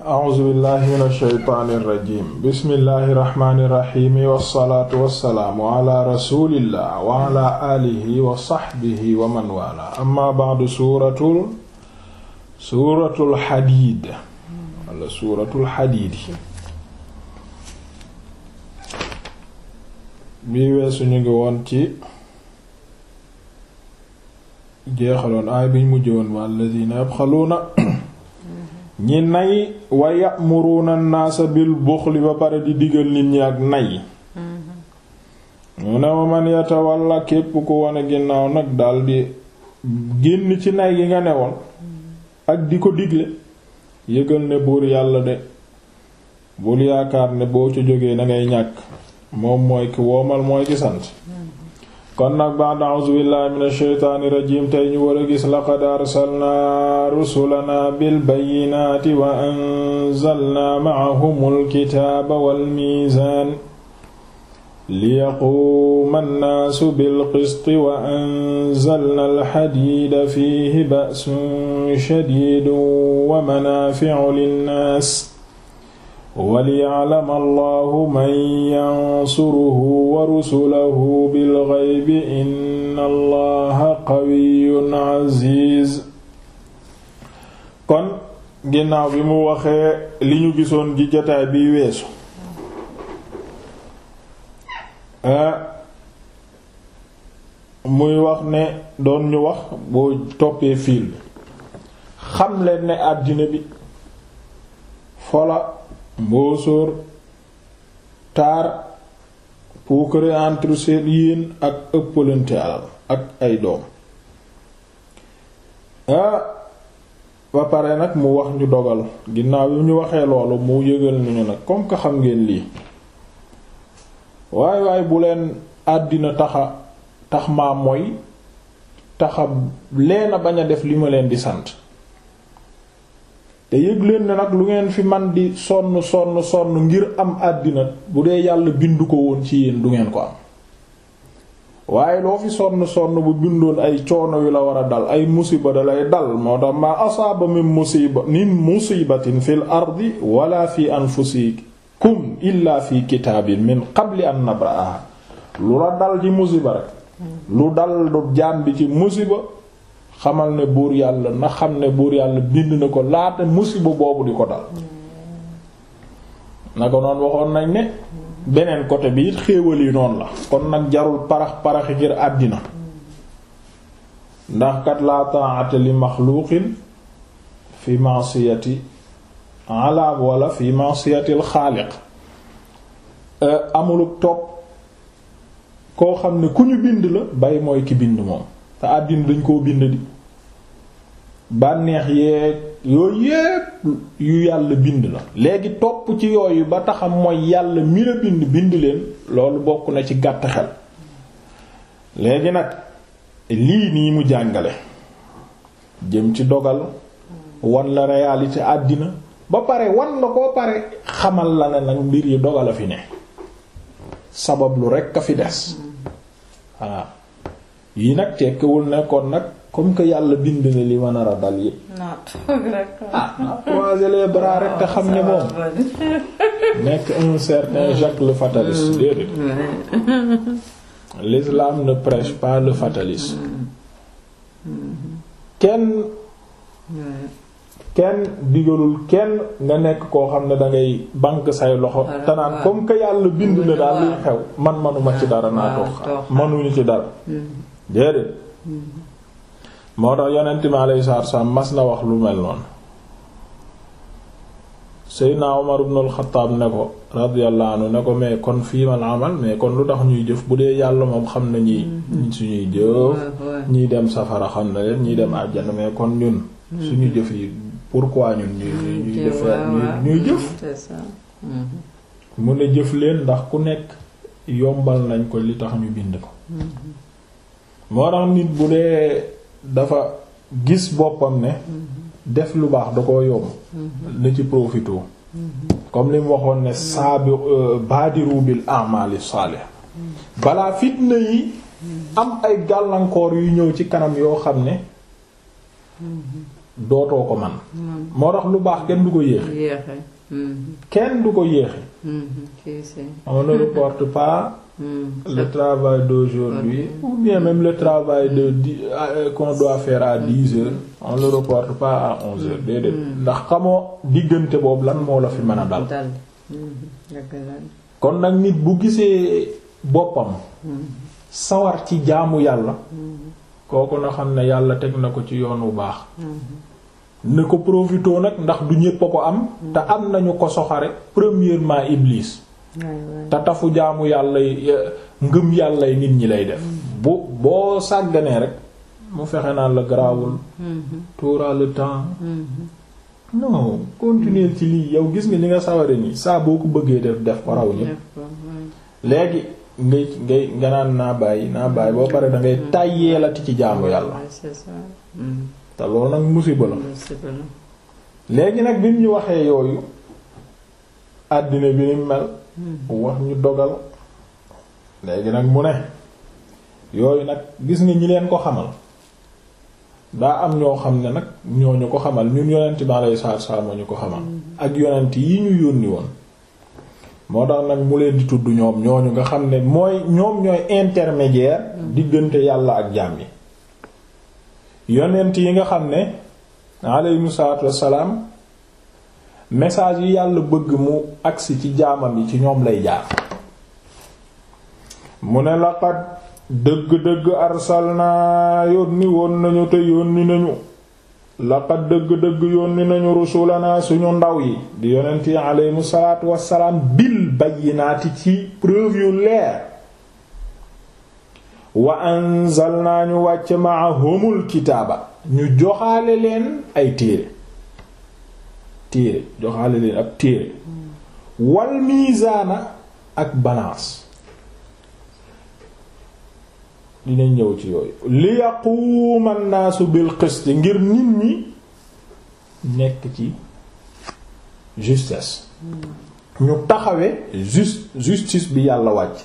a'uuzu billahi min ashaytaani irrajim bismillahi irrahmaani irrahimi wassalaatu wassalaamu ala rasulillah wa ala aalihi wa saxbihi wa man waala amma ba'du suuratul suuratul xadiid wala suuratul xadiid bii weesu ñu ngi woon ci jeexaloon aay biñ mujj woon wa alladiina yabxaluuna ñi nay wa ya'muruna an-naasa bil buxli ba pare di digal nit ñi ak nay mu ne wa man yatawalla képp ku wane ginnaaw nag daldi génn ci nay yi nga newoon ak di ko digle yëgal ne buur yàlla de bul yaakaar ne boo ci jógee na ngay ñàkk moom mooy ki woomal mooy ki sant kon nag ba'da a'uuzu billahi mina shaytaani rajiim tey ñu war a gis laqad arsalnaa rusulanaa bilbayyinaati wa anzalnaa ma'ahumul kitaaba wal miizaan liyaquuma annaasu bilqisti wa anzalnaa alhadiida fiihi ba'sun shadiidun wa manaafi'u linnaas waliya'lama allahu man yansuruhu wa rusuluhu bil ghaybi inna allaha qawiyyun aziz kon ginnaaw bi mu waxee li ñu gisoon gi jotaay bi weesu muy wax ne doon ñu wax boo toppee fiil bi xam leen ne àddina bi fola mbóosóor taar puukare entre seen yéen ak ëppalante alal ak ay doom ah ba pare nag mu wax ñu dogal ginnaaw yu ñu waxee loolu mu yëgal nañu nag comme que xam ngeen lii waaye waaye bu leen àddina taxa tax maa mooy taxa leena bañ a def li ma leen di sant te yëg leen ne nag lu ngeen fi man di sonn sonn sonn ngir am àddina bu dee yàlla bind ko woon ci yéen du ngeen ko am waaye loo fi sonn sonn bu bindoon ay coono yu la war a dal ay musiba da lay dal moo tax ma asaaba min musiba min musibatin fil ardi wala fi anfusikum illa fi kitaabin min qabli an nabra'aha lu la dal ci musiba rek lu dal du jaam bi ci musiba xamal ne buur yàlla na xam ne buur yàlla bind na ko laata musiba boobu di ko dal na ko noon waxoon nañ ne beneen côté bi it xéewal yi noonu la kon nag jarul parax paraxi ngir àddina ndax kat laa ta'ata li maxluuqin fi ma'siyati ala wala fi ma'siyati al-xaaliq topp koo xam ne ku ñu bind la bay mooy ki bind moom te àddina dañ koo bind di bànneex yeeg yooyu yépp yu yàlla bind la léegi topp ci yooyu ba taxam mooy yàlla mi bind bind leen loolu bokk na ci gàtt xel léegi nag lii nii mu jàngale jëm ci dogal wan la réalité àddina ba pare wan la koo pare xamal la ne nag mbir yi dogal a fi ne sabablu rekk a fi des waaw yi nag tekkiwul nekkoon nag comme que yàlla bind na li ma nar a dal ah croiser les rek te xam ne moom nekk un certain Jacques le fataliste mm. déedéet l'islam ne prêche pas le fatalisme mm. mm-hmm. kenn kenn digalul kenn nga nekk koo xam ne dangay banque say loxo tanaan comme que yàlla bind na daal luy xew man manuma ci dara naa toog manuñu ci dara mm. déedéet moo tax yonent mi alayhi salaatu wa mas na wax lu mel noonu Seydina Umar ibn al-Khattab ne ko radiyallahu anhu ne ko mais kon fii mal amal mais kon lu tax ñuy jëf bu dee yàlla moom xam na ñi suñuy jëf ñiy dem safara xam na leen ñiy dem àjjana mais kon ñun suñu jëf yi pourquoi ñun ñuy jëf ñuy jëf mu ne jëf leen ndax ku nekk yombal nañ ko li tax ñu bind ko mm-hmm. moo tax nit bu dee dafa gis boppam ne mm-hmm. def lu baax da ko yomb mm-hmm. na ci profité mm-hmm. comme li mu waxoon ne saabi euh, baadiru bil amali salih balaa fitna yi am ay gàllankoor yu ñëw ci kanam yoo xam ne dootoo ko man moo tax lu baax kenn du ko yéexe kenn du ko yéexe Hmm. le travail d'aujourd'hui hmm. ou bien même le travail de euh, qu'on doit faire à dix hmm. heures on le reporte pas à onze heures déedéet ndax xamoo diggante boobu lan moo la fi mën a dal kon nag nit bu gisee boppam sawar ci jaamu yàlla kooku na xam ne yàlla teg na ko ci yoon wu baax ne ko profitoo nag ndax du ñépp a ko am te am nañu ko soxare premièrement Iblis te tafu jaamu yàlla yi ngëm yàlla yi nit ñi lay def hmm. bu boo sàgganee rek mu fexe naan la garaawul hmm. tuura le temps hmm. non continuer ci lii yow gis nga li nga saware nii saa boo ko bëggee def def ko raw ñépp léegi ngay ngay nga naa bàyyi naa bàyyi boo pare dangay tàyyeelati ci jaamu yàlla te loolu nag musiba la léegi nag bi mu ñu waxee yooyu àddina bi ni mel wax ñu dogal léegi nag mu ne yooyu nag gis nga ñi leen ko xamal daa am ñoo xam ne nag ñoo ñu ko xamal ñun yonent bi alayhi salaatu salaam moo ñu ko xamal ak yonent yi ñu yónni woon moo tax nag mu leen di tudd ñoom ñooñu nga xam ne mooy ñoom ñooy intermédiaire diggante yàlla ak jaam yi yi nga xam ne alayhi salaatu salaam message yi yàlla bëgg mu agsi ci jaamam yi ci ñoom lay jaar mu ne laqad dëgg-dëgg arsalnaa yónni woon nañu te yónni nañu laqad dëgg-dëgg yónni nañu rusulanaa suñu ndaw yi di yonent yi aleyhimu salaatu wassalaam bil bayyinaati ci preuve yu leer wa anzalnaa ñu wàcce maahumul kitaaba ñu joxale leen ay téere téere joxaale leen ab téere wal miizaana ak balance dina ñëw ci yooyu li yaquuma naasu bil qist ngir nit ñi nekk ci justesse ñu taxawe just justice bi yàlla wàcc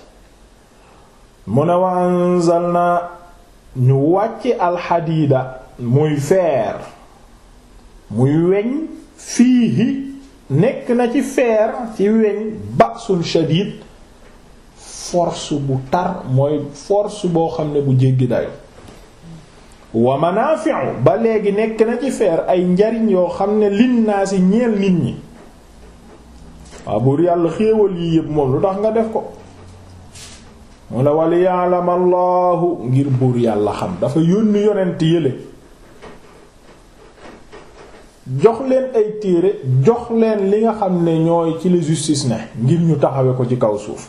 mu ne wa anzalna ñu wàcc alxadiida muy feer muy weñ fii fiihi nekk na ci feer ci weñ ba'sun shadid fors bu tar mooy force boo xam ne bu jéggi dayo wa manafi'u ba léegi nekk na ci feer ay njariñ yoo xam ne linnaasi ñeel nit ñi waaw buur yàlla xéewal yi yëpp moom lu tax nga def ko mu la wal ya'lam allahu ngir buur yàlla xam dafa yónni yonent yële jox leen ay téere jox leen li nga xam ne ñooy ci la justice ne ngir ñu taxawe ko ci kaw suuf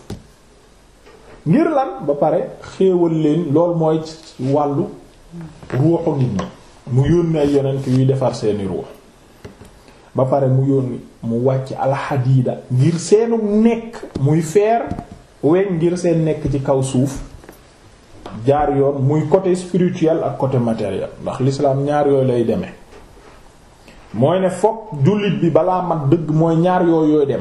ngir lan ba pare xéewal leen lool mooy wàllu ruuxu nit ñi mu yónni ay yuy defar seeni ruux ba pare mu yónni mu wàcc alxadiida ngir seenu nekk muy feer we ngir seen nekk ci kaw suuf jaar yoon muy côté spirituel ak côté matériel ndax l'islam ñaar yooyu lay demee mooy ne fokk jullit bi balaa mat dëgg mooy ñaar yooyu yooyu dem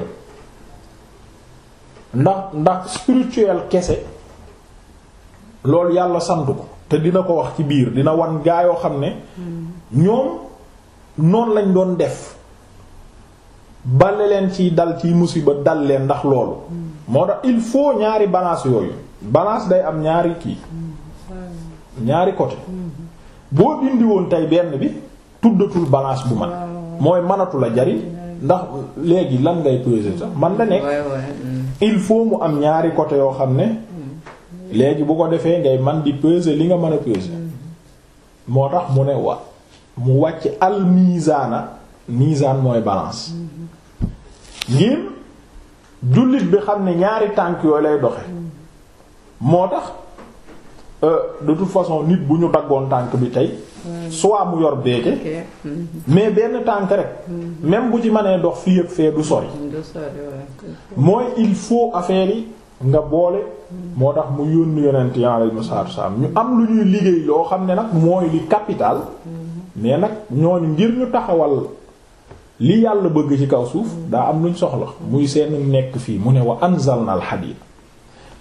ndax ndax spirituel kese loolu yàlla sant ko te dina ko wax ci biir dina wan gaa yoo xam ne ñoom noonu lañ doon def bale leen ciy dal ciy musiba dal leen ndax loolu moo tax il faut ñaari balance yooyu balaas day am ñaari kii ñaari côté boo dindi woon tey benn bi tuddatul balance bu man mooy manatu la jariñ ndax léegi lan ngay peser sax man la nekk mm. il faut mu am ñaari côté yoo xam ne mm. léegi bu ko defee ngay man di peser li nga mën a peser mm. moo tax mu ne wa mu wàcc al mizaana mizaan mooy balance mm-hmm. ngir jullit bi xam ne ñaari tànk yooyu lay doxe moo tax euh, de toute façon nit bu ñu daggoon tànk bi tey soit mu yor beeke mhm. mais benn tànk rek mhm. même bu ci mënee dox fii ak fee du sori mhm, mooy il faut affaire yi nga boole moo tax mu yónni yonent yi alayhi salaatu wassalaam ñu am lu ñuy liggéey loo xam ne nag mooy li capital mais nag ñooñu ngir ñu taxawal li yàlla bëgg ci kaw suuf daa am luñ soxla muy seen nekk fii mu ne wa anzalna al hadid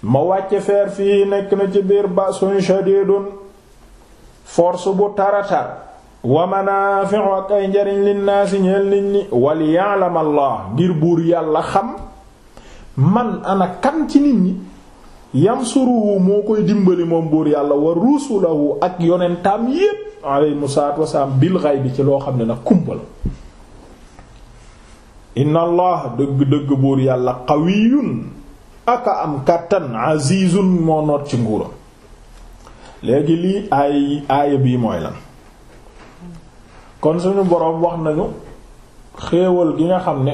ma wàcce feer fii nekk na ci biir ba suñu shadidun force bu taratar wa manaafi'u ak ay njariñ linnaasi ñeel nit ñi wal allah ngir buur yàlla xam man ana kan ci nit ñi yamsuruhu moo koy dimbali moom buur yàlla wa rusulahu ak yonentaam yépp alayhimu salaatu bi ci loo xam ne nag kumbal inna allah dëgg-dëgg buur yàlla qawiyun aka am kàttan azizun moo noot ci nguuram léegi lii aay aaya bii mooy lan kon suñu boroom wax nañu xéewal gi nga xam ne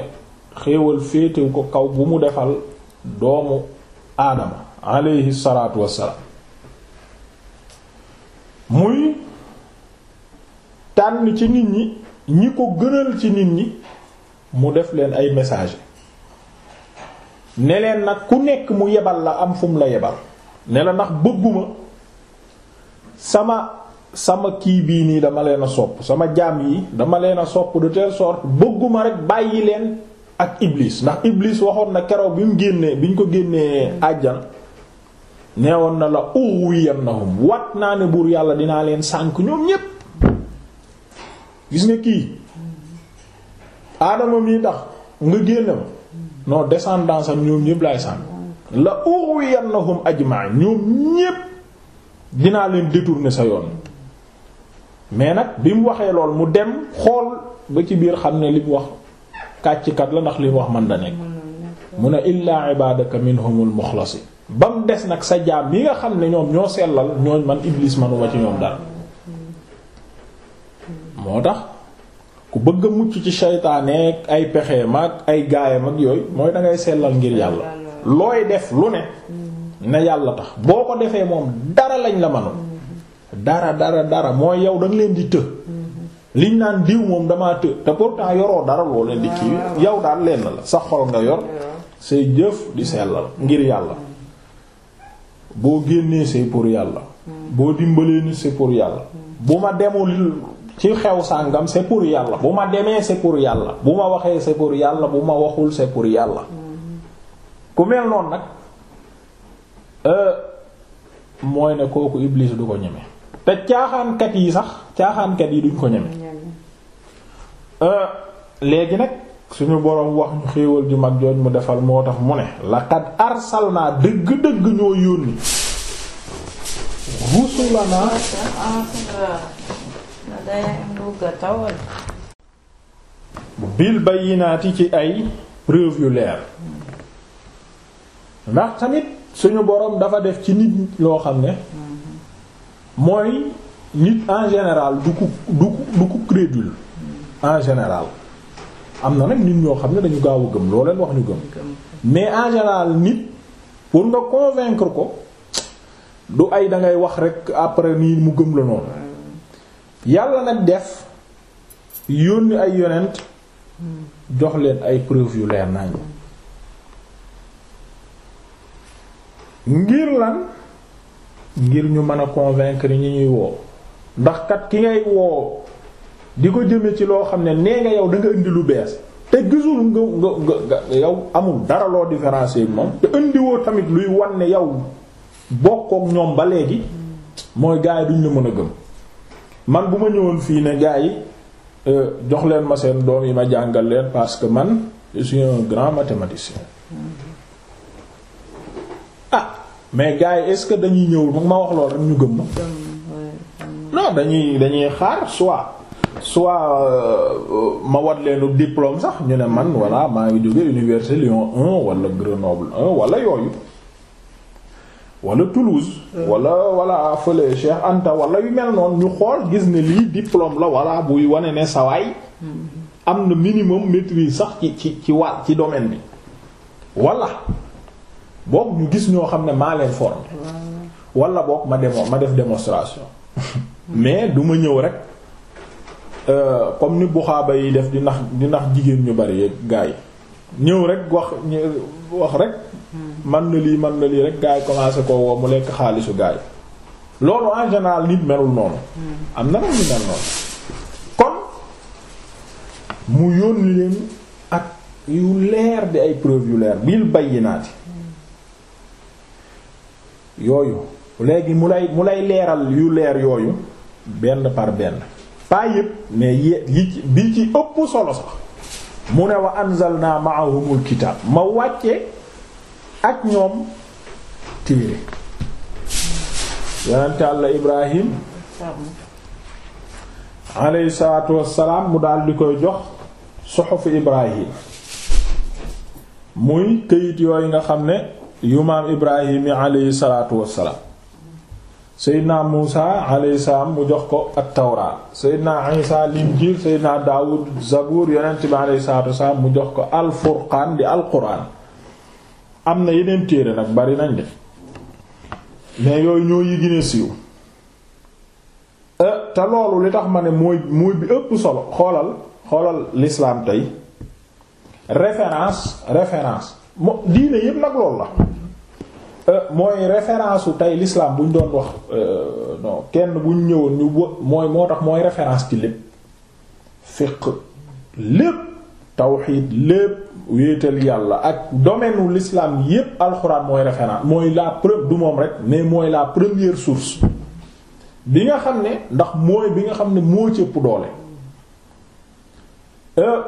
xéewal féetewu ko kaw bu mu defal doomu aadama aleyhi salaatu wassalaam muy tànn ci nit ñi ñi ko gënal ci nit ñi mu def leen ay message ne leen nag ku nekk mu yebal la am fum la yebal ne la ndax bëgguma sama sama kii bii nii dama leen a sopp sama jaam yi dama leen a sopp de telle bëgguma rek bàyyi leen ak iblis ndax iblis waxoon na keroog bi mu génnee bi ñu ko génnee àjjan neewoon na la uwiyannahum wat naa ne buur yàlla dinaa leen sànk ñoom ñépp gis nga kii aadama mii tax nga génn ma non descendance am ñoom ñépp laay sànk la uwiyannahum ajma'in ñoom ñépp dinaa leen détourner sa yoon mais nag bi mu waxee lool mu dem xool ba ci biir xam ne li mu wax kàccikat la ndax li mu wax man da a mu ne illaa ibadaka minhumul muxlasin ba mu des nag sa jaam yi nga xam ne ñoom ñoo sellal ñoo man iblis manuma ci ñoom dara moo tax ku bëgg a mucc ci saytaane ay pexe maag ay gaayam ak yooyu mooy dangay sellal ngir yàlla looy def lu ne na yàlla tax boo ko defee moom dara lañ la mënul dara dara dara mooy yow da leen di të liñ naan diw moom dama të te pourtant yoroo dara loo leen di kii yow daal leen la sa xol nga yor say jëf di sellal ngir yàlla boo génnee c'est pour yàlla mm. boo dimbalee ni c'est pour yàlla mm. bu ma ci xew sàngam c'est pour yàlla bu ma demee c'est pour yàlla bu ma waxee c'est pour yàlla bu ma waxul c'est pour yàlla mm. ku mel noonu nag Euh, mooy ne kooku Iblis du ko ñeme te caaxaankat yi sax caaxaankat yi duñ ko ñeme mm-hmm. euh, léegi nag suñu boroom wax ñu xéewal ju mag jooj mu defal moo tax mu ne laqad arsalnaa dëgg-dëgg ñoo yónni rusulanaa bil bayyinaati ci ay preuve yu leer mm-hmm. ndax tamit suñu boroom dafa def ci nit loo xam ne mooy nit en général du ku du du ku crédule en général am na nag nit ñoo xam ne dañu gaaw a gëm looleen wax ñu gëm mais en général nit pour nga convaincre ko du ay dangay wax rek après nii mu gëm la noonu yàlla nag def yónni ay yonent jox leen ay preuve yu leer nañu ngir lan ngir ñu mën a convaincre ñi ñuy woo ndax kat ki ngay woo di ko jëme ci loo xam ne nee nga yow da nga indi lu bees te gisul nga nga nga yow amul dara loo différencier moom te indiwoo tamit luy wan ne yow bokkook ñoom ba léegi mooy gaay duñ la mën a gëm man bu ma ñëwoon fii ne gaay yi euh, jox leen ma seen doom yi ma jàngal leen parce que man je suis un grand mathématicien ah mais gars yi est-ce que dañuy ñëw mu ma wax rek ñu gëm ma non dañuy dañuy xaar soit soit euh, ma wat leenu diplôme sax ñu ne man voilà maa ngi jóge université Lyon 1 wala Grenoble 1 wala yooyu wala Toulouse euh. wala wala fële Cheikh Anta wala yu mel noonu ñu xool gis ne lii diplôme la wala buy wane ne sawaay mm-hmm. am na minimum maîtrise sax ci ci ci wàll ci domaine bi wala boog ñu gis ñoo xam ne maa leen formé walla boog ma demoo ma def démonstration mais du ma ñëw rek euh, comme ni buxaaba yi def di nax di nax jigéen ñu bari gaay ñëw rek wax wax rek hmm. man na lii man na lii rek gaa yi commencé koo woo mu lekk xaalisu gaa loolu en général nit melul noonu hmm. am na nag ñu mel noonu kon mu yónni leen ak yu leer di ay preuve yu leer bil bayyinaati yooyu léegi mu lay mu lay leeral yu leer yooyu benn par benn pas yëpp mais yi ci ëpp solo sax mu ne wa anzalna ma'ahumul kitaab ma wàcce ak ñoom téere yonente àlla ibrahim alayhi salaatu wassalaam mu daal di koy jox suxufu ibrahim muy këyit yooyu nga xam ne yu maam ibrahim yi aleyhi salaatu wassalaam naa muusa aleyhi salaam mu jox ko at tawraat seydina isa linjiil seydina daawud zabuur yonent bi aleyhi salaatu wassalaam mu jox ko al furqaan di al quraan am na yeneen téere nag bari nañ de mais yooyu ñoo yi gën a siiw eh, te loolu li tax ma ne mooy mooy bi ëpp solo xoolal xoolal l'islam tey référence référence mo diine yépp nag loolu la Euh, mooy référence u tey lislaam bu ñu doon wax euh, non kenn bu ñu ñëwoon ñu mooy moo tax mooy référence ci lépp fiqh lépp tawxiid lépp wéetal yàlla ak domaine u l'islam yépp alxuraan mooy référence mooy la preuve du moom rek mais mooy la première source bi nga xam ne ndax mooy bi nga xam ne moo ci doole euh,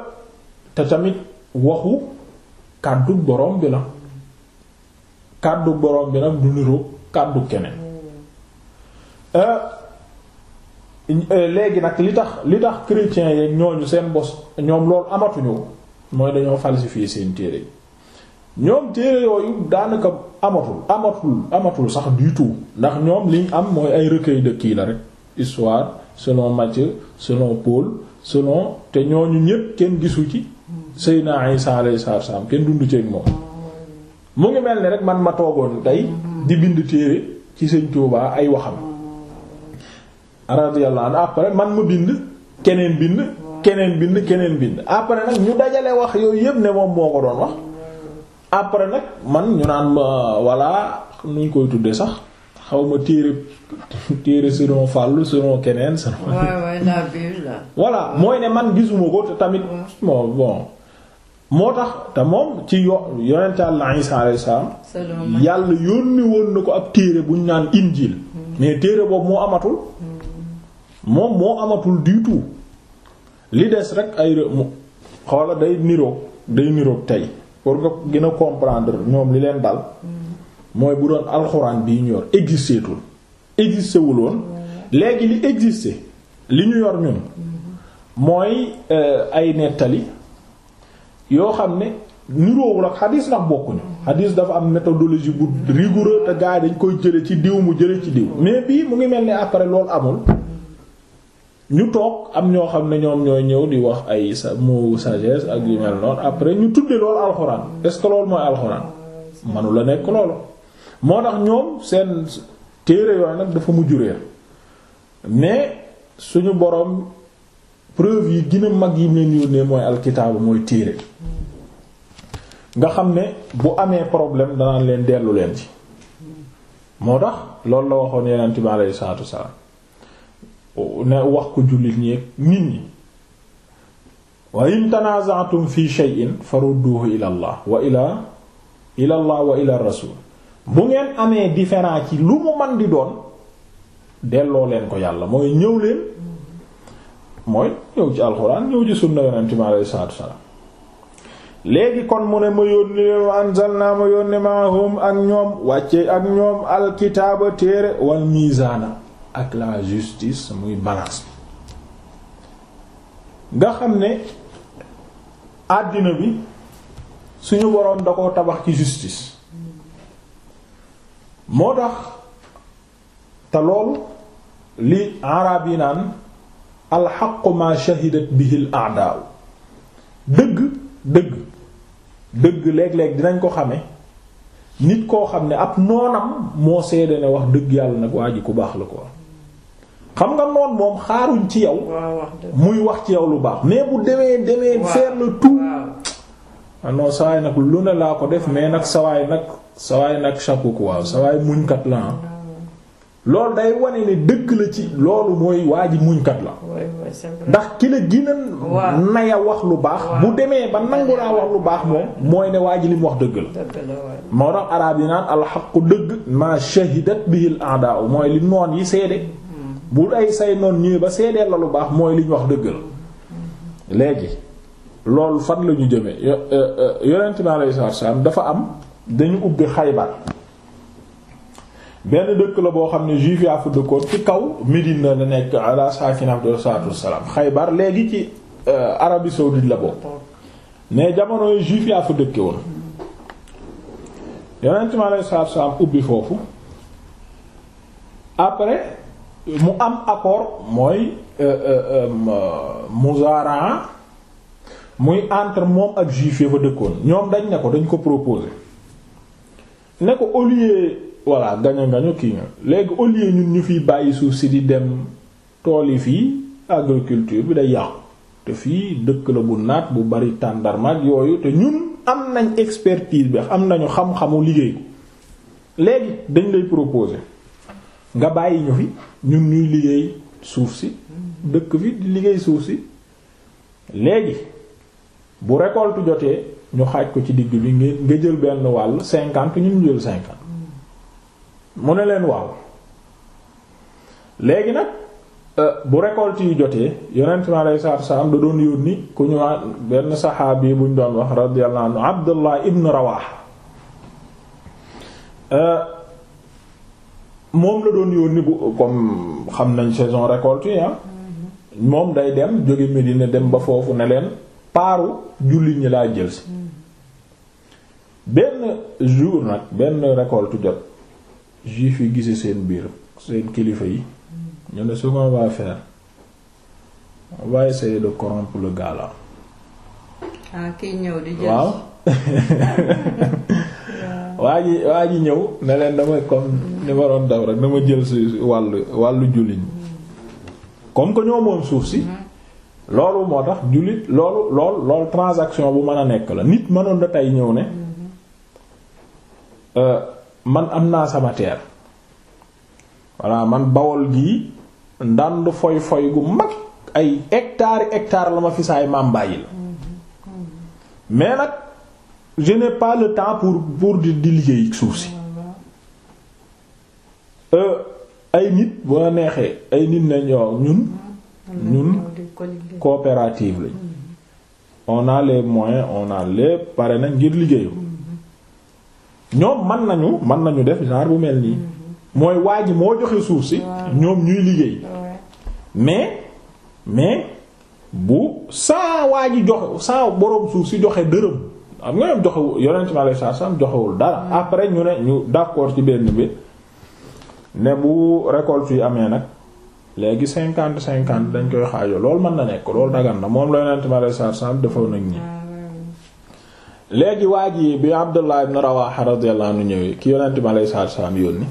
te tamit waxu kàddu boroom bi la kàddu borom bi nag du niroog kàddu keneen euh, euh, léegi nag li tax li tax chrétiens yeeg ñooñu seen bos ñoom loolu amatuñu mooy dañoo falsifier seen téere yi ñoom téere yooyu daanaka amatul amatul amatul sax du tout ndax ñoom liñ am mooy ay recueil de kii la rek histoire selon Matthieu selon Paul selon te ñooñu ñépp kenn gisu ci Seydina Isa alayhi salaam kenn dund ceeg moom mu ngi mel ni rek man ma toogoon tey di bind téere ci seen Touba ay waxam radiyallahu anhu après man ma bind keneen bind keneen bind keneen bind après nag ñu dajale wax yooyu yëpp ne moom moo ko doon wax après nag man ñu naan ma walla nuñ koy tuddee sax xaw ma téere téere selon fàllu selon keneen selon. waaw mooy ne man gisuma ko te tamit bon bon. moo tax te moom ci yo yonent Yàlla Isa alayhi salaam yàlla yónni woon na ko ak téere bu ñu naan injil hmm. mais téere boobu moo amatul hmm. moom moo amatul diitu li des rek ay xoola day niroog day niroog tey pour nga gën a comprendre ñoom li leen dal hmm. mooy bu doon alxuraan bii ñu yor existeetul existé wuloon léegi li existé li ñu yor ñun mooy euh, ay nettali yoo xam ne niroowul ak xadis ndax bokkuñu xadis dafa am métodologie bu rigoureux te gars yi dañ koy jële ci diw mu jële ci diw mais bii mu ngi mel ni après loolu amul ñu toog am ñoo xam ne ñoom ñooy ñëw di wax ay sa mu sagesse ak yu mel noonu après ñu tudde loolu alxuraan est-ce que loolu mooy alxuraan manu nekk loolu moo tax ñoom seen téere yooyu nag dafa mujj réer mais suñu borom preuve yi gën a mag yi leen yónnee mooy alkitaabu mooy téere nga xam ne bu amee problème danaan leen dellu leen ci moo tax loolu la waxoon yonent bi alayhi salaatu wasalaam ne wax ko jullit ñi nit ñi wa in tanaza'tum fi shay'in farudduhu ila Allah wa ila ila Allah wa ila rasul bu ngeen amee différent ci lu mu man di doon delloo leen ko yàlla mooy ñëw leen mooy ñëw ci alxuraan ñëw ci sunna yonent bi alayhi salaatu wasalaam léegi kon mu ne ma yónni leen wa anzalna ma yónni maahum ak ñoom wàcce ak ñoom alkitaaba téere wal miizaana ak la justice muy balance bi nga xam ne àddina bi suñu boroom da koo tabax ci justice moo tax te lool li arab yi naan alxaqu ma shahidat bihi al dëgg dëgg dëgg léeg-léeg dinañ ko xame nit koo xam ne ab noonam moo seede ne wax dëgg yàlla nag waa ji ku baax la ko xam nga noon moom xaaruñ ci yow muy wax ci yow lu baax mais bu demee demee faire le tout ah non sawaay nag lu ne laa ko def mais nag sawaay nag sawaay nag chapeau quoi sawaay muñkat la ah. loolu day wane ne dëgg la ci loolu mooy waa ji muñkat la ndax ki la gina naya wax lu baax bu demee ba nangu laa wax lu baax moom mooy ne waa ji li mu wax dëgg la moo tax araab yi naan alxaqu dëgg ma shahidat bihi al a'da mooy li noon yi seede mm. bu ay say noon ñëwee ba seedeel la lu baax mooy li ñu wax dëgg la mm. léegi loolu fan la ñu jëmee yonent bi alayhi salaam dafa am dañu ubbi Xaybar benn dëkk la boo xam ne juif yaa fa dëkkoon ci kaw Médine la nekk ala saakina afdal salaatu wassalaam Xaybar léegi ci euh, Arabie saoudite la bokk mais jamono juif yaa fa dëkke woon yonent mi alayhi mu am accord mooy euh, euh, muzaraa muy entre moom ak juif ya fa dëkkoon ñoom dañ ne ko dañ ko proposer ne ko au voilà gaño gaño kii nga léegi au lieu ñun ñu fiy bàyyi suuf si di dem tool yi fii agriculture bi day yàqu te fii dëkk la bu naat bu bari tàndarmaak yooyu te ñun am nañ expertise bi am nañu xam-xamu liggéey léegi dañ lay proposer nga bàyyi ñu fi ñun ñuy liggéey suuf si dëkk fi di liggéey suuf si léegi bu récolte jotee ñu xaaj ko ci digg bi nga jël benn wàll cinquante ñun ñu jël cinquante mu ne leen waaw léegi nag euh, bu récolte yu jotee yonent mi alayhi salaatu wasalaam da doon yónni ku ñu benn saxaabi bu ñu doon wax radiyallahu anhu Abdullah ibn Rawaha euh, moom la doon yónni bu comme xam nañ saison récolte yi ah. mm-hmm. moom day dem jóge Medina dem ba foofu ne leen paaru jullit ñi laa jëlsi mm-hmm. benn jour nag benn récolte jot juif yi gise seen biir seen kilifa yi ñu ne ce qu'on va faire on va de corrompre le gars là. ah kii ñëw di jël waaw. waa ji waa ji ñëw ne damay comme ni ma daw rek dama jël si wàllu wàllu jullit comme que ñoo moom suuf si. Mm-hmm. loolu moo tax jullit loolu lool loolu transaction bu mën a nekk la nit mënoon da tey ñëw ne. Mm-hmm. Euh, man am naa sama teer voilà man bawol gii ndànd foy foy gu mag ay hectare hectare la ma fi saay maam bàyyi la mais nag je n'ai le temps pour di di liggéey suuf si euh, ay nit boo neexee ay nit ne ñoo ñun ñun coopérative lañ on a les moyens on pare na ngir liggéeyu ñoom man nañu man nañu def genre bu mel nii mooy waa ji moo joxe suuf si ñoom ñuy liggéey mais mais bu saa waa ji joxe saa boroom suuf si joxe dërëm am nga ñoom joxewu yonent mi alayhi salaam joxewul dara après ñu ne ñu d'accord ci benn bi ne bu récolte yi amee nag léegi cinquante cinquante dañ koy xaajoo loolu mën na nekk loolu dagan na moom la yonent mi alayhi salaam defoon ak ñi léegi waa yi bi Abdullah ibn Rawaha radiyallahu anhu ñëwee ki yonent bi alayhi salaatu salaam yónni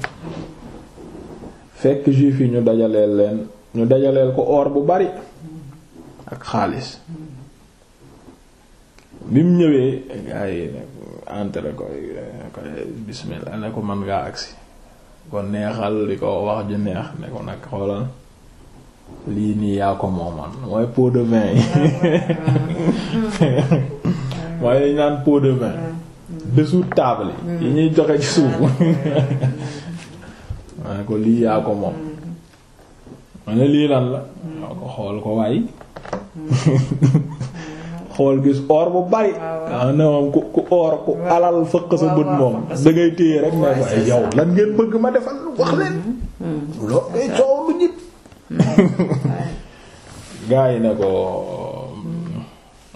fekk juif yi ñu dajaleel leen ñu dajaleel ko or bu bari ak xaalis bi mu ñëwee gaa entre ko bismillah ne ko man ngaa agsi ko neexal di ko wax ju neex ne ko nag xoolal lii nii yaa ko moomoon mooy pot de vin yi waaye dañ naan pot de vin dessous mm, mm. table mm. yi ñuy joxe ci suuf maa ko lii yaa ko moom ma ne lii lan la xool ko waay xool gis or bu bari waaw ah, ne ku ku or ku alal fëq sa bët moom da ngay rek ne waaye yow lan ngeen bëgg ma defal wax leen loolu ngay gaa yi ne ko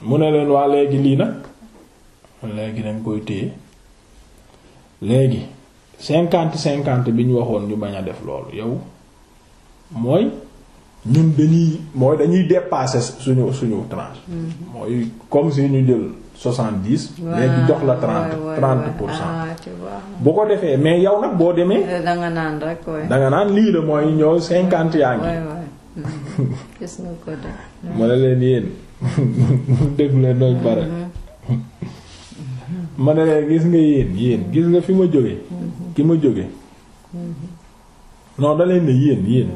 mu ne leen waa léegi lii na léegi dañ koy téye léegi cinquante cinquante bi ñu waxoon ñu bañ a def loolu yow mooy ñun dañuy mooy dañuy dépasser suñu suñu tranche. Mm-hmm. mooy comme si ñu jël soixante dix. léegi jox la trente trente pour cent. Ah, bu ko defee mais yow nag boo demee. Eh, da nga naan rek waay da nga naan lii la mooy ñoo cinquante yaa ngi. Mm-hmm. gis nga ko de. ma ne leen yéen déglu ma leen gis nga yéen yéen gis nga fi ma jóge ki ma jóge noo da leen ne yéen yéen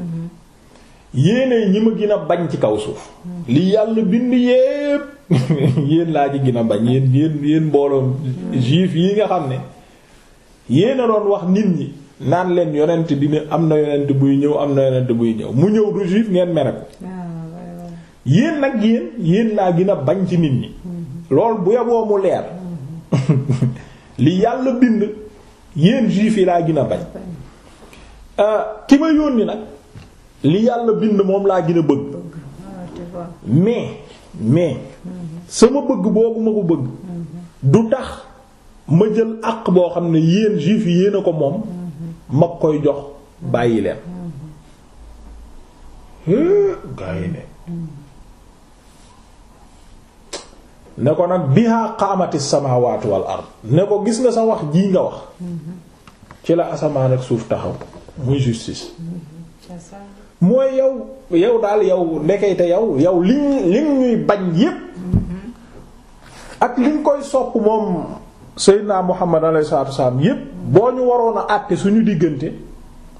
yéenay ñi ma gën a bañ ci kaw suuf li yàlla bind yépp yéen laa ci gën bañ yéen yéen yéen mbooloom juif yi nga xam ne yéen a doon wax nit ñi naan leen yonent dina am na yonent buy ñëw am na yonent buy ñëw mu ñëw du juif ngeen mere ah, yéen nag yéen yéen laa gin a bañ ci nit ñi mm-hmm. lool bu yaboo mu leer li yàlla bind yéen juif yi laa gin a bañ euh, ki ma yónni nag li yàlla bind moom laa gin a bëgg mais mais sama bëgg boobu ma ko bëgg du tax ma jël àq boo xam ne yéen juif yi yéen a ko moom ma koy jox bàyyi leen gaa yi ne ko nag bihaa qaamati samaawaatu wal ard ne ko gis nga sa wax jii nga wax ci la asamaan ak suuf taxaw muy justice mooy yow yow daal yow ndekete yow yow li li ñuy bañ yépp ak li ñu koy sopp moom Seydina Muhammad alayhi salaatu wasallam yépp boo ñu waroon a àtte suñu diggante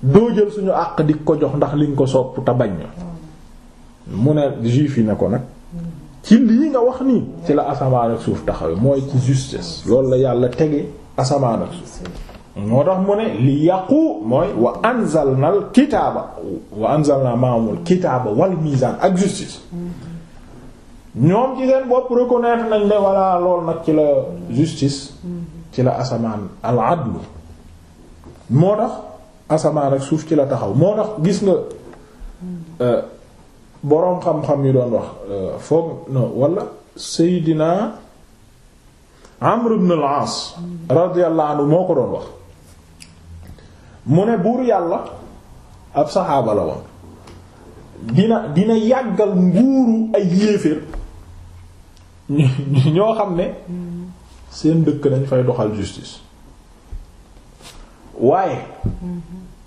doo jël suñu àq di ko jox ndax liñ ko sopp te bañ mu ne juif yi ne ko nag ci lii nga wax nii ci la asamaan ak suuf taxawe mooy ci justice loolu la yàlla tege asamaan ak suuf moo tax mu ne li yàqu mooy wa anzalna al kitaaba wa anzalna maamul kitaaba wal mizaan ak justice ñoom ci seen bopp reconnaître nañ ne walla lool nag ci la justice ci la asamaan al adlu moo tax asamaan ak suuf ci la taxaw moo tax gis nga euh, boroom xam-xam yi doon wax euh, foog non wala Seydina Amr ibn al-As radiyallahu anhu moo ko doon wax mu ne buur yàlla ab saxaaba la woon dina dina yàggal nguuru ay yéeféer ñoo xam ne seen dëkk dañ fay doxal justice waaye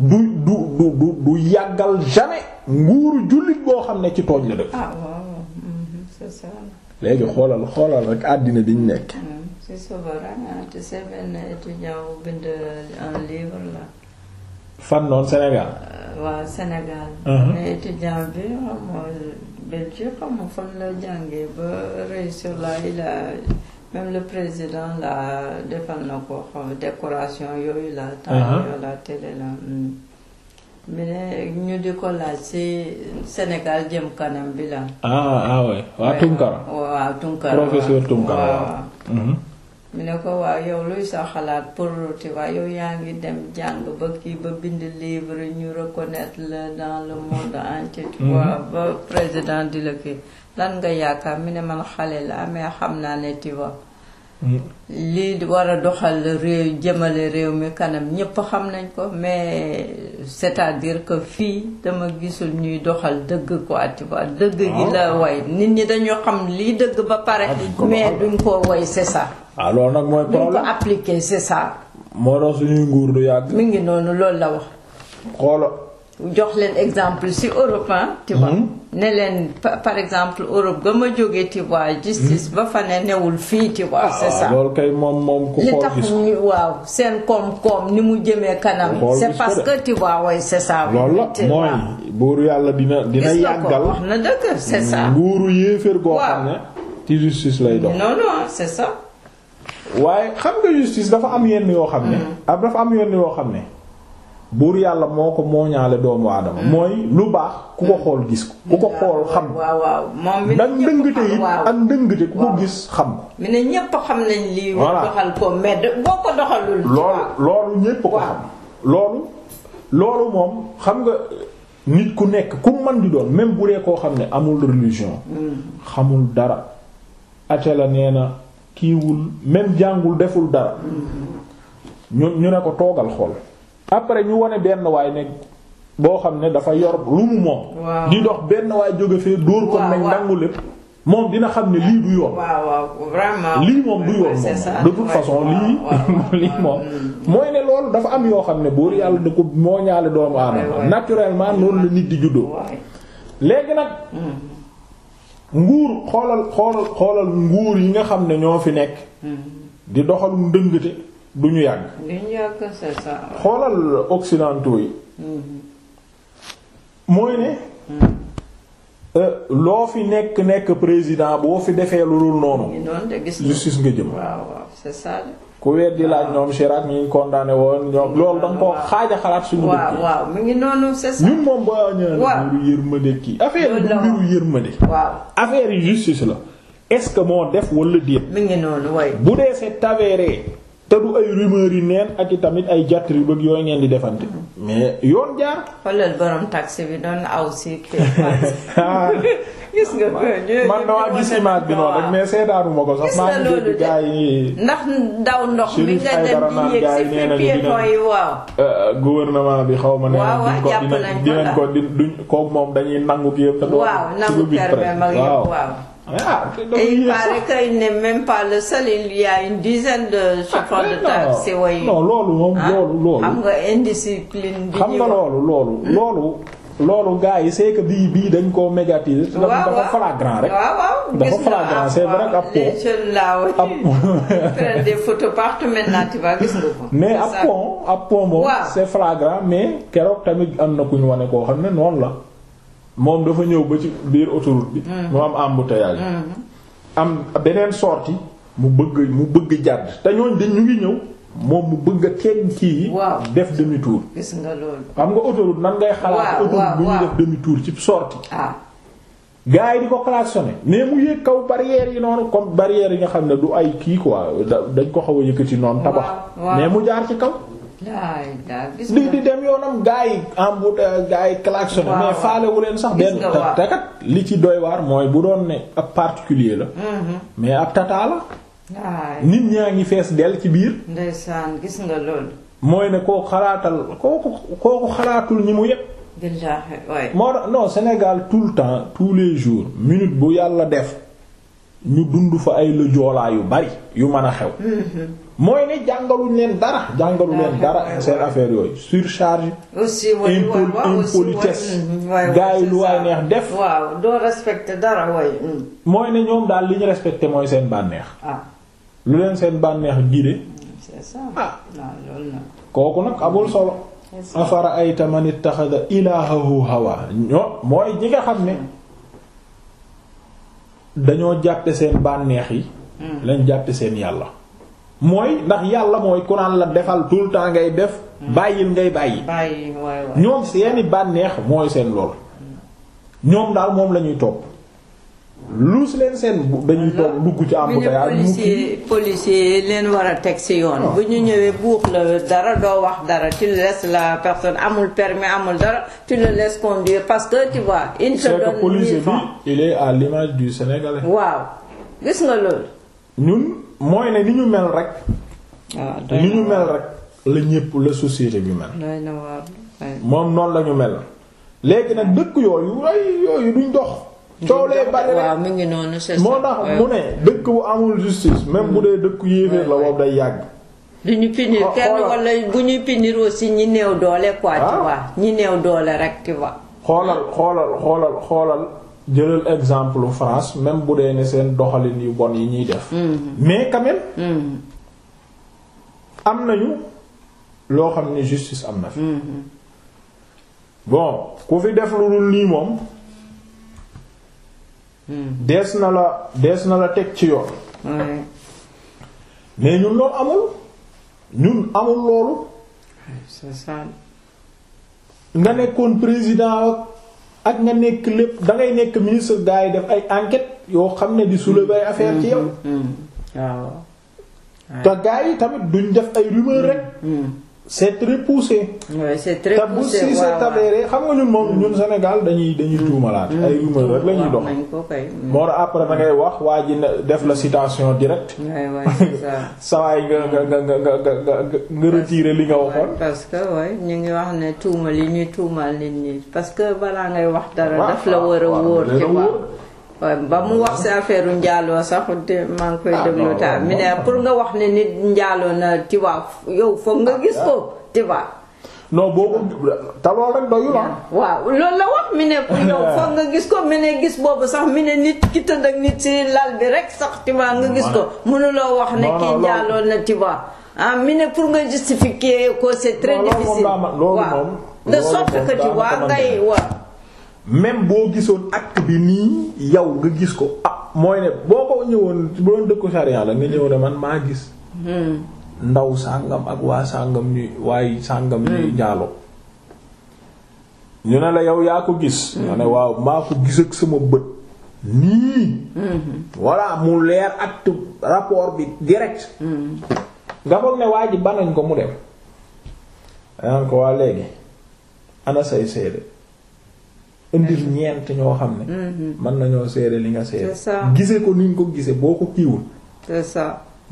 du du du du du yàggal jamais nguuru jullit boo xam ne ci tooñ la dëkk. Ah, mhm, léegi xoolal xoolal rek àddina bi ñu nekk. Mhm, c'est souverain tu sais benn étudiant bind un livre là. fan noonu Sénégal. Euh, waaw Sénégal. Mhm. mais étudiant bi xam nga Belgique xam nga fan la jàngee ba réussir la même le président la defal na ko euh, décoration yooyu la. temps uh-huh. yooyu la télé la. mi hmm. ne ñu di ko laaj ci Sénégal jëm kanam bi la. ah ah oui waa Tunkara. waaw Tunkara waaw. Mm-hmm. Mm-hmm. mu ne ko waaw yow luy sa xalaat pour tu vois yow yaa ngi dem jàng ba kii ba bind livre ñu reconnaître la dans le monde entier. tu mm-hmm. ba président di la kii. lan nga yaakaar mu ne man xale la amee xam naa ne tiwa mm. lii war a doxal réew jëmale réew mi kanam ñépp xam nañ ko mais c'est-à-dire fii dama gisul ñuy doxal dëgg ko atiwa dëgg gi la ah. way nit ñi dañoo xam lii dëgg ba pare ah, mais duñ ko way c'est ça ah loolu nag mooy nguur du yàgg mi ngi noonu loolu la wax jox leen exemple si Europe ah. tu vois hmm. ne leen par exemple Europe ga ma jógee tu vois justice hmm. ba fa ne newul fii tu vois c'est ah, ça kay moom moom ku xool gis waaw seen koom-koom ni mu jëmee kanam c'est parce que tu vois way la mooy buur yàlla dina dina yàggal wax na dëgg c'est ça nguuru goo xam ne ci justice lay dox non non c'est waaye xam nga justice dafa am yenn yoo xam ne hmm. ab dafa am yenn yoo xam ne buur yàlla moo ko mooñaale doomu aadama mm. mooy lu baax ku ko xool gis ko ku ko mm. xool xam ndax ndëngte yi ak ndëngte ku ko gis xam ko mu ne ñépp xam nañ lii doxal ko mais boo ko doxalul loolu ñépp ko xam loolu loolu moom xam nga nit ku nekk ku man di doon même bu dee koo xam ne amul religion mm. xamul dara ate la nee na kiiwul même jàngul deful dara mm-hmm. ñu ñu ne ko toogal xool après ñu wone benn waay ne boo xam ne dafa yor lu mu moom. di dox benn waay jóge fee dóor ko nañ nangu lépp. moom dina xam ne lii du yoon. lii moom du yoon moom de toute façon lii lii moom. mooy ne loolu dafa am yoo xam ne buur yàlla da ko moo ñaale doomu aadama naturellement noonu la nit di juddoo. léegi nag. Hmm. nguur xoolal xoolal xoolal nguur yi nga xam ne ñoo fi nekk. Hmm. di doxalum ndëngte. du ñu yàgg. du ñu yàgg c'est xoolal occidentaux yi. Mm-hmm. mooy ne. Mm-hmm. Euh, loo fi nekk nekk président boo fi defee lu dul noonu. justice nga jëm. waaw waaw c'est ça. ku weer di laaj ñoom Chirac ñu ngi condamné woon ñoom loolu da nga xaaja xalaat suñu. waaw waaw ngi noonu c'est ñun moom ba ñu. waaw mbiru yërmande kii affaire yi mbiru yërmande. waaw affaire yi justice la. est-ce que moo def wala déet. mi ngi noonu waaye. bu dee c'est avéré. te du ay rumeur yi neen ak i tamit ay jàttri bëgg yooyu ngeen di defante mais yoon jaar. xoolal borom taxi bi doon aw si. gis nga man bi noonu rek mais ko sax. maa ngi daw ndox mi nga dem di yegg euh, bi xaw ma ne. ko dinañ ko duñ moom dañuy nangu kii yëpp. waaw nangu permis waaw. Ah, a une ah, loolu moom loolu loolu xam nga loolu loolu loolu loolu gars yi c'est que bii bii dañ koo médiatiser dafa flagrant rek dafa flagrant c'est vrai ab pont ab des photos partout maintenant tu vas gis nga mais ab pont ab pont moom mais keroog tamit am na ku ñu wane koo xam ne noonu la moom dafa ñëw ba ci biir autoroute bi hmm. mu am embouteillage hmm. am beneen sortie mu bëgg mu bëgg jàdd te ñooñ dañ ñu ngi ñëw moom mu bëgg a teg kii yi def demi tour gis nga loolu xam nga autoroute nan ngay xalaat autoroute bu ñu def demi ci sortie ah. gars yi di ko klaxonné ne mu yéeg kaw barrière yi noonu comme barrière yi nga xam ne du ay kii quoi dañ ko xaw a yëkkati noonu tabax mais mu jaar ci kaw di di dem yoonam gaa yi embouteillage euh, gaa yi klaxon mais faale leen sax benn te li ci doy waar mooy bu doon ne ab particulier la mm-hmm. mais ab tata la nit ñaa ngi fees del ci biir ndeysaan gis nga mooy ne koo xalaatal kooku kooku xalaatul ñi mu yépp moo non Sénégal tout le temps tous les jours minute bu yàlla def ñu dund fa ay la joolaa yu bari yu man a xew mooy ne jàngaluñ leen dara jàngalu leen dara seen affaire yooyu surcharge impolitesse mhm, gars yi lu waay neex def waaw doo respecter dara way mhm. mooy ne ñoom daal liñ ñu respecté mooy seen bànneex ah. lu leen seen bànneex gide ah kooku nag amul solo afara ayta man ittaxada ilaahahu hawa ñoo mooy ñi xam ne mhm. dañoo jàppe seen bànneex yi hmm. lañ jàppe seen yàlla mooy ndax yàlla mooy ku naan la defal tout le temps ngay def hmm. bàyyil ngay bàyyi ñoom seeni bànneex mooy seen lool hmm. ñoom daal moom lañuy topp luus leen seen dañuy toog dugg ci embouteillage. policier policier leen war a teg si yoon. bu ñu ñëwee buux la dara doo wax dara tu laisses la personne amul permis amul dara tu le laisses conduire parce que tu vois. il te bi il est l'image du sénégalais. waaw gis nga loolu. ñun mooy ne ni ñu mel rek. waaw ah, ni ñu mel rek la ñépp la société bi mel. moom noonu la ñu mel. léegi nag dëkk yooyu ay yooyu duñ dox. coow lee bari ngi noonu moo tax mu ne dëkk bu amul justice même bu dee dëkk yéeféer la boobu day yàgg. du ñu punir kenn wala bu ñuy punir aussi ñi néew doole quoi. tu ah. vois ñi néew doole rek tu vois. xoolal xoolal xoolal xoolal jëlal exemple France même bu dee ne seen doxalin yu bon yi ñuy def. Mm-hmm. mais quand même. Mm-hmm. am nañu loo xam ne justice am na fi. Mm-hmm. bon ku fi def lu dul nii moom. Hmm. dees na la dees na la teg ci yoon mais ñun loolu amul ñun amul loolu nga nekkoon président ak nga nekk lépp da ngay nekk ministre gars yi def ay enquête yoo xam ne di soulever hmm. affaire ci yow waaw hmm. ah. te gars yi tamit duñ def ay rumeur rek c'est très poussé. oui c'est très poussé te bu si c'est avéré xam nga ñun moom ñun Sénégal dañuy dañuy tuumalaat. Mm. Mm. ay rumeur rek la ñuy dox. Mm. moo tax après da ngay wax waa ji def la citation directe. waay c'est ça. saa yi nga nga nga nga nga nga retirer li nga waxoon. parce que waay ñu ngi wax ne tuuma li ñuy tuumal nit ñi parce que balaa ngay wax dara. daf la war a wóor ci ba mu wax si affaire njaaloo sax de maa ngi koy ah, déglu ta mi ne pour nga wax ne nit njaaloo na Tivaouane yow foog nga gis ko Tivaouane non boobu te loolu rek doyul ah. waaw loolu la wax mi ne pour yow foog nga gis ko mi ne gis boobu sax mi ne nit ki tëdd ak nit si lal bi rek sax Tivaouane nga gis ko mënuloo wax ne kii njaaloo na Tivaouane ah mi ne pour nga justifier ko c'est très difficile waaw de sorte que tu vois ngay waaw même boo gisoon acte bi nii yow nga gis ko ah mooy ne boo ko ñëwoon bu doon dëkku sharia la nga ñëw ne man maa gis hmm. ndaw sàngam ak waa sàngam ñuy waaye sàngam ñuy njaaloo hmm. ñu ne la yow yaa ko gis nga hmm. waaw maa ko gis ak sama bët nii voilà mu leer acte rapport bi direct nga foog ne waa ji banañ ko mu dem danaan ko waa léegi ana say seede indil ñeent ñoo xam ne. Mm-hmm. mën nañoo seede li nga seede. gise ko ni ko gisee boo ko kiiwul. c'est ça.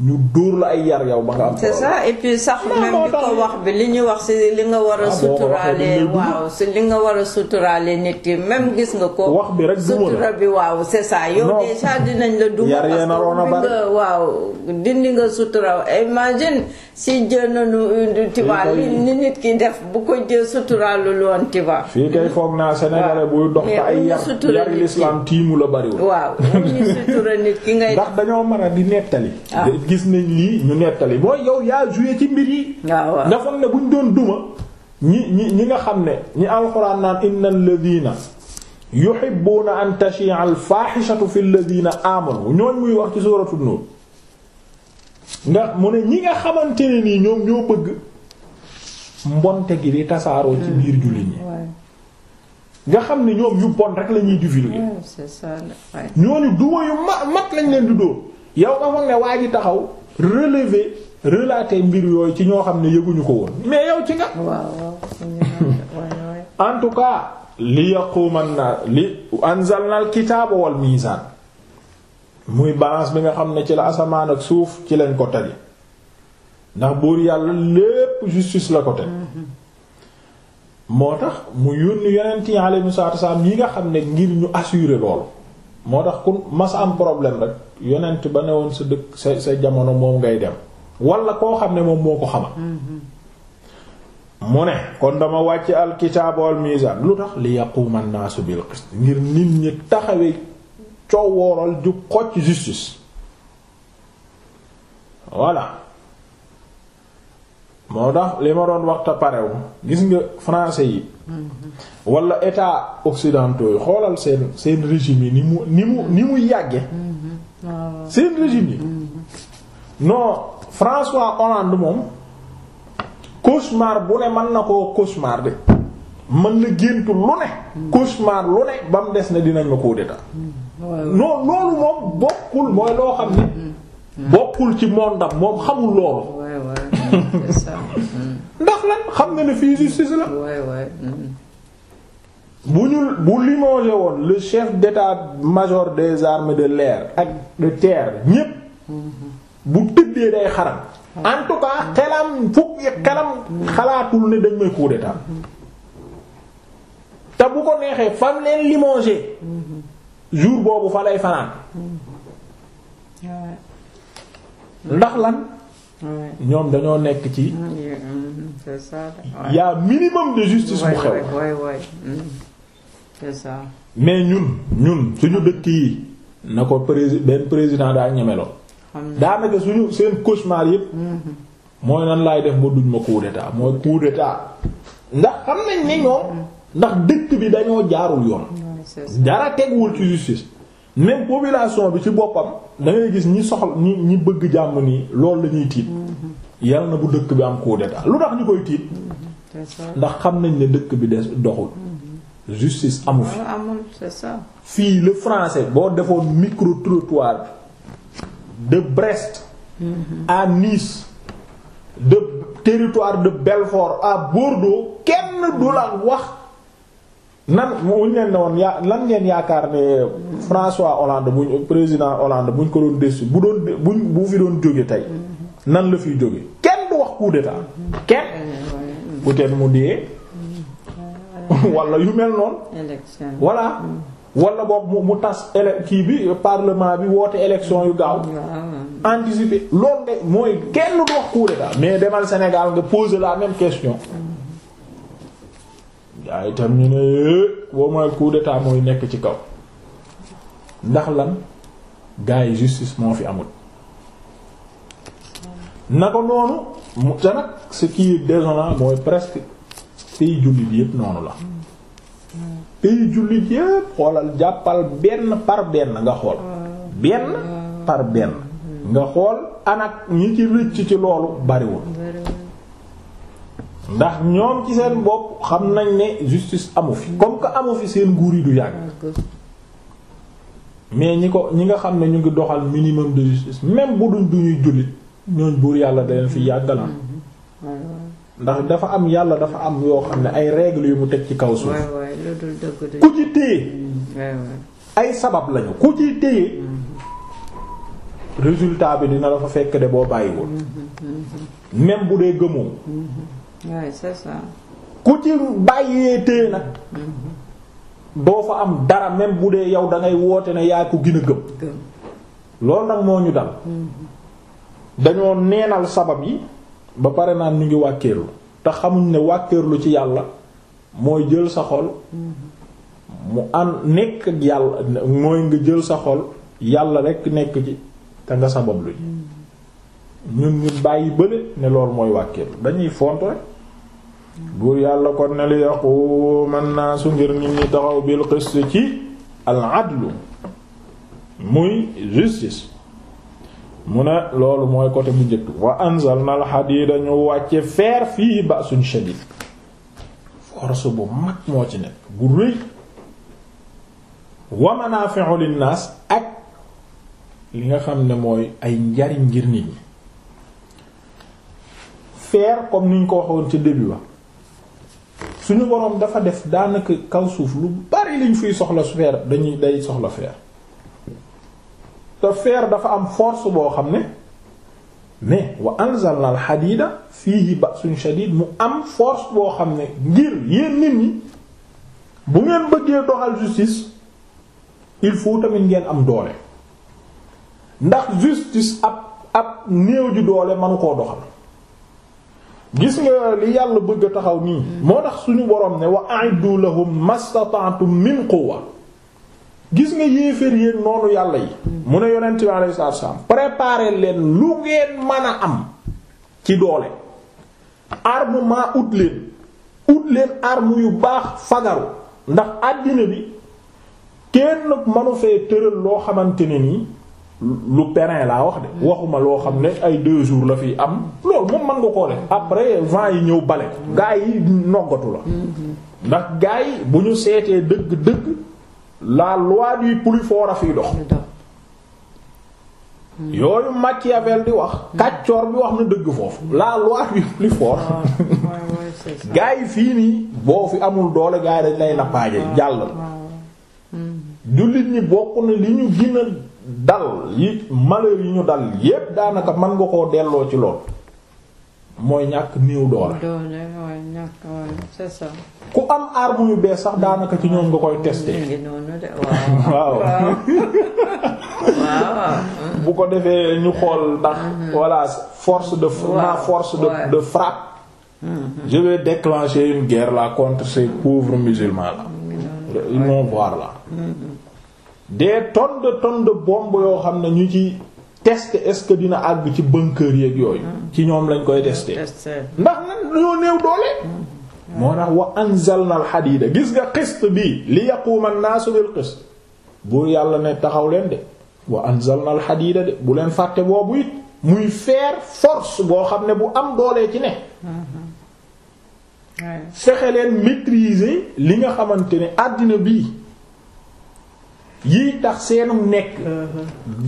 ñu dóor la ay yar yow ba nga am. c'est ça et puis sax ah, même bi ko wax bi li ñu wax ci li nga war a. Ah, suturaale waaw ci li nga war a suturaale nit yi même gis nga ko. wax bi rek sutura bi waaw c'est ça yow déjà dinañ la. duma yar yee naroon na bari waaw dindi nga sutura imagine si jël nañu euh, tiba li nit ki def bu ko jël suturaalu loon tiba. fii kay foog naa Sénégalais buy dox ba ay yar yar l'islam tiimu la bariwul. waaw ñu sutura nit ki ngay. ndax dañoo mën a di nettali. Ah. gis nañ lii ñu nettali mooy yow yaa joué ci mbir yi. Ah, waaw nga foog ne buñ doon duma. ñi ñi nga xam ne ñi alxuraan naan innal ladina yuhibbuna an tashi'a al fahishatu fil muy wax ci suuratu nuur nga ñi nga xamante nii ñoom ñoo bëgg mbonte gi di tasaaroo ci biir jullit ñi nga xam ne ñoom yu bon rek la ñuy divulguer ñooñu duma yu mat mat lañ leen di dóor yow nga foog ne waa ji taxaw relever relater mbir yooyu ci ñoo xam ne yëguñu ko woon mais yow ci nga. en tout cas li yaquma na li anzalna al kitaaba wal mizaan muy balance bi nga xam ne ci la asamaan ak suuf ci lañ ko tali ndax buur yàlla lépp justice la ko teg mm-hmm. moo tax mu yónni yonent yi alayhi salaatu wa yi nga xam ne ngir ñu assurer lool moo tax ku mas am problème rek yonent ba ne woon sa dëkk sa sa jamono moom ngay dem walla koo xam ne moom moo ko xamal mm-hmm. mu ne kon dama wàcc alkitaab wal mizaan lu tax li yaquma an-naasu bil qist ngir nit ñi taxawee coowooral ju xocc justice voilà moo tax li ma doon waxta parew gis nga français yi mm-hmm. wala état occidentaux xoolal seen seen régime yi ni mu ni mu ni mu yàgge mm-hmm. Ah. seen régime yi non François Hollande moom cauchemar bu ne mën na koo cosmar de mën na géntu lu ne cauchemar lu ne ba mu des ne dinañ ma koo d'état hmm. non loolu moom bokkul mooy loo xam ne hmm. hmm. bokkul ci mondam moom xamul loolu ndax lan xam nga ne fii justice la bu ñu bu limogé woon le chef d'état-major des armées de l'air ak de terre ñépp bu tëddee day xaram en tout cas xelam fukk xelam xalaatul ne dañ ma coup d'état te bu ko neexee fam leen limogé jour boobu fa lay fanaan ndax lan ñoom dañoo nekk ci y'a minimum de justice bu xew mm. c'est mais ñun ñun suñu dëkk yi na ko prési benn président daa ñemeloo daanaka suñu seen cauchemar yëpp mm-hmm. mooy nan laay def ba duñ ma coup d'état mooy coup d'état ndax xam nañ ne ñoom mm-hmm. ndax dëkk bi dañoo jaarul yoon dara teguwul ci justice même population bi ci boppam da gis ñi soxla ñi ñi bëgg jàmm nii loolu la ñuy tiit mm-hmm. yàlla na bu dëkk bi am coup d'état lu tax ñu koy tiit ndax xam nañ ne dëkk bi des doxul justice amu fi ah, c'est ça. fii le français boo defoon micro trottoir de Brest mm-hmm. à Nice de territoire de Belfort à Bordeaux kenn du la wax nan muñ leen ne woon yaa lan ngeen yaakaar ne François Hollande buñ président Hollande buñ ko doon déchu bu doon buñ bu fi doon jóge tey mm-hmm. nan la fiy jóge kenn du wax coup d'état mm-hmm. kenn peut eh, mu dee Euh, wala yu mel noonu. élection voilà. Mm. boobu mu tas ele kii bi parlement bi woote élection yu gaaw. anticiper loolu de mooy kenn du wax coup d'état mais demal Sénégal nga poser la même question. yaa mm. itam ñu ne eh, boo mooy coup d'état mooy nekk ci kaw ndax lan gars yi justice moo fi amul. Mm. na ko noonu mu te nag ce qui est désolant mooy presque. pays jullit yépp noonu la pays jullit yépp xoolal jàppal benn par benn nga xool benn par benn nga xool anak ñi ci rëcc ci loolu bariwul ndax ñoom ci seen bopp xam nañ ne justice amu fi comme que amu fi seen nguur yi du yàgg mais ñi ko ñi nga xam ne ñu ngi doxal minimum de justice même bu duñ duñuy jullit ñooñ buur yàlla de leen fi yàggalaan ndax dafa am yàlla dafa am yoo xam ne ay règles yu mu teg ci kaw suuf ku ci téye mm, ay sabab lañu ku ci téye mm-hmm. résultat bi dina la fekk de boo bàyyiwul mm-hmm, mm-hmm. même bu dee gëmoo ku ci bàyyee téye nag boo fa am dara même bu dee yow dangay woote ne yaa ko gën a gëm loolu nag moo ñu dal dañoo neenal sabab yi ba pare naa ñu ngi wàkkeerlu te xamuñ ne wàkkeerlu ci yàlla mooy jël sa xol mu an nekk ak yàlla mooy nga jël sa xol yàlla rekk nekk ci te nga sabab lu ñun ñu bàyyi bële ne loolu mooy wàkkeerlu dañuy font buur yàlla kon ne li naa su ngir nit ñi taxaw bil qist ci al muy justice mu ne loolu mooy côté bu njëkk wa anzalna al-hadida ñu wàcce feer fii ba'sun shadid force bu mag moo ci nekk bu rëy wa manafi'u lin-nas ak li nga xam ne mooy ay njariñ ngir nit ñi feer comme ni ñu ko waxoon ci début ba suñu boroom dafa def daanaka kaw suuf lu bari liñ fiy soxla feer dañuy day soxla feer te fer dafa am force boo xam ne mais wa anzalna al hadida fihi suñu shadid mu am force boo xam ne ngir yéen nit ñi bu ngeen bëggee doxal justice il faut tamit ngeen am doole ndax justice ab ab néew ji doole manu koo doxal gis nga li yàlla bëgg taxaw nii moo tax suñu borom ne wa a'iddu lahum mastata'tum min quwwa gis nga yéeféer yéen noonu yàlla yi mu ne yonent bi alayhi salaatu salaam préparer leen lu ngeen mën a am ci doole armement ut leen ut leen arme yu baax fagaru ndax àddina bi kenn manu fee tëral loo xamante ne nii lu périn laa wax de waxuma loo xam ne ay deux jours la fi am loolu moom man nga koo def après vent yi ñëw bale gaa yi noggatu la ndax gaa bu ñu seetee dëgg dëgg la loi du plus a fiy dox hmm. yooyu Machiavel di wax kàccoor hmm. bi wax na dëgg foofu hmm. la loi du plus ah, gaa yi fii nii boo fi amul doole gaa yi dañ lay nappaaje ah, jàll ah, jullit ñi bokk na li ñu gën dal yi malheur yi ñu dal yépp daanaka mën nga koo delloo ci lool mooy ñàkk néew doole. doole c'est ça. ku am arme yu bees sax daanaka ci ñoom nga koy testé. waaw bu ko defee ñu xool ndax. Mm-hmm. voilà force de. ma force de de frappe. Mm-hmm. je vais déclencher une guerre là contre ces pauvres musulmans là. Mm-hmm. de tonnes de bombes yoo xam ne ñu ci. test est-ce que dina àgg ci bunker yeeg yooyu. ci ñoom lañ koy testé. ndax nag ñoo néew doole. moo tax wa anzalna al hadida gis nga qist bi li yaquma man nasu bil qist buur yàlla ne taxaw leen de wa anzalna al hadida de bu leen fàtte boobu it muy faire force boo xam ne bu am doolee ci ne. Mm-hmm. fexe leen maîtriser li nga xamante ne àddina bii. yii tax seenu nekk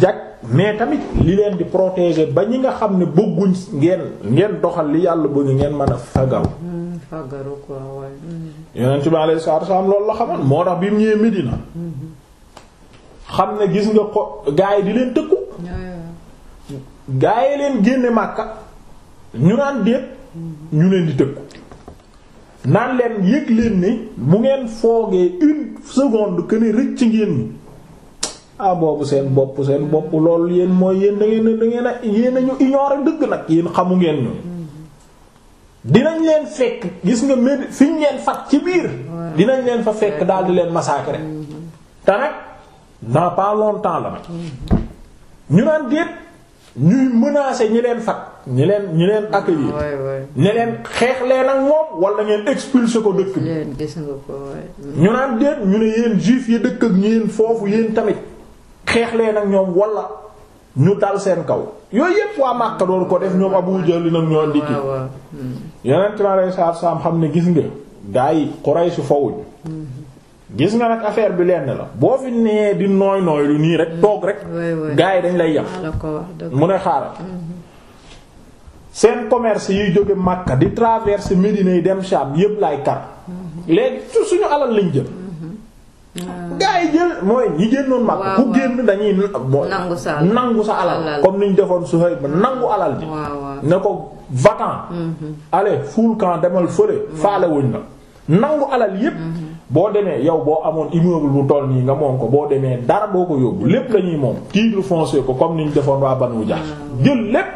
jag mais tamit li leen di protéger ba ñi nga xam ne bëgguñ ngeen ngeen doxal li yàlla bëgg ngeen mën a fagaru hmm, fagaru quoi hmm. yonent bi alayhi salaatu wasallam la xamal moo tax bi mu ñëwee Medina hmm. xam ne gis nga ko gaa yi di leen tëkku gaa yi leen génne Makka ñu naan déet ñu leen di tëkku naan leen yëg leen ni bu ngeen foogee une seconde que ne rëcc ngeen ah boobu seen bopp seen bopp loolu yéen mooy yéen dangeen ngeen da ngeen a yéen nañu ignorer dëgg nag yéen xamu ngeen ñu dinañ leen fekk gis nga mé fi ñu leen fat ci biir dinañ leen fa fekk daal di leen massacrer te nag dans pas longtemps la nag ñu naan déet ñuy menacer ñi leen fat ñi leen ñi leen accueillir leen xeex ak moom wala ngeen expulser ko dëkk bi ñu naan déet ñu ne yéen juif yi dëkk ak ñi yéen foofu yéen tamit xeex leen ak ñoom wala ñu dal seen kaw yooyu yépp waa Makka ko def ñoom Abu nag ñoo ndikki yeneen time saar saam xam ne gis nga gaa yi Quraysh fawuñ hmm. gis nga nag affaire bi lenn la boo fi nee di nooy nooy lu nii rek hmm. toog rek gaa yi dañ lay yàq mu ne xaaral hmm. seen commerce yiy jóge Makka di traverser Médine yi dem Sham yépp lay kar léegi su suñu alal lañ jël Ah. gaa yi jël mooy ñi génnoon mag ku génn dañuy nangu sa nangu sa alal comme ni niñ defoon Suhayb nangu alal ji ne ko vacant mm-hmm. allez full camp demal fële mm-hmm. faale wuñ la nangu alal yépp mm-hmm. boo demee yow boo amoon immeuble bu toll nii nga moom ko boo demee dara boo ko yóbbu lépp la ñuy moom titre foncier ko comme niñ defoon waa Banu Jahsh ah. jël lépp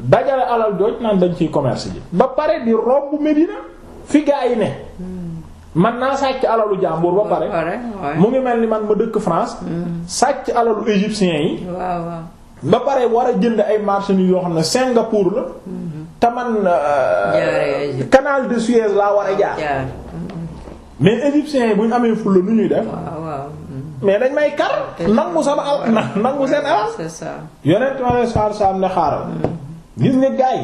dajale alal jooj naan dañ ci commerce ji ba pare di romb Medina fi gaa yi ne mm. man naa sàcc alalu jàmbur ba pare mu ngi mel ni man ma dëkk France hmm. sàcc alalu égyptiens yi ba pare war a jënd ay marchandises yoo xam ne Singapour la hmm. te man euh, canal de Suez laa war a jaar hmm. mais égyptiens yi bu ñu amee fulla nu ñuy def mais dañ may kar nangu sama al nangu seen alal yonent ma saar saar ne xaaral gis nga gaay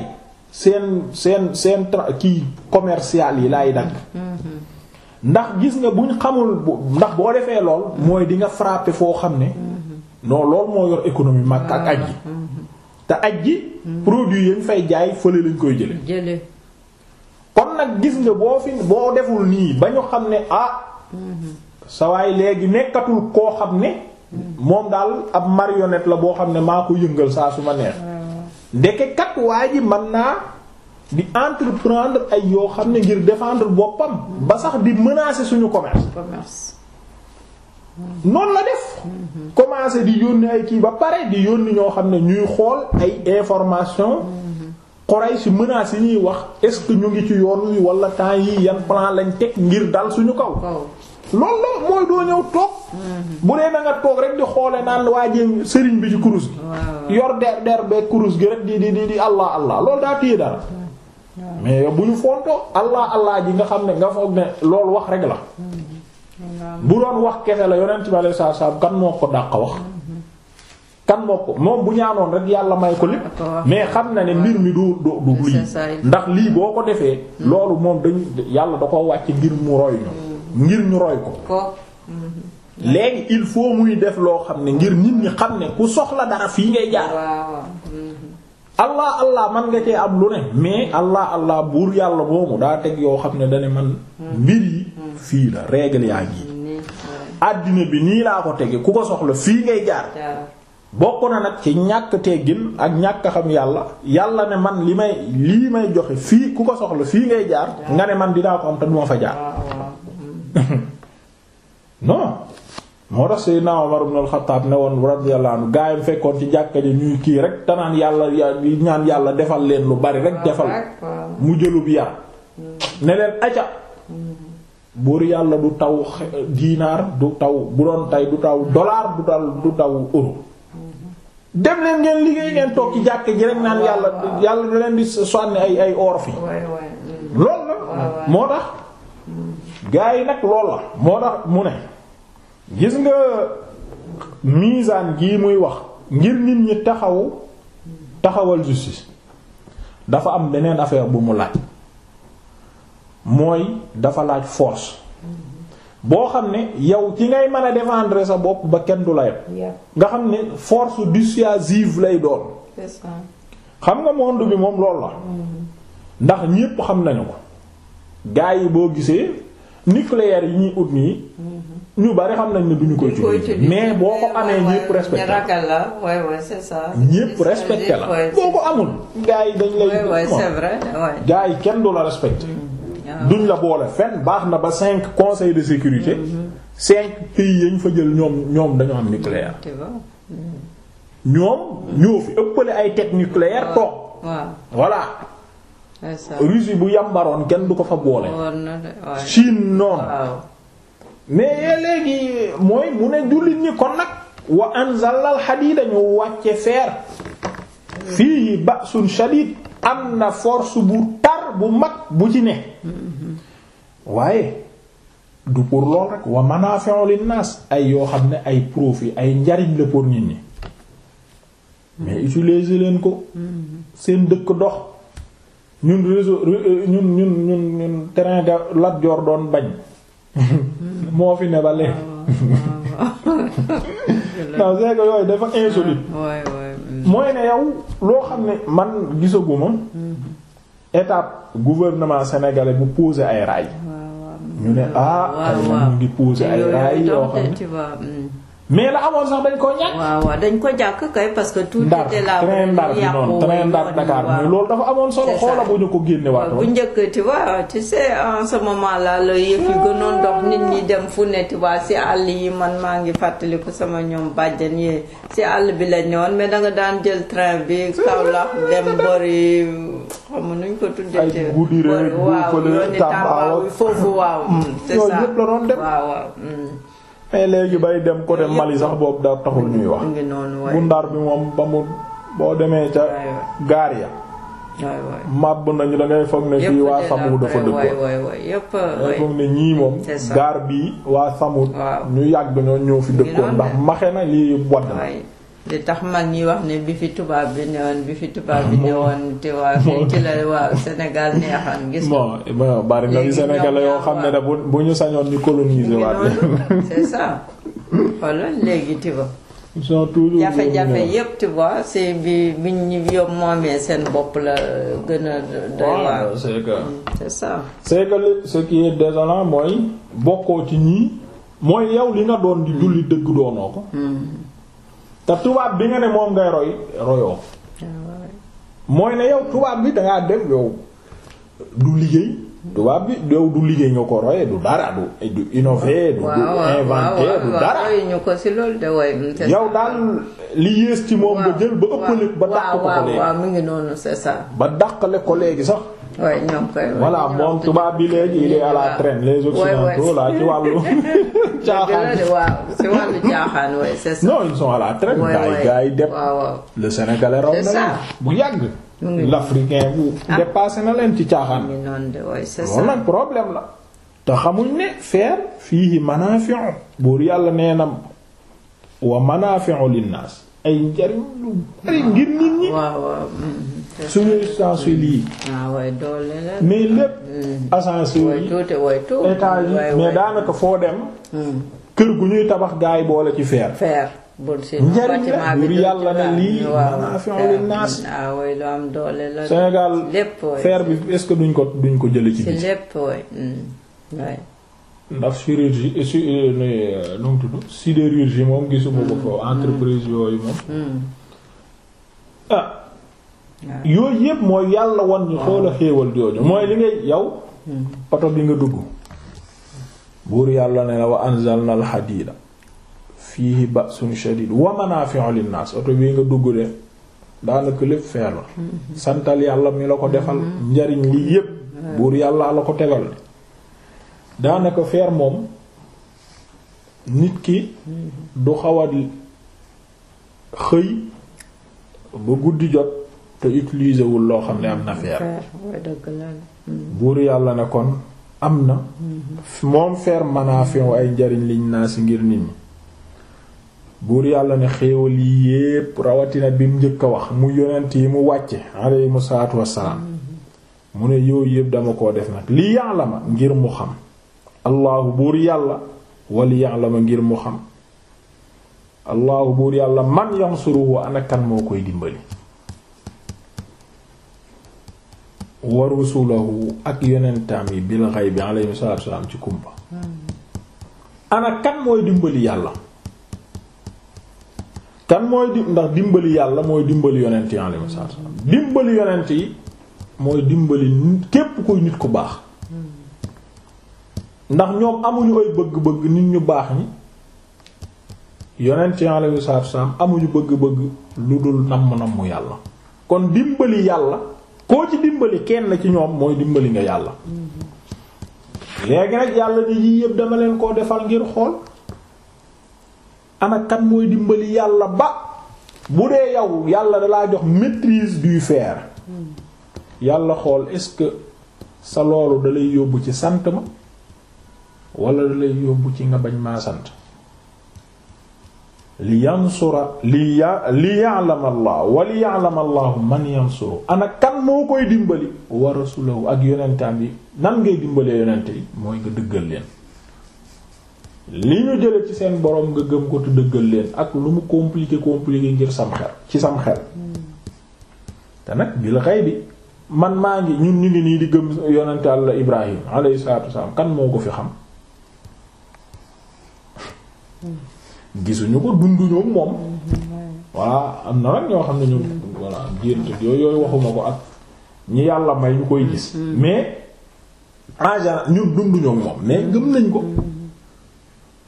seen seen seen tra- kii commercial yi laay dagg ndax gis nga buñ xamul ndax boo defee lool mooy di nga frappé foo xam ne non lool moo yor économie mag ak aj ji te aj produit yeen fay jaay fële lañ koy jële kon nag gis nga boo fi boo deful nii ba ñu xam ne ah sawaay léegi nekkatul koo xam ne moom daal ab marionnette la boo xam ne maa ko yëngal saa su ma neex ah. ndeke kat waa ji mën naa di entreprendre ay yoo xam ne ngir defendre boppam ba sax di menacer suñu commerce. commerce. noonu la def. Mm-hmm. commencer di yónni ay kii ba pare di yónni ñoo xam ne ñuy xool ay information mm-hmm. Quraysh menaces yi ñuy wax est-ce que ñu ngi ci yoon wi wala temps yi yan plan lañ teg ngir dal suñu kaw. loolu la mooy doo ñëw toog. Mm-hmm. bu dee na nga toog rek di xoole naan waa jéem sëriñ bi ci kurus yor der der beeg kurus gi rek di di di di allah allah loolu daa téye dara. mais bu ñu fontoo allah allah ji nga xam ne nga foog ne loolu wax rek la bu doon wax kese la yonent bi alayhi salaam kan moo ko dàq wax kan moo ko moom bu ñaanoon rek yàlla may ko lépp mais xam na ne mbir mi du du du lii ndax lii boo ko defee mm. loolu moom dañu yàlla da koo wàcc ngir mu roy mm. ngir ñu roy ko mm-hmm. léegi il faut muy def loo xam ne ngir nit ñi xam ne ku soxla dara fii ngay jaar mm-hmm. allah allah man nga cee am lu ne mais allah allah buur yàlla moomu daa teg yoo xam ne dane man mbir yi fii la règle yaa ngi àddina bi nii laa ko tege ku ko soxla fii ngay jaar bokk na nag ci ñàkk teggin ak ñàkk xam yàlla yàlla ne man li may lii may joxe fii ku ko soxla fii ngay jaar nga ne man dinaa ko am te duma fa jaar non moo tax Seydina Umar ibn al-Khattab ne woon radiyallahu gaayam fekkoon ci jàkka ji ñuy kii rek tanaan yàlla ñaan yàlla defal leen lu bari rek defal mu jëlub yar hmm. ne leen aca hmm. buur yàlla du taw dinaar du taw bu doon tay du taw dollar du taw du taw euro hmm. dem leen ngeen liggéey ngeen toog ci jàkka ji rek naan yàlla yàlla da leen di sànni ay ay or fi lool la moo tax gaay nag lool la moo tax mu ne gis nga misaan gii muy wax ngir nit ñi taxaw taxawal justice dafa am beneen affaire bu mu laaj mooy dafa laaj force boo xam ne yow ci ngay mën a defendre sa bopp ba kenn du la yem nga xam ne force dissuasive lay doon xam nga monde bi moom loolu la mm-hmm. ndax ñépp xam nañu ko gars yi boo gisee nucléaire yi ñuy ut nii mm-hmm. ñu bari xam nañ ne duñu koy julli mais boo ko amee ñépp respecté la ñépp respecté la boo ko amul gars yi dañ lay gars yi kenn du la respecté ah. duñ la boole fenn baax na ba cinq conseil de sécurité mm-hmm. cinq pays yañ fa jël ñoom ñoom dañu am nucléaire mm-hmm. ñoom ñoo fi ëppale ay tête nucléaire toog voilà Russie bu yambaroon kenn du ko fa boole Chine noonu mais léegi mooy mu ne jullit ñi kon nag wa anzalna al hadida ñu wàcce feer fii ba'sun shadid am na force bu tar bu mag bu ci ne waaye du pour lool rek wa manafi'u ay yoo xam ne ay profit ay njariñ la pour nit ñi mais utiliser leen ko seen dëkk dox ñun réseau ñun ñun ñun ñun terrain Joor doon bañ moo fi ne ba léegi. non yooyu dafa ah, insolite. mooy ne yow loo xam ne man gisaguma mm-hmm. étape gouvernement sénégalais bu poser ay raay. ñu ne ah. waaw waaw tey mu ay raay yoo xam ne. mais la amoon sax dañ koo ñàkk. waaw dañ ko jàkk kay parce que. tout était là train ndar bi noonu train ndar Dakar loolu dafa amoon solo xoola bu ñu ko génne waat. bu njëkk tu vois en ce moment là la yëf nit ñi dem fu ne tu si àll yi man maa ngi fàttaliku sama ñoom bàjjen yi si àll bi la ñëwoon mais da nga daan jël train bi Kaolack dem bori xam nga nuñ ko tuddee. ay guddi rek bu fële Tamba waaw foofu waaw. Mm. c'est ça waaw waaw. Mm. mais léegi bay dem côté Mali sax boobu da taxul ñuy wax gundar bi moom ba mu boo demee ca gaar ya màbb nañu da ngay foog ne fii waa Samud dafa dëkkoon ngay foog ne ñii moom gaar bii waa Samud ñu yàgg ñoo ñëw fi dëkkoon ndax maxe na lii wadd na li tax mag ñi wax ne bi fi tubaab bi newoon bi fi tubaab bi newoon te waa fii ci la waaw Sénégal neexan gis bon bari na yu Sénégal yoo xam ne da bu ñu sañoon ñu coloniser waat c'est ça xoolal léegi tiba jafe-jafe yépp tu vois c'est bi bi ñu yob moomee seen bopp la gën a doy waar c'est que mm, c'est ça c'est que ce qui est désolant mooy bokkoo ci ñii mooy yow li nga doon di julli dëgg doonoo ko mm. te tubaab bi nga ne moom ngay roy royoo mooy ne yow tubaab bi dangaa dem yow du liggéey tubaab bi yow du liggéey nga ko roye du dara du du innover du inventer du dara yow daal li yées ci moom ba jël ba ëppale ba dàq ko léegi ba dàqale ko léegi sax oui ñoom koy moom tubaab bi léegi il est à la traîne les occidentaux ci wàllu caaxaan. ci wàllu caaxaan oui c'est ça. non la traîne. waay gars yi dem. le sénégalais raw na bu yàgg. l'africain bu ah. dépassé na leen ci caaxaan. loolu nag problème la. te xamuñ ne faire fii manaafi'u buur yàlla nee na wa manaafi'u linnaas ay njariñ lu bari ngir nit ñi. Mm-hmm. suñu instance yi ah, lii mais lépp ascenseur mm. yi étage yi mais daanaka foo dem mm. kër gu ñuy tabax gaay boole ci fer njariñ la ngir yàlla ne lii maanaam affaire yu naas ah, Sénégal fer bi est-ce que duñ ko duñ ko jële ci biti mm. ndax chirurgie euh, su euh, euh, nu mu tudd sidérurgie moom gisuma ko entreprise yooyu moom ah, yooyu yëpp mooy yàlla wan ñu xoola xéewal jooju mooy li ngay yow hmm. oto bi nga dugg buur yàlla ne la wa anzalna al hadida fihi ba'sun shadid wa manafi'u lin oto bii nga dugg de daanaka lépp feer la hmm. santal yàlla mi la ko defal hmm. njariñ li yépp buur yàlla la ko tegal daanaka feer moom nit ki du xaw a xëy ba guddi jot te utiliser wul loo xam ne am na fer hmm. buur yàlla ne kon am na hmm. moom fer manafin ay njariñ liñ naa si ngir nit ñi buur yàlla ne xéewal yi yépp rawatina bi mu njëkk a wax mu yonent yi mu wàcce aleyhimu salaatu wassalaam hmm. mu ne yooyu yépp dama ko def nag li ya'lama ngir mu xam allahu buur yàlla wali ya'lama ngir mu xam allahu buur yàlla man yansuruhu anakan moo koy dimbali wa rusulahu ak yonentaam yi bil ghaybi alayhi salaatu wa salaam ci kumba ana kan mooy dimbali yàlla kan mooy di ndax dimbali yàlla mooy dimbali yonent yi alayhi salaatu wa salaam dimbali mooy dimbali képp kuy nit ku baax ndax ñoom amuñu ay bëgg-bëgg nit ñu baax ñi yonent yi alayhi salaatu wa amuñu bëgg-bëgg lu dul namm namm yàlla kon dimbali yàlla koo ci dimbali kenn ci ñoom mooy dimbali nga yàlla léegi nag yàlla ne yii yëpp dama leen koo defal ngir xool ana mooy dimbali yàlla ba bu dee yow yàlla dalaa jox maîtrise du fer yàlla xool est-ce que sa loolu dalay yóbbu ci sant ma wala dalay yóbbu ci nga bañ maa sant li yansura li ya li ya'lam allah wa li ya'lam allah man yansuru ana kan moo koy dimbali wa rasulahu ak yonentam yi nan ngay dimbalee yonent yi mooy nga dëggal leen li ñu jële ci seen borom nga gëm ko te dëggal leen ak lu mu compliqué compliqué ngir sam xel ci sam xel te nag bil xay bi man maa ngi ñun ñu ngi nii di gëm yonent allah ibrahim alayhi salaatu wasalaam kan moo ko fi xam hmm. gisuñu ko dunduñu moom waa am na nag ñoo xam ne ñoom yooyu waxuma ko ak ñi yàlla may ñu koy gis mm-hmm. mais en général ñun dunduñu moom mais gëm nañ ko mm-hmm.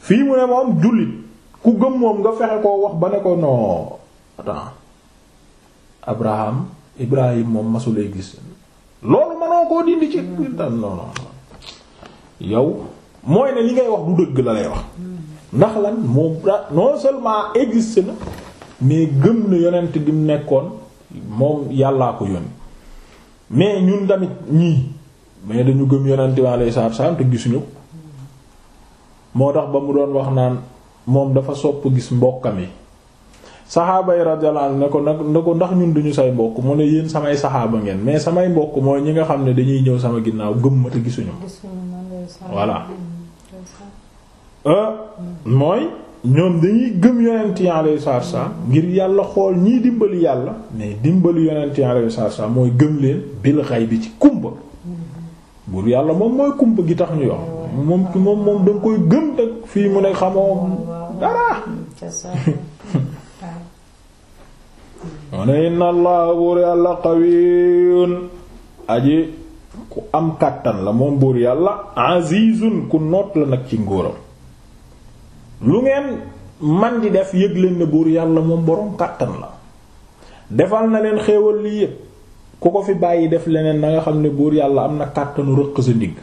fii mu ne moom jullit ku gëm moom nga fexe koo wax ba ne ko non attends Abraham Ibrahim moom masulee gis loolu mënoo koo dindi ci yow mooy ne li ngay wax du dëgg la lay wax mm-hmm. ndax lan moom non seulement existe na mais gëm na yonent bi mu nekkoon moom yàllaa ko yónni mais ñun tamit ñii mais dañu gëm yonent bi alayhi salaatu salaam te gisuñu moo tax ba mu doon wax naan moom dafa sopp gis mbokkam yi saxaaba yi radiyallahu anhu ne ko nag ne ko ndax ñun duñu say mbokk mu ne yéen samay saxaaba ngeen mais samay mbokk mooy ñi nga xam ne dañuy ñëw sama ginnaaw gëm ma te gisuñu voilà Euh, mooy ñoom dañuy gëm yonent yi alayhi ngir yàlla xool ñii dimbali yàlla mais dimbali yonent yi alayhi mooy gëm leen bil xay bi ci kumba buur yàlla moom mooy kumba gi tax ñu wax moom ki moom moom koy gëm teg fii mu ne xamoo dara mu ne buur yàlla qawiyyun aji ku am kàttan la moom buur yàlla azizun ku noot la nag ci ngóoram lu ngeen man di def yëg leen ne buur yàlla moom boroom kàttan la defal na leen xéewal lii yépp ku ko fi bàyyi def leneen na nga xam ne buur yàlla am na kàttanu rëq sa ndigg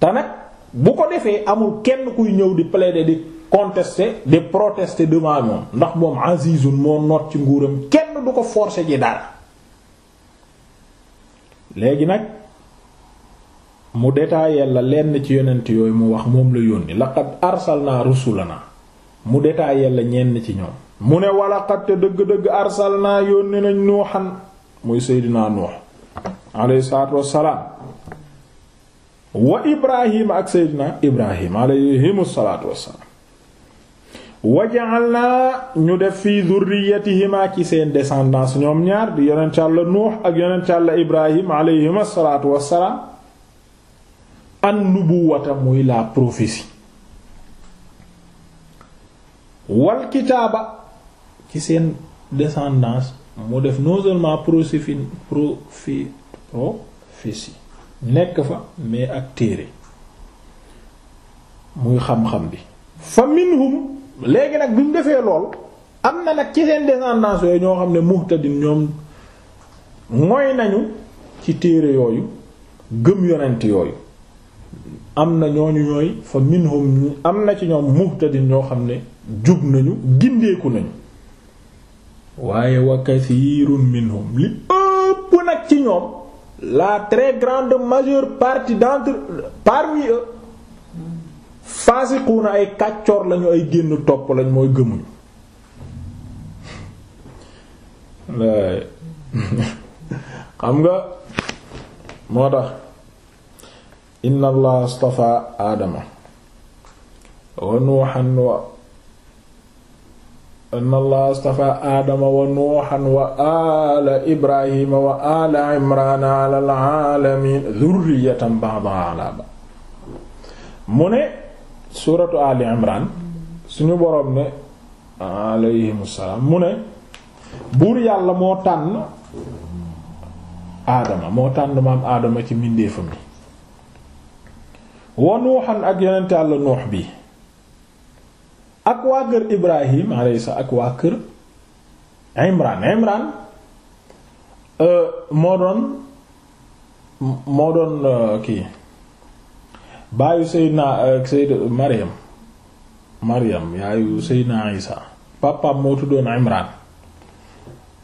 te bu ko defee amul kenn kuy ñëw di de di contester di protester devant moom ndax moom azizun moo noot ci nguuram kenn du ko forcer ji dara léegi nag mu détaillé la lenn ci yonent yooyu mu wax moom la yónni laqad arsalna rusulana mu détaillé la ñenn ci ñoom mu ne walaqad te dëgg-dëgg arsalna yónni nañ nuuxan muy seydinaa nuux alayhi salaatu wassalaam wa ibrahima ak seydinaa ibrahima alayhimu salaatu wassalaam waja'alna ñu def fii dhurriyyatihima ci seen descendance ñoom ñaar di yonent Yàlla nuux ak yonent Yàlla ibrahim an nubuwata muy la prophétie wal kitaaba ci seen descendance mu def non seulement prophétie prophétie prophétie nekk fa mais ak téere muy xam-xam bi fa minhum léegi nag bi mu defee lool am na nag ci seen descendance yooyu ñoo xam ne muhtadin ñoom mooy nañu ci téere yooyu gëm yonent yooyu am na ñooñu ñooy fa minhum am na ci ñoom muhtadin ñoo xam ne jub nañu gindeeku nañu waaye wa kathirun li ëpp nag ci ñoom la très grande majeure partie d'entre parmi eux faasiquuna ay kàccoor lañu ay génn topp lañ mooy gëmuñu xam nga moo tax inna allah astafaa aadama wa nuuxan wa inna allah astafaa aadama wa nuuxan wa aala ibrahima wa aala imraana ala alaalamiin dhurriyatan ba'dahaa ala mu ne suuratu aali imraan suñu boroom ne alayhim salaam mu ne buur yàlla moo tànn aadama moo tànn maam aadama ci mbindeefam yi wa nuuxan ak yonent yàlla nuux bi ak waa kër ibrahim alayhi ak waa kër imran imran euh, moo doon moo doon euh, kii baayu seydna euh, seyd mariam mariam yaayu seydna isa papaam moo tuddoon imran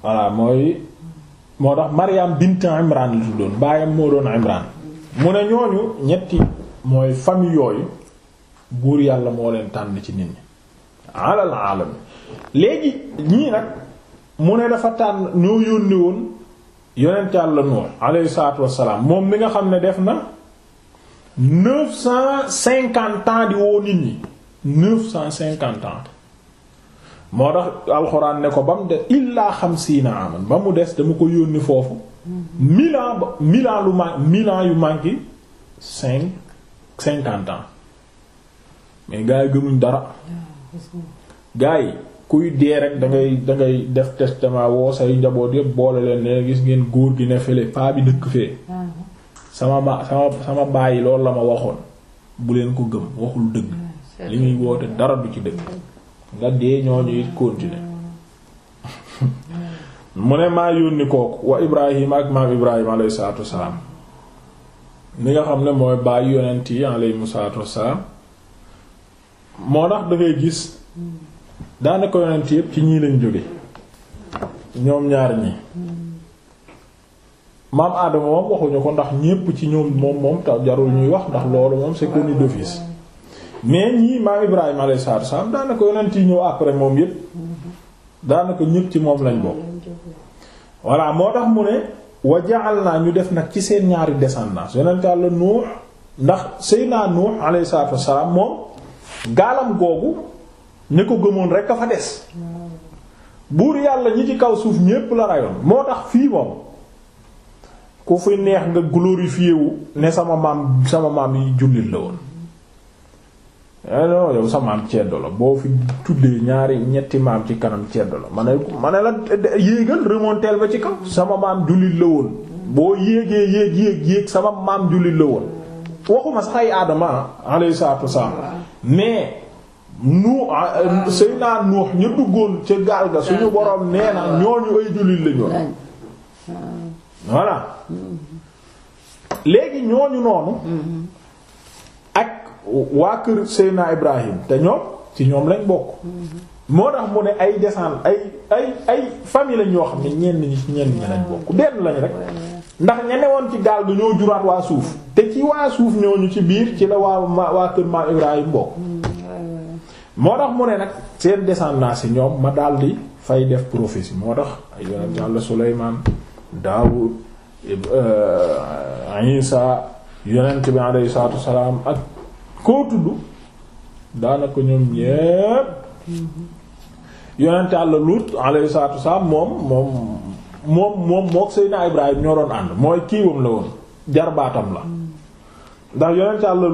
voilà mooy moo tax mariam bint imran la tuddoon baayam moo doon imran mu ne ñooñu ñetti mooy famille yooyu buur yàlla moo leen tànn ci nit ñi alal alam léegi ñii nag mu ne dafa tànn ñoo yónni woon yonent yàlla Nuux alayhi salaatu wassalaam moom mi nga xam ne def na neuf cent cinquante ans woo nit ñi neuf cent cinquante ans moo tax alxuraan ne ko ba mu des illaa xamsiina aman ba mu des dama ko yónni foofu milan ans ba mille ans lu ma yu manqué cinquante ans mais gars yi gëmuñ dara gaa yi kuy dee rek dangay ngay def testament woo say njaboot yëpp boole leen ne gis ngeen góor gi ne fële paa bi dëkk fee sama ma sama sama bàyyi loolu la ma waxoon bu leen ko gëm waxul dëgg li muy woote dara du ci dëgg nga dee ñooñu it continuer mu ne maa yónni kooku wa Ibrahima ak maam Ibrahima alayhi salaatu wasalaam mi nga xam ne mooy bàyyi yonent yi alayhimu salaatu wassalaam moo tax da gis daanaka yonent yépp ci ñii lañ jóge ñoom ñaar ñi maam Adama moom waxuñu ko ndax ñépp ci ñoom moom moom ta jarul ñuy wax ndax loolu moom c'est connu d'office mais ñii maam Ibrahima alayhi salaatu wassalaam daanaka yonent yi ñëw après moom yépp daanaka ñépp ci moom lañ bokk voilà moo tax mu ne wa naa ñu def nag ci seen ñaari descendance yonent àll Nuux ndax naa Nuux alayhi salaatu wassalaam moom gaalam googu ni ko gëmoon rek a fa des buur yàlla ñi ci kaw suuf ñépp la rayoon moo tax fii moom ku fi neex nga glorifié wu ne sama maam sama maam yi jullit la woon Eh, non yow sa maam ceddo boo fi tuddee ñaari ñetti maam ci kanam ceddo la ma ma ne la yéegal remonteel ba ci kaw sama maam jullit la woon boo yéegee yéeg yéeg yéeg sama maam jullit la woon waxuma sax ay aadama alayhi salaatu wassalaam mais nu ah, Seydina Nuux ñu duggoon ca gaal ga suñu borom nee na ñooñu ay jullit la ñoon voilà mm-hmm. léegi ñooñu noonu mm-hmm. waa kër Seyna Ibrahim te ñoom ci ñoom lañ bokk. moo tax mu ne ay desan ay ay ay famille lañ xam ne ñenn ñi ci ñi lañ bokk benn lañ rek. ndax ña woon ci gaal bi ñoo juraat waa suuf te ci waa suuf ñooñu ci biir ci la waa waa kër maam Ibrahim bokk. moo tax mu ne nag seen descendants si ñoom ma di fay def prophétie moo tax ay yonent Yàlla Suleymaan Daawud euh, Isa yonent bi alayhi salaatu wa salaam ak. koo tudd daanaka ñoom ñépp yonent Yàlla Luut salaatu wasalaam moom moom moom moom mook Seydina Ibrahim ñoo doon ànd mooy kiiwam la woon jarbaatam la ndax yonent Yàlla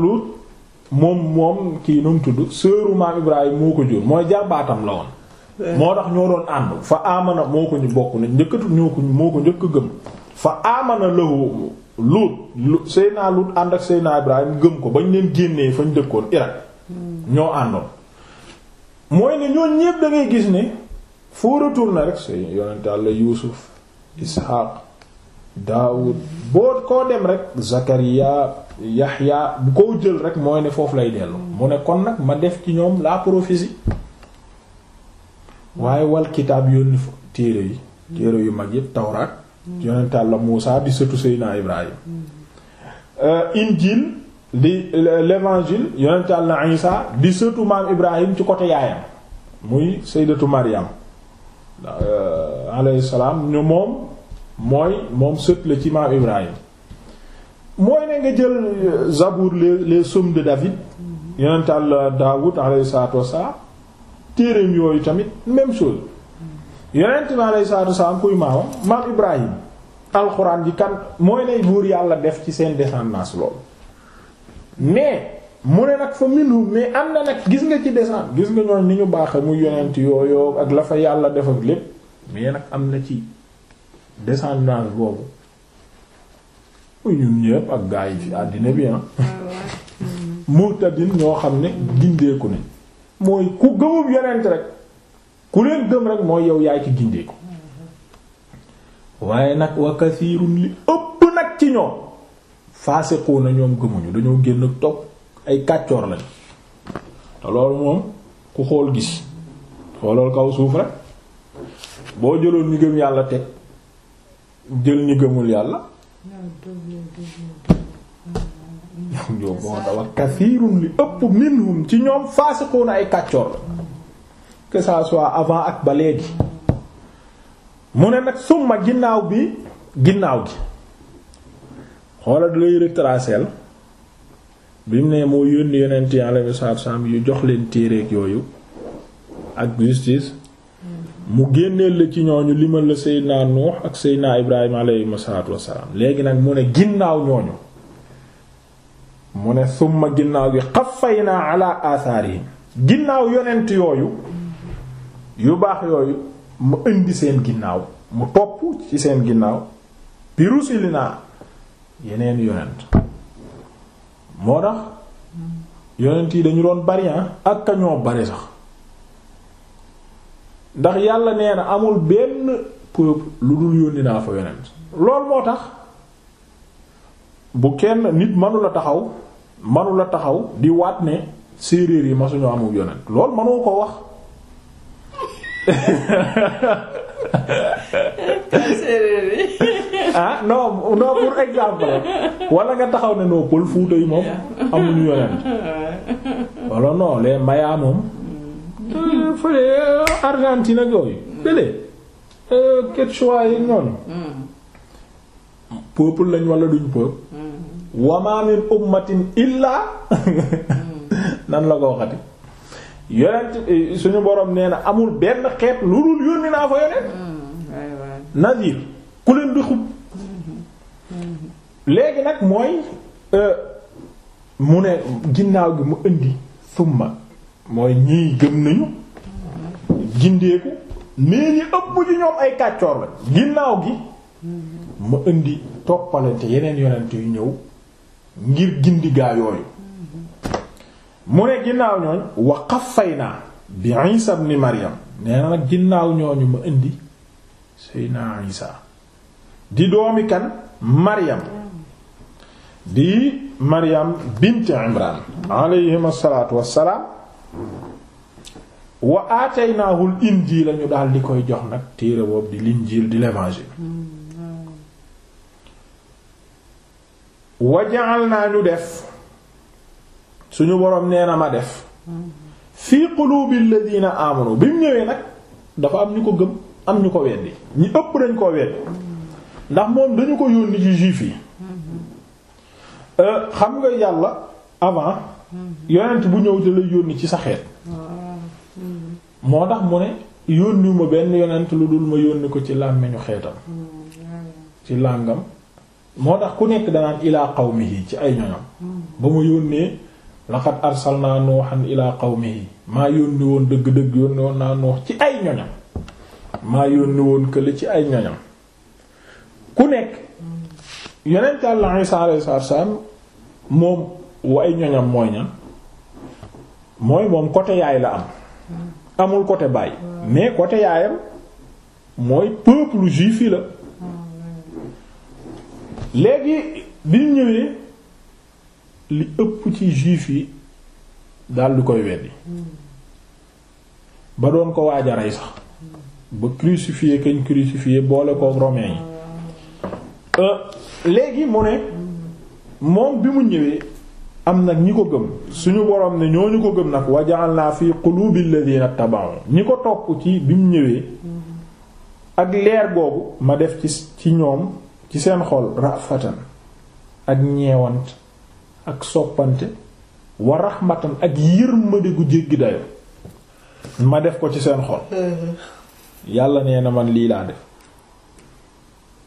moom moom kii nu tudd sëru maam Ibrahim moo ko jur mooy jarbaatam la woon moo tax ñoo doon ànd fa amana moo ko ñu bokk na njëkkatu ñoo ko moo ko njëkk gëm fa amana lahu Lut Seyna Lut ànd ak Seyna Ibrahim gëm ko bañ leen génnee fañ dëkkoon Irak hmm. ñoo àndoon mooy ne ñoo ñépp da ngay gis ne foo retourner rek say yonent Yàlla Yuusuf Isxaaq Daawud boo koo dem rek Zakariya Yaxya bu ko jël rek mooy ne foofu lay dellu hmm. mu ne kon nag ma def ci ñoom laa prophétie hmm. waaye wal kitaab yónni téere yi téere yu mag yépp Tawraat yonent Yàlla Muusaa di sëtu Seydina Ibrahim euh, injil di l'évangile yonent Yàlla Isaa di sëtu maam Ibrahim ci côté yaayam muy Sayyidatu Maryam euh, alayhi salaam ñu moom mooy moom sët la ci maam Ibrahim mooy ne nga jël euh, Zabour les les psaumes de David yonent Yàlla Daawud alayhi salaatu wassalaam téereem yooyu tamit même chose yonent bi alayhi salaatu wasalaam kuy maamam maam Ibrahim alxuraan ji kan mooy ne buur yàlla def ci seen descendance loolu mais mu ne nag fa minhum mais am na nag gis nga ci descendance gis nga ñooñ ni ñu baax baaxe muy yonent yooyu ak la fa yàlla def ak lépp mais nag am na ci descendance boobu muy ñun ñëpp ak gaa fi àddina bi ah muhtadin ñoo xam ne gindeeku ne mooy ku gëmub yonent rek ku leen gëm rek mooy yow yaay ci gindeeku waaye nag wa kasiirun li ëpp nag ci ñoom faasiquuna ñoom gëmuñu dañoo génn topp ay kàccoor lañ te loolu moom ku xool gis xoolal kaw suuf rek boo jëloo ñu gëm yàlla teg jël ñu gëmul yàlla ñoom ñoom moo tax wa li ëpp minhum ci ñoom faasiquuna ay kàccoor la que ça soit avant ak ba léegi mu ne nag summa ginnaaw bi ginnaaw gi xoolal lay retracer bi mu ne moo yónni yonent yi alayhi salaam yu jox leen téereeg yooyu ak justice mu génneel la ci ñooñu limal la Seydina Nuux ak Seydina Ibrahima alayhi salaatu wassalaam léegi nag mu ne ginnaaw ñooñu mu ne summa ginnaaw bi naa xafaynaa ala yi ginnaaw yonent yooyu yu baax yooyu mu indi seen ginnaaw mu topp ci seen ginnaaw bi rusuli naa yeneen yonent moo tax yonent yi dañu doon bari ah, ak ka ñoo bari sax ndax yàlla neena amul benn peuple lu dul yónni naa fa yonent loolu moo tax bu kenn nit manula taxaw manula taxaw di waat ne séeréer yi ma suñu amul yonent loolu mënoo ko wax ah non non pour exemple wala nga taxaw ne noo pël fuuta yi moom amuñu yonent wala non les maya moom euh, fële Argentine ak yooyu fële euh, Quechua yi noonu peuple lañ wala duñ peuple wa ma min nan la ko waxati yonent eh, suñu borom nee na amul benn xeet lu dul yónni naa fa yonent mm, nadir ku leen di xub léegi nag mooy euh, mu ne ginnaaw gi mu indi summa mooy ñii gëm nañu gindeeku mais ñi ëpp ci ñoom ay kàccoor la ginnaaw gi mu indi toppalante yeneen yonent yu ñëw ngir gindi gaa yooyu mu ne ginnaaw ñooñ wa qafaynaa bi isa nee na nag ginnaaw ñooñu ma indi seyna isa di doomi kan maryam di mariyam bint imran alayhim asalaatu wassalaam wa aataynahu l injila ñu daal di koy jox nag téere boobu di l'injil di l'évangile wa ja'alnaa ñu def suñu boroom nee na ma def fii qulubil ladina amanu bi mu ñëwee nag dafa am ñu ko gëm am ñu ko weddi ñi ëpp dañ koo weddi ndax moom dañu ko yónni ci juif euh, xam nga yàlla avant yonent bu ñëw da lay ci sa xeet moo tax mu ne yónniwuma benn yonent lu dul ma yónni ko ci làmmiñu xeetam ci làngam moo tax ku nekk danaan ilaa qawmihi ci ay ñoñam ba mu yónnee laqad arsalnaa nuuhan ilaa qawmihi maa yónni woon dëgg-dëgg yónni woon naa nuux ci ay ñoñam maa yónni woon kële ci ay ñoñam ku nekk yonent Yàlla Isaa alayhi salaam moom wa ay ñoñam mooy moom côté yaay la am amul côté baay mais côté yaayam mooy peuple juif yi la léegi bi ñëwee li ëpp ci juif yi daal di koy weddi ba doon ko waaj a rey sax ba crucifié kañ crucifié boole kook romain yi euh, léegi mu ne moom bi mu ñëwee am nag ñi ko gëm suñu borom ne ñoo ñu ko gëm nag waja'alna fi qulubil ladina taba'u ñi ko topp ci bi mu ñëwee ak leer googu ma def ci ci ñoom ci seen xol rafatan ak ñeewant ak soppante wa rahmatan ak yërmande gu jéggi dayo ma def ko ci seen xol mm-hmm. yàlla nee na man lii laa def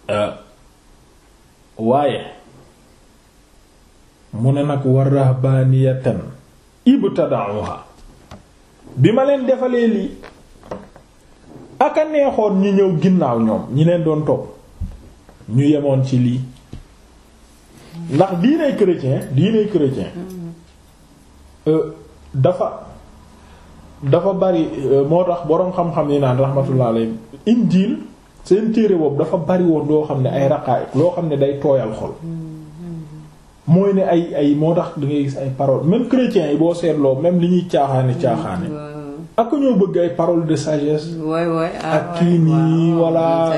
euh, waaye mu ne nag wa rahbaniyatan ibtada'uha bi ma leen defalee lii aka neexoon ñu ñëw ginnaaw ñoom ñi leen doon topp ñu yemoon ci lii ndax diine chrétien diine chrétien mm-hmm. euh, dafa dafa bari euh, moo tax boroom xam-xam yi naan rahmatullah alayhi seen téere boobu dafa bari woon loo xam ne ay raqaayik loo xam ne day tooyal xol mm-hmm. mooy ne ay ay moo tax da gis ay paroles même chrétiens yi boo seetloo même li ñuy caaxaane caaxaane ak ñoo bëgg ay paroles de sagesse ah, ak kii nii voilà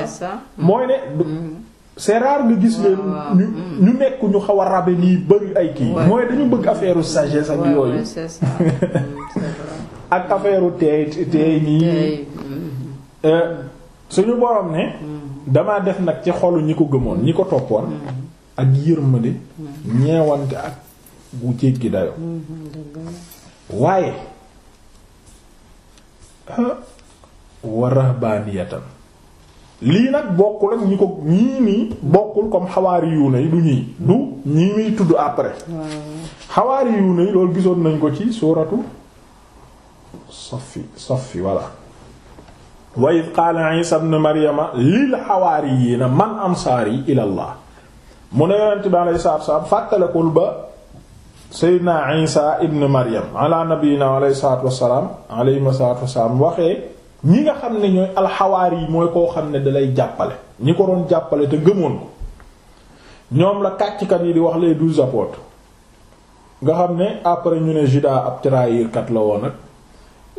mooy ne c'est bi gis leen ah, ñu hmm. ñu nekk ñu xaw a rabe nii bari ay kii mooy dañu bëgg affaire sagesse ak yooyu hmm, ak affaire teey teey nii hmm. euh, suñu borom ne damaa def nag ci xolu ñi ko gëmoon ñi ko toppoon ak yërmande ñeewante ak bu jéggi dayo waaye warahbaaniyatan lii nag bokkul ak ñi ko ñii nii bokkul comme xawaari yu yi du ñii du ñii muy tudd après xawaari yu yi loolu gisoon nañ ko ci suuratu safi safi voilà wa id qaala isa ibn maryama lil xawaariyiina man ansaari ilallah mu ne yonent bi alayhi salaatu salaam fàttalekul ba seydina isa ibn maryam ala nabiyina alayhi salaatu wassalaam alayhi waxee ñi nga xam ne ñooy alxawaari yi mooy koo xam ne dalay jàppale ñi ko doon jàppale te gëmoon ko ñoom la kàcckat yi di wax les douze apôtres nga xam ne après ñu ne Judas ab trahir kat la woon ak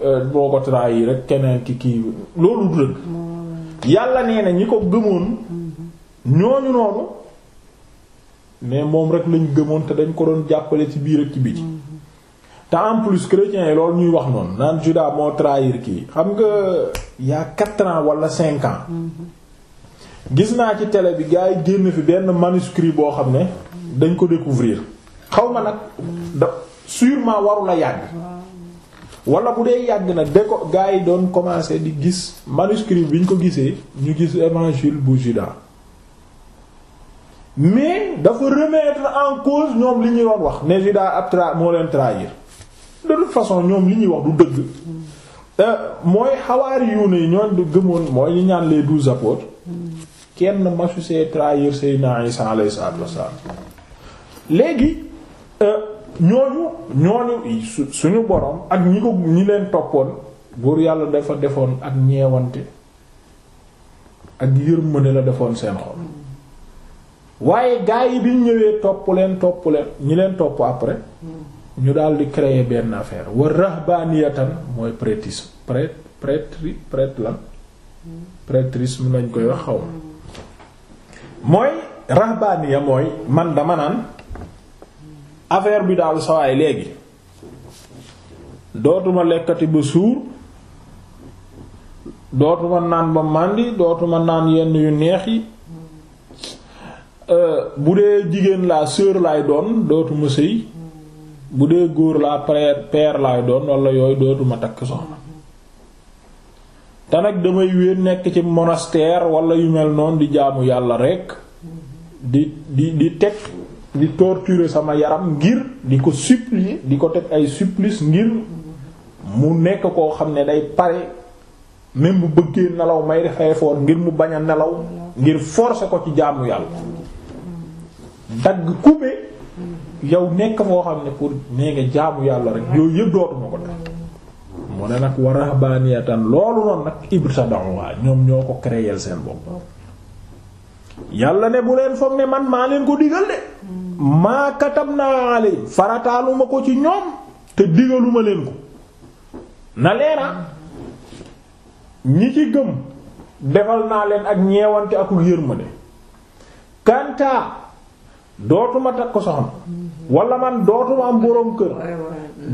euh, boo ko trahir rek keneen ki kii loolu du dëgg yàlla nee na ñi ko gëmoon mm-hmm. ñooñu noonu mais moom rek lañ gëmoon te dañ ko doon jàppale ci biir ak ci biti mm-hmm. te en plus chrétiens yi loolu ñuy wax noonu naan Juda moo trahir kii xam nga y'a quatre ans walla cinq ans gis naa ci tele bi gars yi génn fi benn manuscrit boo xam ne dañ ko découvrir xaw ma nag da sûrement warula yàgg wala bu dee yàgg na de ko gars yi doon commencer di gis manuscrit bi ñu ko gisee ñu gis évangile bu Juda mais dafa remettre en cause ñoom li ñuy doon wax ne Juda ab tra moo leen trahir de toute façon ñoom li ñuy wax du dëgg euh, mooy xawaari yu ne ñooñ du gëmoon mooy ñu ñaan les douze apôtres kenn masu see trahir Seydina Isa alayhi salaatu wassalaam léegi euh, ñooñu ñooñu suñu borom ak ñi ko ñi leen toppoon buur yàlla dafa defoon ak ñeewante ak yërmande la defoon seen xol waaye gaa yi biñ ñëwee topp leen topp leen ñi leen topp après ñu daal di créer benn affaire wa rahbaniyatan mooy prêtrise prêtre prêtre prêtre la prêtrisme lañ koy wax xaw ma mooy rahbaniya mooy man dama naan affaire bi daal sawaay léegi dootuma lekkati ba suur dootuma naan ba màndi dootuma naan yenn yu neex yi euh, bu dee jigéen laa sœur lay doon dootuma sëy bu dee góor laa père père laay doon wala yooyu dootuma takk soxna te nag damay wéet nekk ci monastère wala yu mel noon di jaamu yàlla rekk di di di teg di torturer sama yaram ngir di ko supplier di ko teg ay supplice ngir mu nekk koo xam ne day pare même bu bëggee nelaw may def effort ngir mu bañ a nelaw ngir forcer ko ci jaamu yàlla dagg couper yow nekk moo xam ne pour nee nga jaamu yàlla rek yooyu yëpp dootuma ko def mu ne nag wa rahbaniyatan loolu noonu nag ibtada'uha ñoom ñoo ko créer seen bopp yàlla ne bu leen foog ne man maa leen ko digal de maa katabna alay farataaluma ko ci ñoom te digaluma leen ko na leera ah. ñi ci gëm defal naa leen ak ñeewante ak yërmande kanta dootuma takk ko soxna walla man dootuma am boroom kër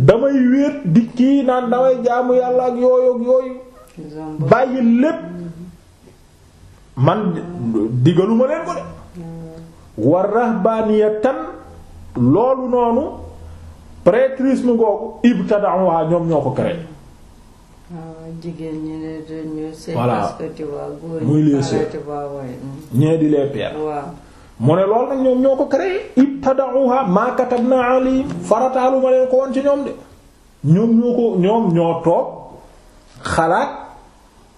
damay wéet di kii naan damay jaamu yàlla ak yooyu ak yooyu bàyyi lépp man digaluma leen ko de war rahbaniyatan loolu noonu prêtrisme googu ibtada'u ko créé ah, jigéen ñi ne dañu c'est parce que tu vois góor ñee di les pères mu ne loolu nag ñoom ñoo ko créé ibtada'uha ma katabna alayhim farataalu ma leen ko woon ci ñoom de ñoom ñoo ko ñoom ñoo toog xalaat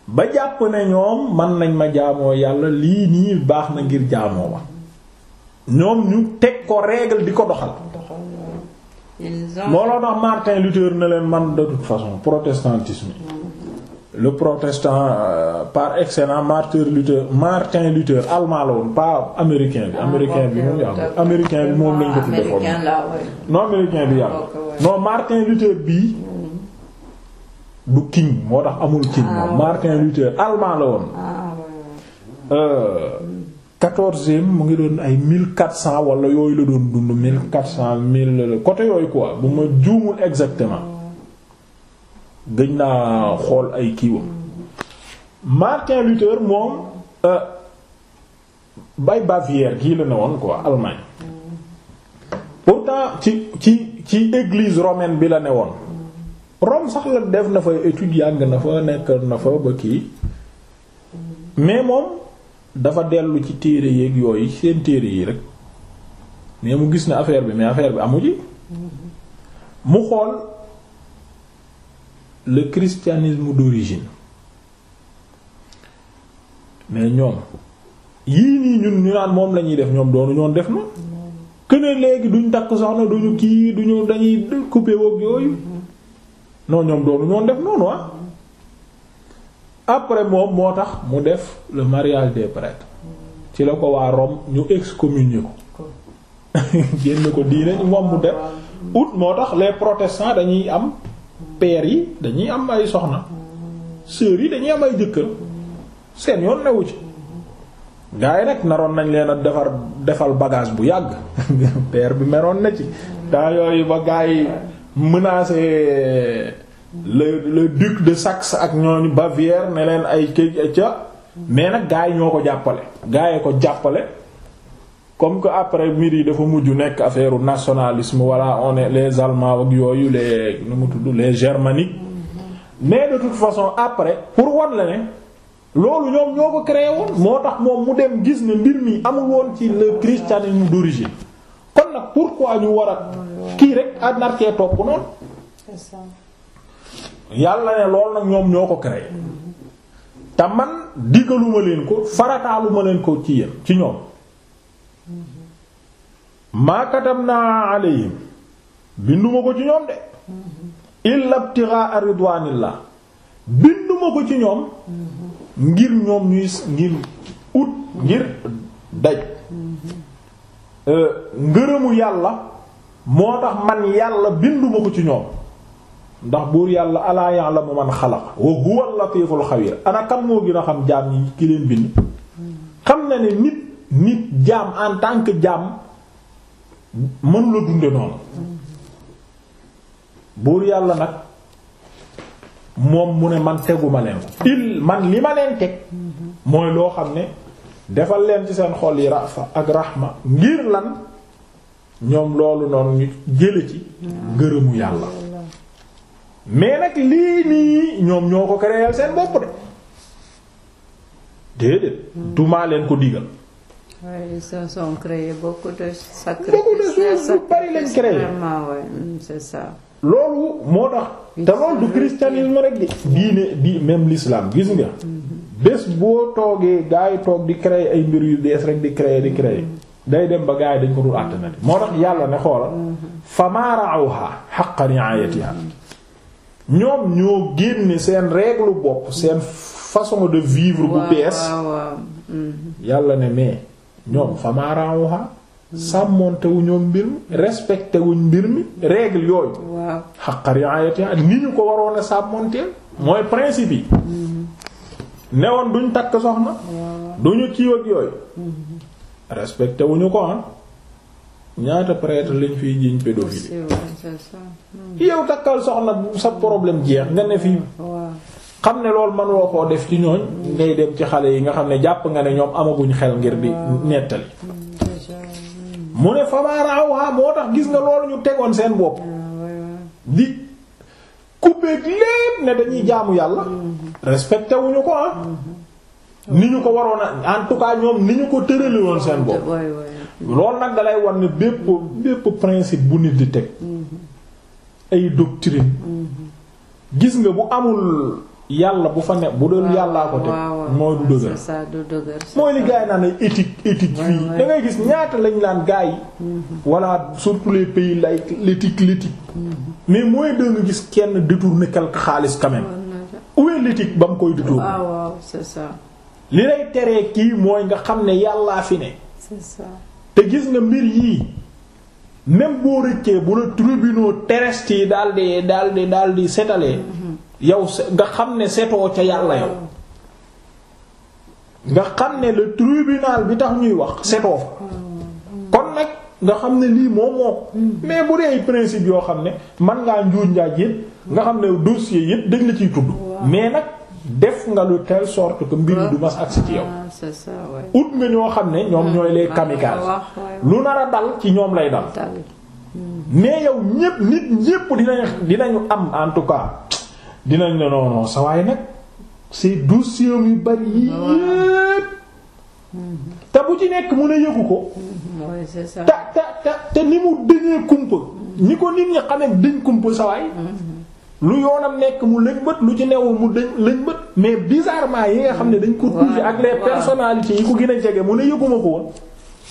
ba jàpp ne ñoom man nañ ma jaamoo yàlla lii nii baax na ngir jaamoo ma ñoom ñu teg ko règle di ko doxal looloo tax Martin Luther ne leen man de toute façon protestantisme le protestant euh, par excellence Martin Luther Martin Luther allemand la woon pas américain bi. Ah, américain bi moom yàgg américain bi lañ ko tuddee kon non américain bi yàgg non Martin Luther bii du king moo tax amul king moom ah, Martin Luther allemand la woon. Ah, euh, quatorzième mu ngi doon ay mille quatre cent wala yooyu la doon dund mille quatre cent mille côté yooyu ko bu ma juumul exactement. gëj naa xool ay kiiwam Martin Luther moom euh, bay Bavière kii la ne woon quoi Allemagne pourtant ci ci ci église romaine bi la ne woon Rome sax la def na fa étude yàgg na fa nekk na fa ba kii mais moom dafa dellu ci téere yeeg yooyu seen téere yi rek mais mu gis ne affaire bi mais affaire bi amu ji mu xool le christianisme d'origine mais ñoom yii nii ñun ñu naan moom la ñuy def ñoom doonu ñoon def na que léegi duñ takk soxna duñu kii duñu dañuy couper woog yooyu non ñoom doonu ñoon def noonu ah après moom moo tax mu def le mariage des prêtres ci la ko waa Rome ñu excommunier ko génn ko diine moom mu def ut moo tax les protestants dañuy am père yi dañuy am ay soxna sœurs yi dañuy am ay jëkkër seen yoon newu ci gaa yi nag naroon nañ leen a defar defal bagage bu yàgg père bi meroon na ci temps yooyu ba gaa yi menacé le le de Saxe ak ñooñu Bavière ne leen ay këy ca mais nag gaa ñoo ko jàppale gaa yi ko jàppale comme que après mbir yi dafa mujj nekk affaire nationalisme wala on est les allemands ak yooyu le nu mu tudd les germaniques mais de toute façon après pour wan la ne loolu ñoom ñoo ko créé woon moo tax moom mu dem gis ne mbir mi amul woon ci le christianisme d'origine kon nag pourquoi ñu war a kii rek anarchie topp noonu yàlla ne loolu nag ñoom ñoo ko créé te man digaluma leen ko farataaluma leen ko ci yéen ci ñoom maa katabnaa alayhim binduma ko ci ñoom de illa ibtighaa ridwaanillah binduma ko ci ñoom ngir ñoom ñuy ngir ut ngir daj euh, ngërëmu yàlla moo tax man yàlla binduma ko ci ñoom ndax buur yàlla alaa ya'lamu man xalaqa wa huwa al-latiiful xabiir ana moo gën a xam jaam ñi ki leen bind xam na ne nit nit jaam en tant que jaam mënula dunde noonu buur yàlla nag moom mu ne man teguma leen ko il man li ma leen teg mooy loo xam ne defal leen ci seen xol yi rafa ak rahma ngir lan ñoom loolu noonu ñu jële ci ngërëmu yàlla mais nag lii nii ñoom ñoo ko créer seen bopp de déedéet dumaa leen ko digal oui ils se sont créés beaucoup de. sacrifices beaucoup bari lañ créé loolu moo tax. te loolu du christianisme rek di. diine di même l'islam gis nga. Mhm. bés boo toogee gars toog di créer ay mbir yu bees rek di créer di créer mhm. day dem ba gars yi dañ ko dul àttanati moo tax yàlla ne xoolal mhm. famaa ra'awhaa haqqa ri'aayatihaa ñoom ñoo génne seen règle bopp seen façon de vivre bu bees yàlla ne mais ñoom famaaraawoxa sàmmoonte wu ñoom mbir mi respecté wuñ mbir mi règle yooyu xaqa riayati ni ñu ko waroon a sàmmonteel mooy principe yi mm-hmm. woon duñ takk soxna duñu kiiw ak yooyu mm-hmm. respecté wuñu ko ah ñaata prêtre lañ fiy jiiñ pédophilie mm-hmm. yow takkal soxna sa problème jeex nga ne fii xam ne loolu mënuloo koo def ci ñooñ ngay dem ci xale yi nga xam ne jàpp nga ne ñoom amaguñ xel ngir di nettali mu ne famaaraawaa moo tax gis nga loolu ñu tegoon seen bopp di kubbeeg lépp ne dañuy jaamu yàlla respecté wuñu ko ah. ni ñu ko waroon a en tout ñoom ni ñu ko tërali woon seen bopp lool nag dalay war ne bépp bépp principe bu nit di teg mm-hmm. ay doctrine mm-hmm. gis nga bu amul yàlla bu fa ne bu doon yàllaa ko teg mooy du dëgër mooy li gars yi naan ay éthique éthique fii da ngay gis ñaata lañ naan gaa yi mm-hmm. voilà surtout les pays laïcs l'éthique l'éthique mm-hmm. mais mooy da gis kenn détourner quelque xaalis quand même où ba mu koy détourner ah, c'est li lay tere kii mooy nga xam ne yàllaa fi ne te gis nga mbir yii même boo rëccee bu la tribunaux terrestres yi daal di daal di daal di setalee mm-hmm. yow nga xam ne setoo ca yàlla yow nga xam ne le tribunal bi tax ñuy wax setoo fa kon nag nga xam ne lii moom moo ko mais bu dee ay principe yoo xam ne man ngaa njuuj njaaj yëpp nga xam ne dossier yëpp dañ la ciy tudd mais nag def nga lu tele sorte que mbir du mas agsi ci yow ah, ut nga ñoo xam ne ñoom ñooy les ah, kamikazes lu nar a dal ci ñoom lay dal mais yow ñépp nit ñépp dinañ dinañu am en tout cas dinañ ne non non sa waaye nag ces dossiers yu bari yépp ah, te bu ci nekk mu a yëgu ko. c'est ça te te te ni mu dëñee kumpa. ni ko nit ñi xamee dëñ kumpa sa waay. Mm-hmm. lu yoonam nekk mu lëñbët lu ci newul mu dëñ lëñbët mais bizarrement yi nga xam ne dañ ko tuuti ak les personnalités yi ko gën a jege mu ne yëguma ko woon.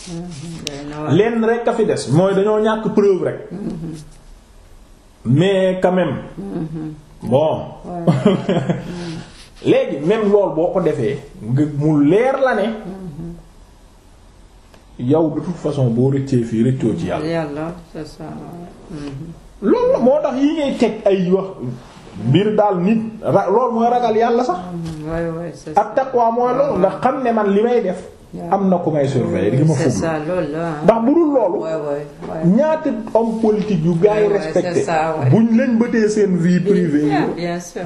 Mm-hmm. lenn rek a fi des mooy dañoo ñàkk preuve rek. Mm-hmm. mais quand bon léegi même lool boo ko defee nga mu leer la ne mm-hmm. yow de façon boo rëccee fii rëccoo ci yàlla. yàlla mm-hmm. loolu moo tax yi ngay teg ay wax mbir daal nit ra loolu mooy ragal yàlla sax. waay mm-hmm. waay c'est ça. mooy loolu nga xam ne man li may def. am na ku may surveiller li ma fugg ndax bu dul loolu ñaata homme politique yu gars yi respecté buñ leen bëtee seen vie privée yi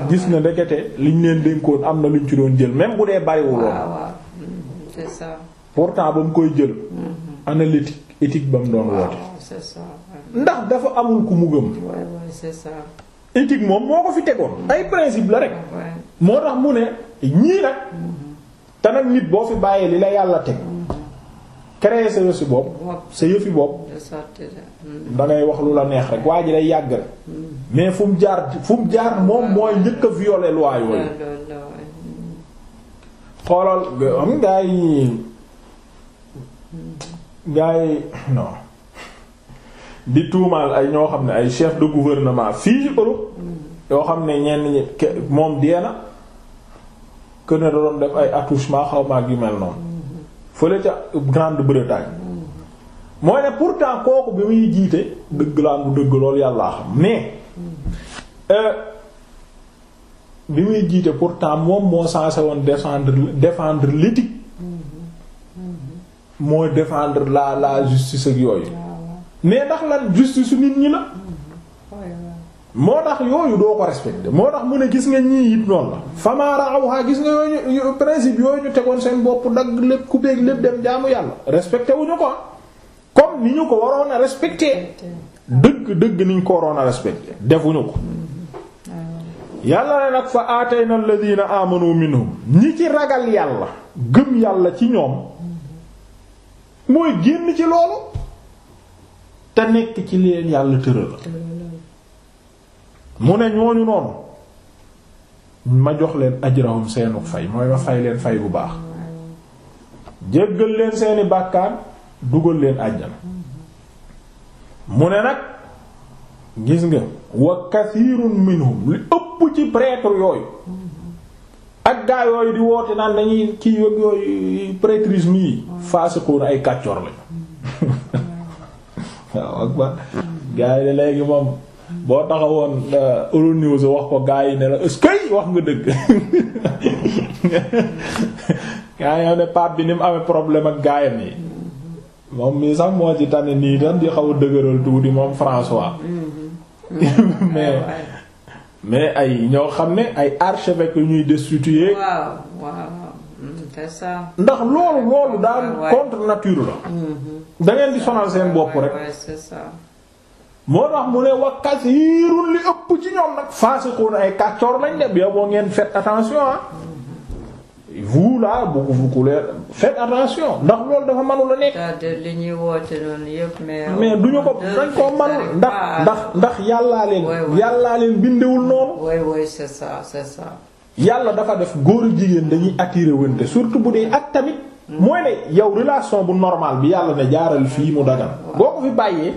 gis na ndekete liñ leen dénkoon am na luñ ci doon jël même bu dee bariwuloon mm, pourtant ba mu koy jël mm-hmm. analytique éthique ba mu doon woote ndax dafa amul ku mu gëm éthique moom moo ko fi tegoon ay principe la rek moo tax mu ne ñii nag mm-hmm. te nag nit boo fi bàyyee li la yàlla teg créer sa yëfi bopp sa yëfi bopp hmm. da wax lu la neex rek waa ji lay yàgg rek hmm. mais fu mu jaar fu mu jaar moom hmm. mooy njëkk a violer loi yooyu xoolal am gaa yi tuumaal ay ñoo xam ne ay chef de gouvernement fii yoo xam ne ñenn ñi moom dee na que ne da doon def ay attouchement xaw ma ak yu mel noonu fële ca Grande-Bretagne mooy ne pourtant kooku bi muy jiite dëgg laa ngu dëgg loolu yàllaa xam mais euh, bi muy jiite pourtant moom moo censé woon défendre défendre l'éthique mooy défendre la la justice ak yooyu mais ndax lan justice nit ñi la. moo tax yooyu doo ko respecté moo tax mu ne gis nga ñii it noonu la famaara awhaa gis nga yooyu principe yooyu ñu tegoon seen bopp dagg lépp ku beeg lépp dem jaamu yàlla respecté wuñu ko comme ni ñu ko waroon a respecté dëgg dëgg ni ñu ko waroon a respecté defuñu ko yàlla ne nag fa aatayna alladhina amanu minhum ñi ci ragal yàlla gëm yàlla ci ñoom mooy génn ci loolu te nekk ci leen yàlla tëral mu ne ñooñu noonu ma jox leen ajrahum seenu fay mooy ma fay leen fay bu baax jéggal leen seeni bàkkaar dugal leen àjjana mu ne nag gis nga wa kathirun minhum li ëpp ci prêtre yooyu ak gaa yooyu di woote naan dañuy kii yëg yooyu prêtrisme yi faasiqun ay kàccoor lañu waaw ak ba gaa yi léegi moom boo taxawoon euh, Euronews wax ko gaa yi ne la est wax nga dëgg gaa yi ne pape bi ni mu amee problème ak gaayam yi moom mii sax moo ci tane nii tan di xaw a dëgëral tuuti moom François mm-hmm. mm-hmm. mais ay ñoo xam ne ay archevêque ñuy destituer waaw mm, ndax loolu loolu daal contre nature la mm-hmm. da di sonal seen bopp rek moo tax mu ne wa kasiirun li ëpp ci ñoom nag faasiqun ay kàccoor lañ dem yow boo ngeen faites attention ah vous là beaucoup vous coulez faites attention ndax loolu dafa mënul a nekk. li ñuy woote noonu mais. mais duñu ko dañ koo mënul ndax ndax ndax yàllaa leen. yàllaa leen bindewul noonu. oui oui c'est yàlla dafa def góor jigéen dañuy attirer wante surtout bu dee ak tamit. Hmm. mooy ne yow relation bu normal bi yàlla ne jaaral fii mu dagan boo ko fi bàyyee.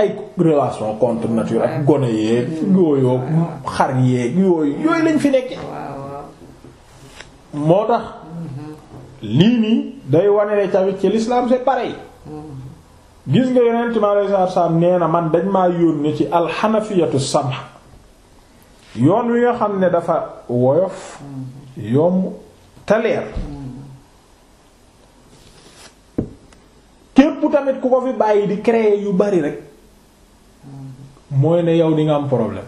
ay relation contre nature ak gone yeeg yooyu xar yeeg lañ fi nekk moo tax lii nii day wane ne tamit ci l'islam c'est pareil mm-hmm. gis nga yeneen time alay salaam nee na man dañ maa yónni ci alxanafiyatu samha yoon wi nga xam ne dafa woyof mm-hmm. yomb te leer mm-hmm. képp tamit ku ko fi bàyyi di créer yu bari rek mooy ne yow di nga am problème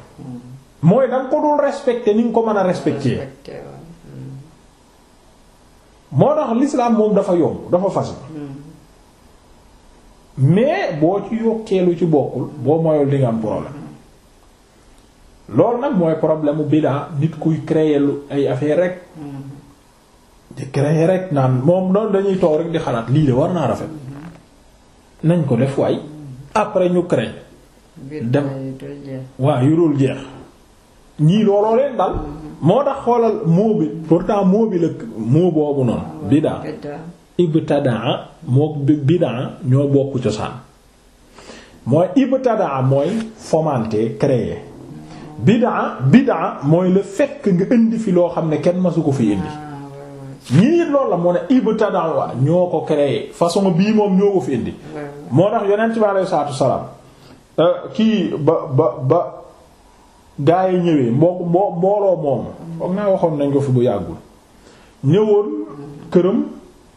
mooy da nga ko dul respecter ni ko mën a respecter hmm. moo tax l'islam moom dafa yomb dafa facile hmm. mais boo ci yokkee lu ci bokkul boo moyul di nga am problème hmm. loolu nag mooy problème mu bidaa nit kuy créer lu ay affaire rek di créer rek naan moom noonu dañuy toog rek di xalaat lii de war naa rafet nañ ko def waay après ñu créer dem waaw yu dul jeex ñii looloo leen dal mm-hmm. moo tax xoolal moo bi pourtant moo bi la moo boobu noonu bidaa ibtadaa moo bidaa ñoo bokku cosaan mooy ibtadaa mooy fomenter créer bidaa mooy le fait nga indi fi loo xam ne kenn masu ko fi indi ah, ñii loolu la moo ne ibtadaa waa ñoo ko créer façon bii moom ñoo ko fi indi moo tax yonent bi alayhi salaatu salaam Euh, kii ba ba ba gaa yi ñëwee moo moo mbooloo moom foog naa waxoon nañ ko fi bu yàggul ñëwoon këram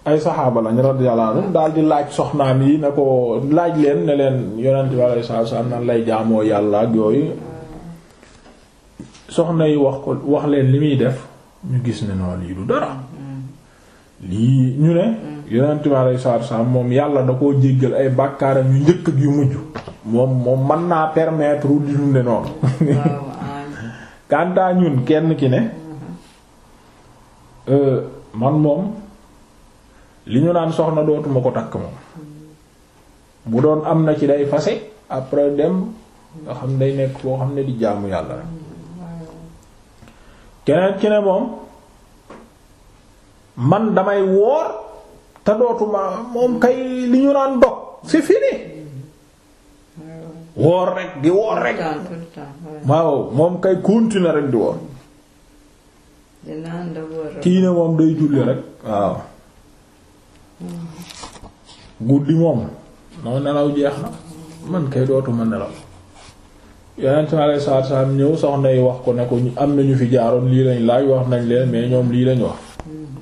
ay saxaaba lañ radiyallahu anhum daal di laaj soxnaam yi ne ko laaj leen ne leen yonent bi alayhi salaatu lay jaamoo yàlla yooyu soxna yi wax wax leen li muy def gis ne noonu lii mm. moom yàlla da koo jéggal ay bàkkaaram yu njëkk yu mujj moom moom mën naa permettre di dunde noonu kantaa ñun kenn ki ne euh, man moom li ñu naan soxna dootuma ko takk moom bu doon am na ci day fase après dem nga xam day nekk boo xam ne di jaamu yàlla rek keneen ki ne moom man damay woor te dootuma moom kay li ñu naan dog c'est fini woor rek di woor rek waaw moom kay continuer rek di woor kii ne moom day julli rek waaw mm. guddi moom noo nelaw jeex na man kay dootuma nelaw yonent mi alayhi salaatu ñëw soxna yi wax ko ne ko am ñu fi jaaroon lii lañ laaj wax nañ leen mais ñoom lii lañ wax mm.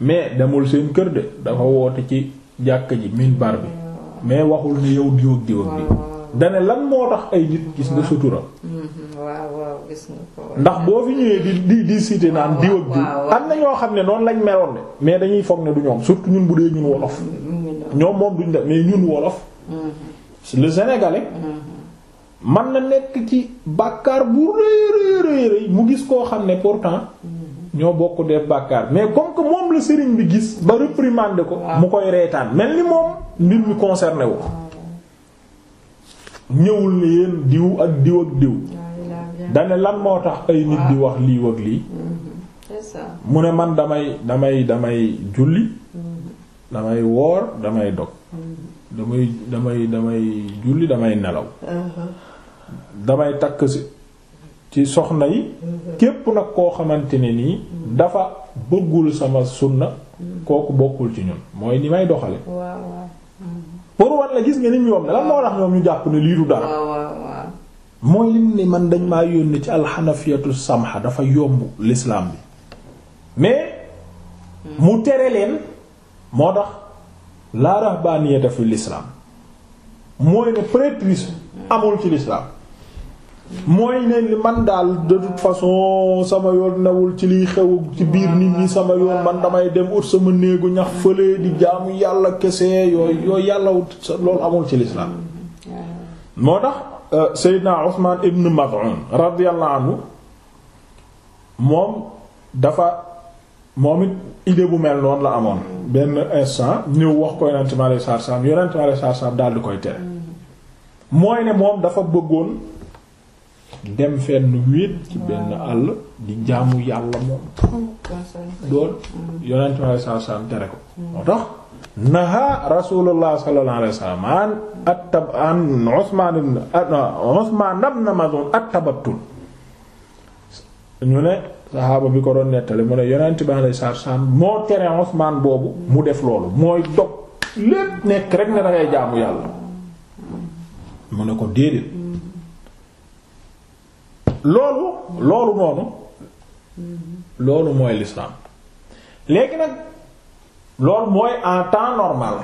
mais demul seen kër de dafa woote ci jàkk ji minbar bi mais waxul ne yow diw ak diw dane lan moo tax ay nit gis nga sutura mm-hmm. ndax boo fi ñëwee di di di cité naan diw ak diw na ñoo xam ne noonu lañ meloon ne mais dañuy foog ne du ñoom surtout ñun bu dee ñun wolof mm-hmm. Mm-hmm. ñoom moom duñ def mais ñun wolof le sénégalais man na nekk ci bàkkaar bu rëy rëy rëy mu gis koo xam ne temps ñoo bokk def bàkkaar mais comme que moom la sëriñ bi gis ba réprimander ko mu koy reetaan mel ni moom mbir mu concerné wu ñëwul ne yéen diw ak diw ak diw dane lan moo tax ay nit di wax lii ak lii mu ne man damay damay damay julli damay woor damay dog damay damay damay julli damay nelaw damay takk si ci soxna yi képp nag koo xamante ne nii dafa bëggul sama sunna kooku bokkul ci ñun mooy ni may doxale pour war gis nga ni ñoom ne lan moo tax ñu jàpp ne lii du dara mooy lim man dañ maa yónni ci alxanafiyatu samha dafa yomb l'islam bi mais mu tere leen moo tax la rahbaniyata fi l'islam mooy ne prêtrise amul ci l'islam mooy ne man daal de toute façon sama yoon newul ci liy xew ci biir nit ñi sama yoon man damay dem ut sama néegu ñax fële di jaamu yàlla kese yooyu yooyu yàlla loolu amul ci lislaam moo tax euh, Seydina Usman ibn Maz'un radiyallahu moom dafa moom it idée bu mel noon la amoon benn instant ñëw wax ko yonent mi alayhi salaatu salaam yonent mi alayhi di koy tere mooy ne moom dafa bëggoon dem fenn wéet ci benn àll di jaamu yàlla moom doon yonent bi sallallahu alayhi wa sallam tere ko hmm. moo tax naha rasulullah sallallahu alayhi an attab an at-tabattul ñu ne saxaaba bi ko doon nettali mu ne yonent bi sallallahu alayhi wa moo tere Usman boobu mu def loolu mooy dog lépp nekk rek ne dangay jaamu yàlla mu ne ko déedéet hmm. loolu loolu noonu loolu mooy l'islam léegi nag loolu mooy en temps normal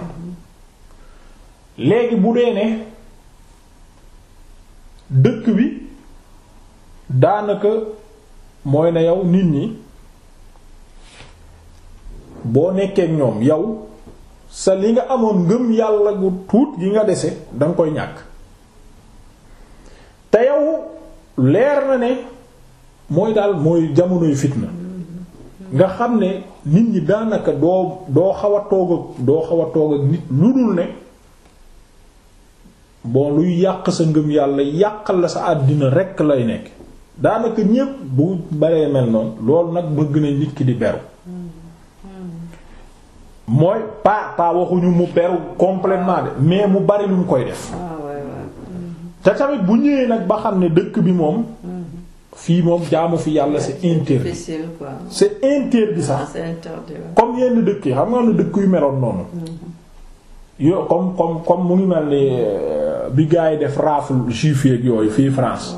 léegi bu dee ne dëkk bi daanaka mooy na yow nit ñi boo nekkee ñoom yow sa li nga amoon ngëm yàlla gu tuut gi nga dese danga koy ñàkk te yow leer na ne mooy daal mooy jamonoy fitna nga xam ne nit ñi daanaka doo doo xaw toog ak doo xaw a toog ak nit lu dul ne bon luy yàq sa ngëm yàlla yàqal la sa àddina rekk lay nekk daanaka ñépp bu baree mel noonu loolu nag bëgg na nit ki di beru mooy pa pa waxuñu mu beru complètement de mais mu bari lu mu koy def te tamit bu ñëwee nag ba xam ne dëkk bi moom mhm. fii moom jaamu fi yàlla c'est interdit c'est interdit sax comme yenn dëkk yi xam nga ne dëkk yu meloon noonu mhm. yo comme comme comme mu ngi mel ni euh, bi gars yi def rafle juif yeeg yooyu fii France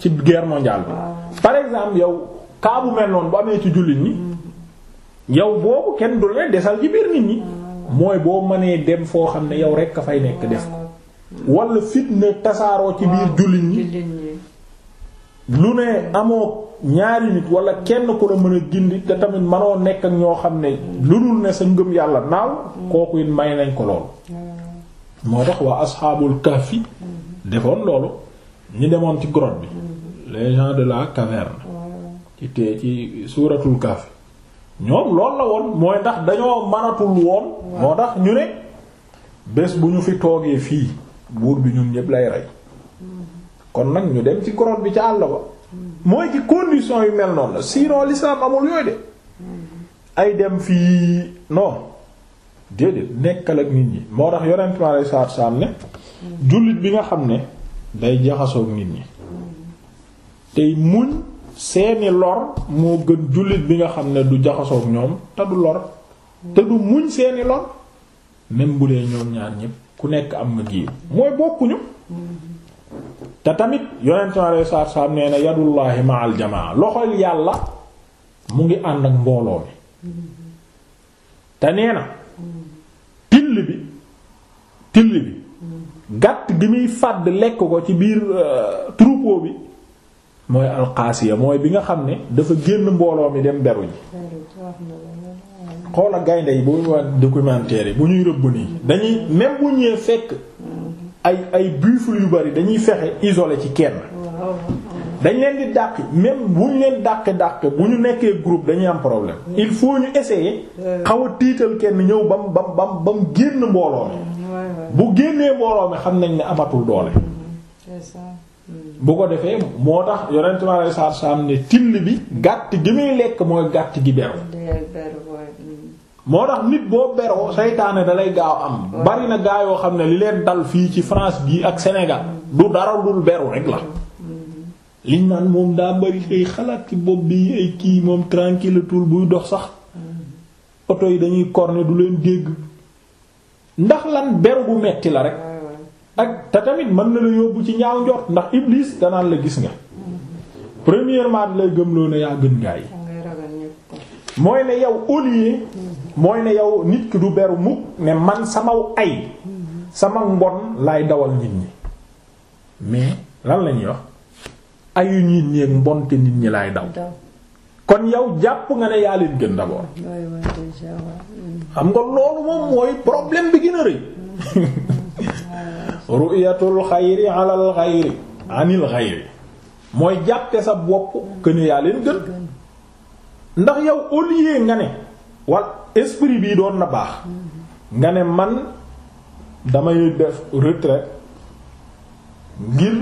ci guerre mondial bi par exemple yow cas bu mel noonu bu amee ci jullit ñi mhm. yow boobu kenn du leen desal ci biir nit ñi ah. mooy boo mënee dem foo xam ne yow rekk a fay nekk def wala fitna tasaaroo ci biir jullit ñi lu ne amoo ñaari nit wala kenn ku la mën a gindi te tamit manoo nekk ak ñoo xam ne lu dul ne sa ngëm yàlla naaw kooku it may nañ ko loolu hmm. moo tax waa asxaabul kahfi hmm. defoon loolu ñi demoon ci grotte bi hmm. les de la caverne ci tee ci suuratul kahfi ñoom loolu la woon mooy ndax dañoo mënatul woon moo tax ñu ne bés bu ñu fi toogee fii buur bi ñun ñëpp lay rey kon nag ñu dem ci grotte bi ci àll ba mooy ci condition yu mel noonu la sinon l'islam amul yooyu de ay dem fii non déedéet nekkal ak nit ñi moo tax yonent ma lay saar saar ne jullit bi nga xam ne day jaxasook nit ñi tey muñ seeni lor moo gën jullit bi nga xam ne du jaxasook ñoom te du lor te du muñ seeni lor même bu dee ñoom ñaar ñépp ku nekk am na kii mooy bokkuñu te tamit yonent mi alayhi salaatu salaam nee na yadullahi ma'al jamaa loxol yàlla mu ngi ànd ak mbooloo mi te nee na till bi till bi gàtt gi muy fàdd lekk ko ci biir euh, troupeau bi mooy alxaasiya mooy bi nga xam ne dafa génn mbooloo mi dem beru ji xoola gaynde yi boo waa documentaire yi bu ñuy rëbb nii dañuy même bu ñëwee fekk ay ay buffle yu bari dañuy fexe isole ci kenn dañ leen di dàq même bu ñu leen dàqi dàq bu ñu nekkee group dañuy am problème il faut ñu essayer xaw a tiital kenn ñëw bam bam ba bam génn mbooloo mi bu génnee mbooloo mi xam nañ ne amatul doole bu ko defee moo tax yonent mi alayhi salaatu salaam ne till bi gàtt gi muy lekk mooy gàtt gi beru mm. moo tax nit boo beroo seytaane dalay gaaw am bari na gaa yoo xam ne li leen dal fii ci France bii ak Sénégal du dara dul beru rek la mm. liñ naan moom daa bari ay xalaat ci bopp bi ay kii moom tranquille tul buy dox sax mm. oto yi dañuy corne du leen dégg ndax lan beru bu metti la rek ak te tamit mën na la yóbbu ci ñaaw njort ndax Iblis danaan la gis nga premièrement lay gëmloo ne yaa gën gaa yi mooy ne yow au lieu mooy ne yow nit ki du beru mukk ne man samaw ay sama mbon lay dawal nit ñi mais lan la ñuy wax ayu nit ñi ak mbonte nit ñi laay daw kon yow jàpp nga ne yaa leen gën d'abord xam nga loolu moom mooy problème bi gën a rëy mm. ru'yatul xayri alal xayri anil xayri mooy jàppe sa bopp que ne yaa leen gën ndax yow au nga ne wal esprit bii doon na baax nga ne man damay def retraite ngir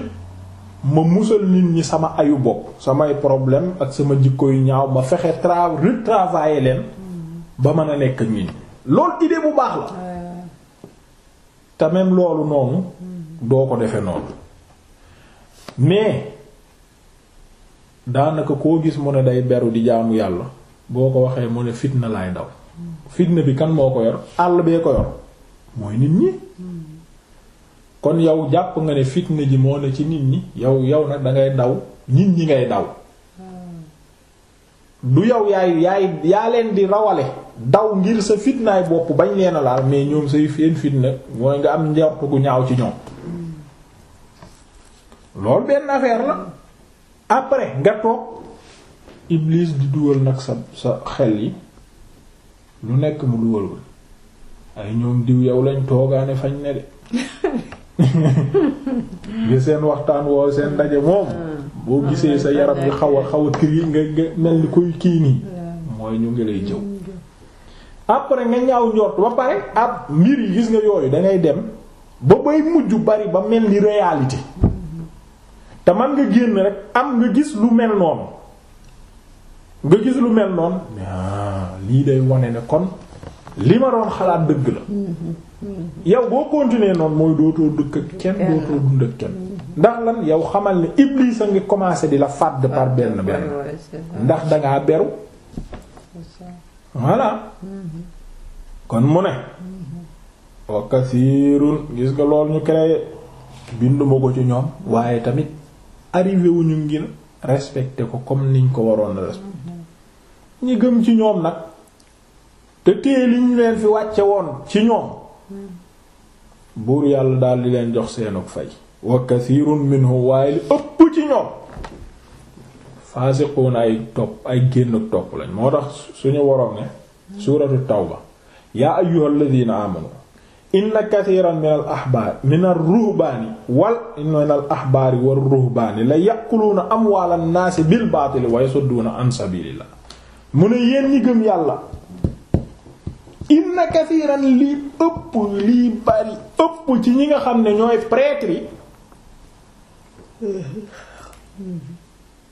ma musal nit ñi sama ayu bopp samay problème ak sama jikko yu ñaaw ma fexe tra leen ba mën a nekk ñun loolu idée bu baax la. te loolu noonu doo ko defe noonu mais daanaka koo gis mu ne day beru di jaamu yàlla boo ko waxee mu ne fitna laay daw fitna bi kan moo ko yor àll bee ko yor mooy nit ñi kon yow jàpp nga ne fitna ji moo ne ci nit ñi yow yow nag dangay daw nit ñi ngay daw hmm. du yow yaay yaay yaa leen di rawale daw ngir sa fitnaay bopp bañ leen a laal mais ñoom say seen fitna mooy nga am njort gu ñaaw ci ñoom loolu benn affaire la après nga toog Iblis di dugal nag sa sa xel yi lu nekk mu dugal ko ay ñoom diw yow lañ toogaane fañ ne de gi seen waxtaan woo seen ndaje moom ah. boo gisee sa yaram yi ah, xaw a xaw nga nga mel ni koy kii nii mooy ñu ngi lay jëw après nga ñaaw njort ba pare ab mbir yi gis nga yooyu da dem ba bay mujj bari ba mel ni réalité te man nga génn rek am nga gis lu mel noonu nga gis lu mel noonu ah, lii day wane ne kon li ma doon xalaat dëgg la yow boo continuer noonu mooy dootoo dëkk ak kenn dootoo dund ak kenn ndax lan yow xamal ne Iblis a ngi commencé di la fàdd par benn benn ndax dangaa beru voilà kon mu ne wa gis nga lool ñu créé binduma ko ci ñoom waaye tamit arrivé wu ñu ngir respecté ko comme niñ ko waroon respecté ñi gëm ci ñoom nag te téye li ñu leen fi wàcce woon ci ñoom buur yàlla daal di leen jox seenug fay wa kasirun minhum waaye li ëpp ci ñoom faasiquuna ay topp ay génn topp lañ moo tax suñu waroon ne suuratu tawba yaa la ladina amanu inna kathiran min al ahbaar min al ruhbaani wal min al ahbaari wal ruhbaani la yàquluuna amwaal an naasi bil baatili wa yasudduuna an sabiilillah mu ne yéen ñi gëm yàlla inna kathiran lii ëpp lii bari ëpp ci ñi nga xam ne ñooy prêtre yi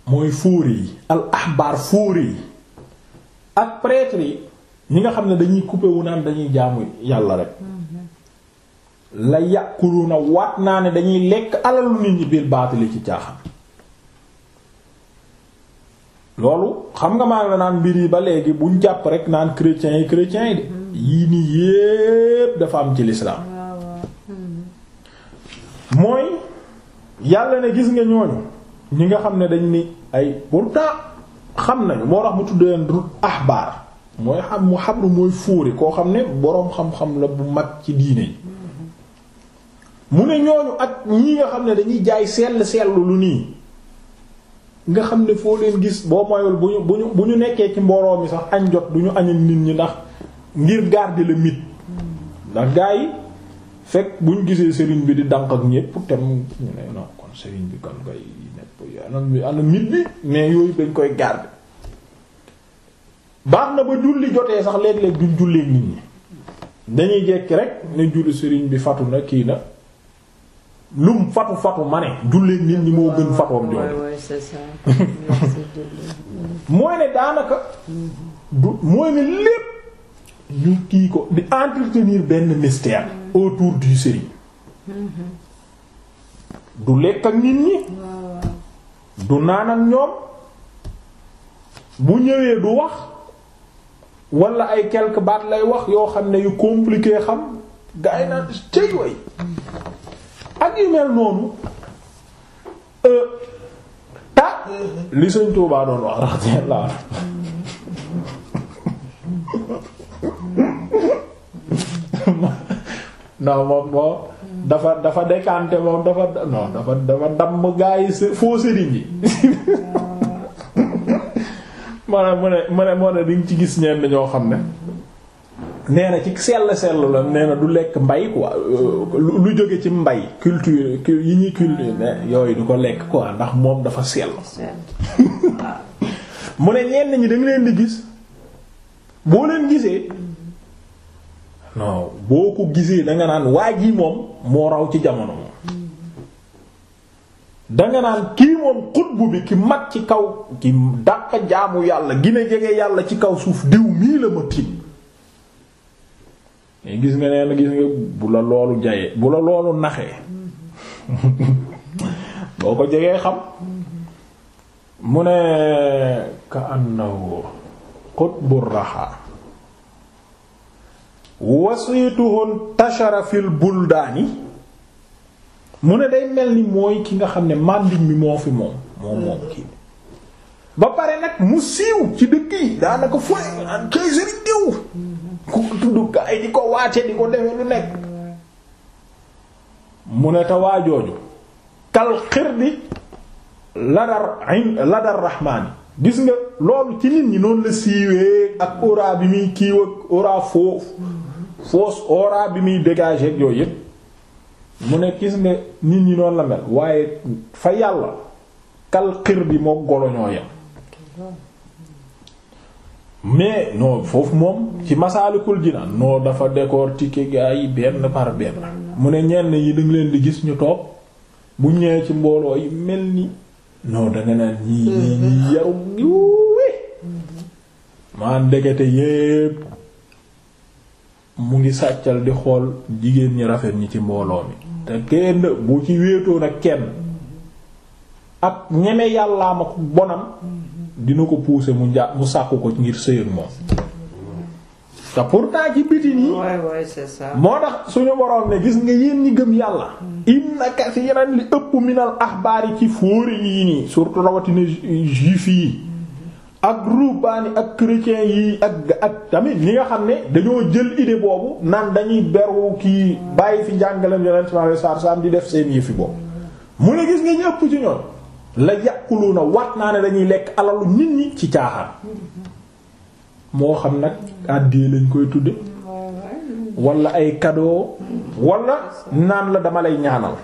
mooy fóore yi al ahbaar fóore yi ak prêtre yi ñi nga xam ne dañuy coupé wu naan dañuy jaamu yàlla rek mhm. la yàqulu na waat naa ne dañuy lekk alalu nit ñi biir baatali ci caaxam loolu xam nga maa nga naan mbir yi ba léegi buñ jàpp rek naan chrétiens yi chrétiens yi de mhm. yii nii yépp dafa am ci lislaam mhm. mooy yàlla ne gis nga ñooñu ñi nga xam ne dañ ni ay pourtant xam nañu moo tax tudd tuddeen rut ahbaar mooy xam mu xabru mooy fóori koo xam ne boroom xam-xam la bu mag ci diine yi mu ne ñooñu ak ñi nga xam ne dañuy jaay sell sellu lu nii nga xam ne foo leen gis boo moyul bu ñu bu ñu bu ñu nekkee ci mbooloo mi sax añ jot du ñu añal nit ñi ndax ngir garder le mythe ndax gaa yi fekk bu ñu gisee sëriñ bi di dànq ak ñépp tem ñu ne non kon sëriñ bi kan kay ana ana mit bi mais yooyu dañ koy garder baax na ba julli jotee sax léeg-léeg duñ julleeg nit ñi dañuy jekki rek ne julli sëriñ bi fatu na kii na lum fatu fatu ma ne julleeg nit ñi moo gën fatoom jooju mooy ne daanaka du mooy ne lépp ñu kii ko di entretenir benn mystère autour du sëriñ mm-hmm. du lekk ak nit ñi du naan ak ñoom bu ñëwee du wax wala ay quelques baat lay wax yoo xam ne yu compliqué xam gaa yi naan cëy way ak yu mel noonu euh, ta li sëñ Tuubaa doon wax radiyallahu moom moom dafa dafa dekaante moom dafa non dafa dafa damm gaa yi foo sëriñ yi maanaam mu ne mu ne moo ne di ci gis ñenn ñoo xam ne nee na ci sell sell la nee na du lekk mbay quoi euh, lu jóge ci mbay culture yi ñuy culture ne yooyu du ko lekk quoi ndax moom dafa sell mu ne ñenn ñi da leen di gis boo leen gisee non boo ko gisee danga naan waa gi moom moo raw ci jamono moom danga naan kii moom xutbu bi ki mag ci kaw ki dàq jaamu yàlla gina jege yàlla ci kaw suuf diw mii la ma tiim gis nga nee gis nga bu la loolu jayee bu la loolu naxee boo ko jegee xam mu ne ka annahu xutbu raxaa wasituhun tashara fil buldaani mu ne day mel ni mooy ki nga xam ne màndiñ mi moo fi moom moom kii ba pare nag mu siiw ci dëkk yi daanaka fooy kay sëriñ diw yi di ko waate di nekk mu ne te waajooju kal xirdi ladar ladar rahmaani gis nga loolu ci nit ñi noonu la siiwee ak ora bi muy kiiw ak ora foofu fausse aura bi muy dégager ak yooyu yëpp mu ne gis nga nit ñi noonu la mel waaye fa yàlla kal xir bi moo golo ñoo yem mais non foofu moom ci masaalikul jinaan noo dafa décortiquer gaa yi benn par benn mu ne ñenn yi dañ leen di gis ñu toog bu ñëwee ci mbooloo yi mel ni non danga naan ñii ñii yaru wi maan ndekete yépp mu ngi sàccal di xool jigéen ñi rafet ñi ci mbooloo mi te kenn bu ci wéetoo nag kenn ak ñeme yàllaa ma ko bonam dina ko pousser mu njà mu sàkku ko ngir sëyag moom te pourtant ci biti nii moo tax suñu boroom ne gis nga yéen ñi gëm yàlla inna kasiran li ëpp minal axbaar yi ci fóore yi nii surtout rawatina juif yi ak rubaani ak chrétiens yi ak ak tamit ñi nga xam ne dañoo jël idée boobu naan dañuy beru kii bàyyi fi jàngalam yonent sallallahu alayhi wasallam di def seen yëfi boobu mu ne gis nga ñu ëpp ci ñoom la yàqulu na waat naa ne dañuy lekk alalu nit ñi ci caaxaan moo xam nag àddee lañ koy tudde wala ay cadeau walla naan la dama lay ñaanal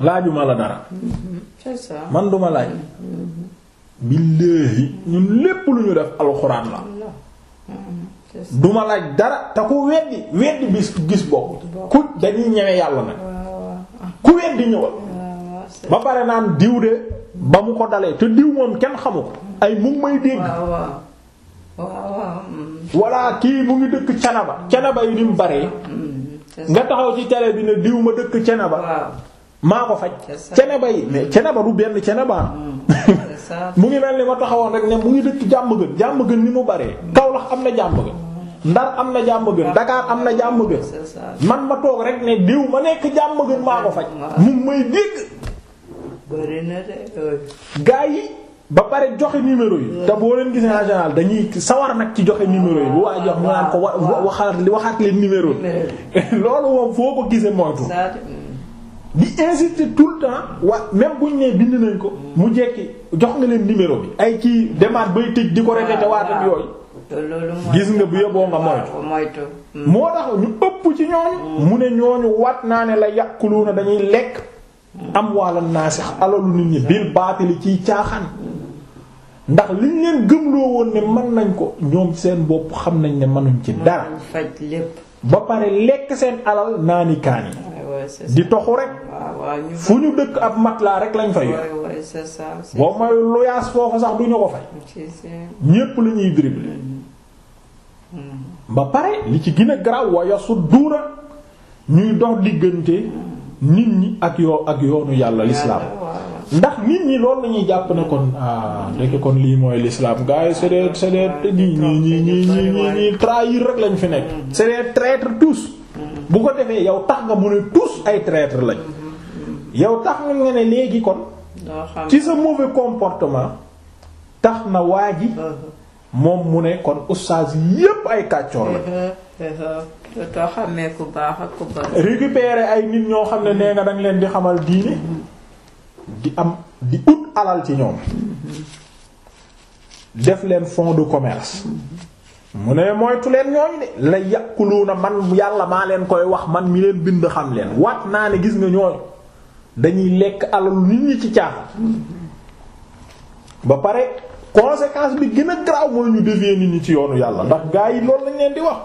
laajuma la dara man duma laaj billaahi ñun lépp lu ñu def alxuraan la duma laaj dara te ku weddi weddi bis gis bokk ku dañuy ñeme yàlla nag ku weddi ñëwal ba pare naan diw de ba mu ko dalee te diw moom kenn xamu ko ay mu may dégg walla mm. kii mu ngi dëkk canaba canaba yi ni mu bare mm, nga taxaw ci télé bi ne diw ma dëkk canaba maa ko faj. ceneba yi cene ba du benn ceneba. mu ngi mel ni ma taxawoon rek ne mu ngi dëkk jàmm gën jàmm gën ni mu baree. lax am na jàmm gën. Ndar am na jàmm gën Dakar am na jàmm gën. man ma toog rek ne diw ma nekk jàmm gën maa ko faj. mu may dégg. Euh. gaa yi. ba pare joxe numéro yi. te boo leen gisee en général dañuy sawar nag ci joxe numéro yi. bu ah, waa jox ñu naan ko wa waxaat waxaat leen numéro yi. loolu moom foo ko gisee moytu. di insister tout le temps wa même buñ nee bind nañ ko mu jekki jox nga leen numéro bi ay ci demaat bay tëj di ko répété waatam yooyu gis nga bu yóbboo nga moytu moo tax ñu ëpp ci ñooñu mu ne ñooñu wat naa ne la yàqulu na dañuy lekk am wàlla naa sax alalu nit ñi bil baatili ciy caaxaan ndax liñ leen gëmloo woon ne mën nañ ko ñoom seen bopp xam nañ ne mënuñ ci dara ba pare lekk seen alal naanikaan yi di toxu rek fu ñu dëkk ab matelas rek lañ fa yor boo may loyaas foofu sax du ñu ko fay ñépp la ñuy dribbler mm-hmm. mm-hmm. ba pare li ci gën a garaaw wa yasudduuna ñuy dox diggante nit ñi ak yoo ak yoonu yàlla l'islam ndax nit ñi loolu lañuy jàpp ne kon ah kon lii mooy l'islam gars yi c'est des c'est rek lañ fi nekk mm-hmm. c'est des tous bu ko defee yow tax nga mu ne tous ay traître lañ yow tax nga ne léegi kon ci sa mauvais comportement tax na waa gi uh-huh. moom mu ne kon oustaz yépp ay kàccoor la uh-huh. uh-huh. récupérer ay nit ñoo xam ne nee nga danga leen di xamal diine di am di ut alal ci ñoom def leen fonds de commerce mu ne moytu leen ñooñu de la na man yàlla maa leen koy wax man mi leen bind xam leen waat naa ne gis nga ñooñu dañuy lekk alalu nit ñi ci caaxaan ba pare conséquence bi gën a grave mooy ñu dévier nit ñi ci yoonu yàlla ndax gaa yi loolu lañ leen di wax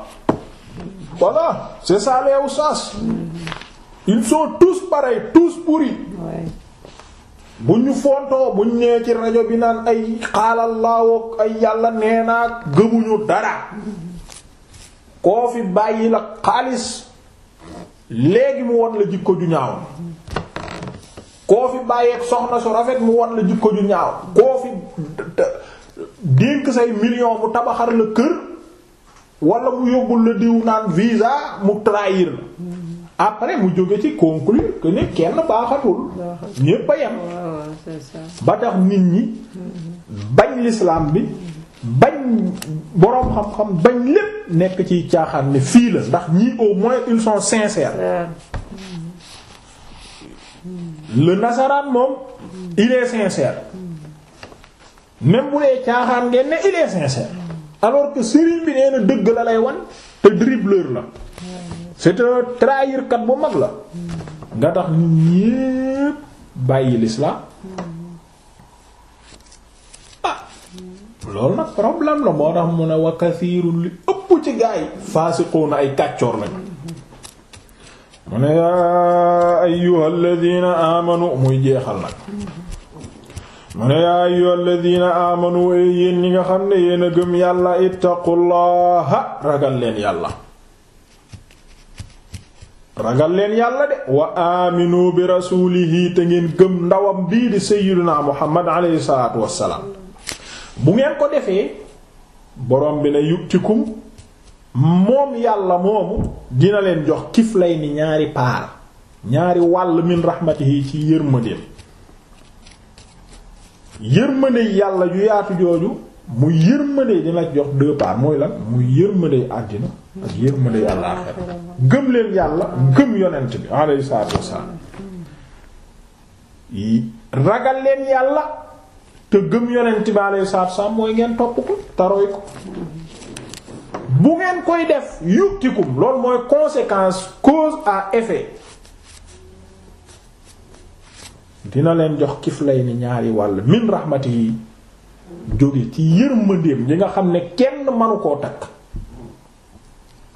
voilà c'est ça les oustaz ils sont tous pareils bu ñu fontoo bu ñu ci rajo bi naan ay xaalalaawook ay yàlla nee naa gëmuñu dara koo fi bàyyi la xaalis léegi mu won la jikko ju ñaaw koo fi bàyyeek soxna su rafet mu won la jikko ju ñaaw koo fi dénk say million bu tabaxar la kër wala mu yóbbul la diw naan visa mu trahir la après mu jóge ci conclure que ne kenn baaxatul ñépp a yem ba tax nit ñi bañ l'islam bi bañ boroom xam-xam bañ lépp nekk ci caaxaan ne fii la ndax ñii au moins ils sont sincères le nasaraan moom il est sincère même bu dee caaxaan ngeen ne il est sincère alors que sëriñ bi nee dëgg la lay wan te dribbleur la c'est un trahir kat bu mag la nga tax nit ñépp bàyyi l'islam ah loolu nag problème la moo tax mu ne wa kasiirun li ëpp ci gaa yi faasiquuna ay kàccoor lañu mu ne yaa ayyuhal ladina amanu muy jeexal nag mu ne yaa ayyuhal ladina amanu yéen ñi nga xam ne yéen gëm yàlla ittaqullaha ragal leen yàlla ragal leen yàlla de wa aminu bi rasulihi te ngeen gëm ndawam bii di sayyiduna muhammad alayhi salaatu wassalaam bu ngeen ko defee borom bi ne yutikum moom yàlla moomu dina leen jox kiflay ni ñaari paar ñaari wàll min rahmatihi ci yërmandeem yërmande yàlla ju yaatu jooju mu yërmande dina jox deux parts mooy lan mu yërmande àddina ak yërmande àllaaxira gëm leen yàlla gëm yonent bi alayhi salaatu wassalaam yàlla te gëm yonent bi alayhi salaatu wassalaam mooy ngeen topp ko tarooy ko bu ngeen koy def yuktikum loolu mooy conséquence cause à effet dina leen jox kiflay ni ñaari wàll min yi jóge ci yërmandeem ñi nga xam ne kenn manu koo takk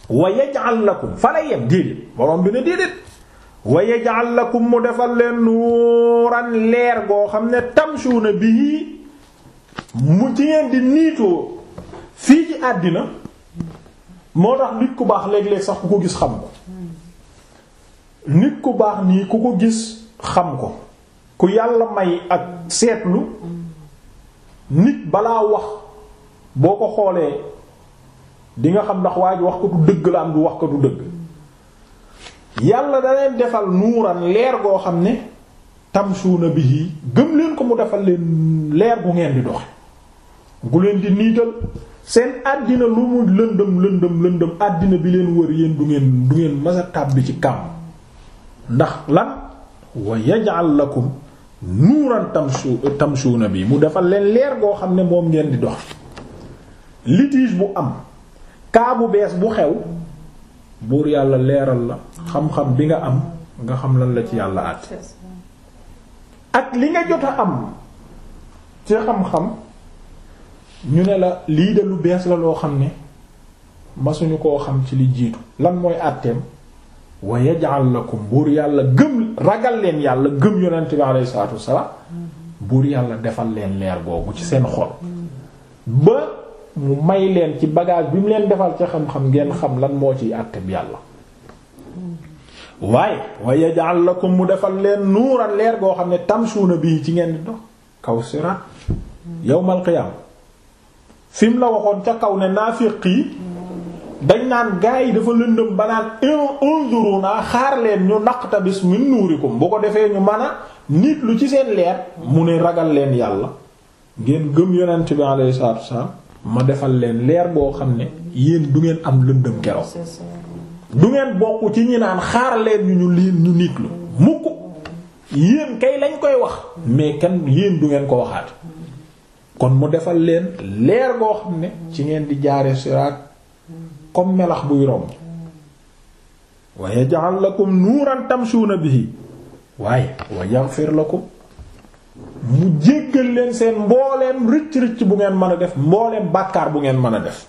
wa yaj'al fa la yem déedéet borom bi ne déedéet wa yaj'al lakum mu defal leen nuuran leer goo xam ne tamshuuna bihi mu ci ngeen di niitoo fii ci àddina moo tax nit ku baax léeg-léeg sax ku ko gis xam ko nit ku baax nii ku ko gis xam ko ku yàlla may ak seetlu nit balaa wax boo ko xoolee di nga xam ndax waa ji wax ko du dëgg la am du wax ko du dëgg yàlla da leen defal nuuran leer goo xam ne tamsuuna bihi gëm leen ko mu defal leen leer bu ngeen di doxe gu leen di niital seen àddina lu mu lëndëm lëndëm lëndëm àddina bi leen wër yéen du ngeen du ngeen masa bi ci kàmm ndax lan wa la lakum nuuran tamshu euh, tamshuuna bi mu defal leen leer goo xam ne moom ngeen di dox litige bu am kaa bu bees bu xew buur yàlla leeral la xam-xam bi nga am nga xam lan la ci yàlla at ak li nga jot a am ci xam-xam ñu ne la lii de lu bees la loo xam ne masuñu koo xam ci li jiitu lan mooy àtteem wa yaj'al lakum buur yàlla gëm ragal leen yàlla gëm yonent bi alayhi salaatu wassalaam buur yàlla defal leen leer googu ci seen xol ba mu may leen ci bagage bi mu leen defal ca xam-xam ngeen xam lan moo ci àtte bi yàlla waaye wa yaj'al lakum mu defal leen nuuran leer goo xam ne tamsuuna bii ci ngeen di dox kaw siraat yawmal qiyaama fi la waxoon ca kaw ne naafiq yi dañ naan gars yi dafa lëndëm ba naan unzuruna xaar leen ñu naqtabis min nuurikum bu ko defee ñu mën a nit lu ci seen leer mu ne ragal leen yàlla ngeen gëm yonent bi alayhi salaatu wasalaam ma defal leen leer boo xam ne yéen du ngeen am lëndëm keroog du ngeen bokk ci ñi naan xaar leen ñu ñu ñu nit lu mukk yéen kay lañ koy wax mais kenn yéen du ngeen ko waxaat kon mu defal leen leer goo xam ne ci ngeen di jaare siraat comme melax buy romb wa yaj'al lakum nuuran tamshuuna bihi waaye wa la ko mu jéggal leen seen mbooleem rëcc-rëcc bu ngeen mën a def mbooleem bàkkaar bu ngeen mën a def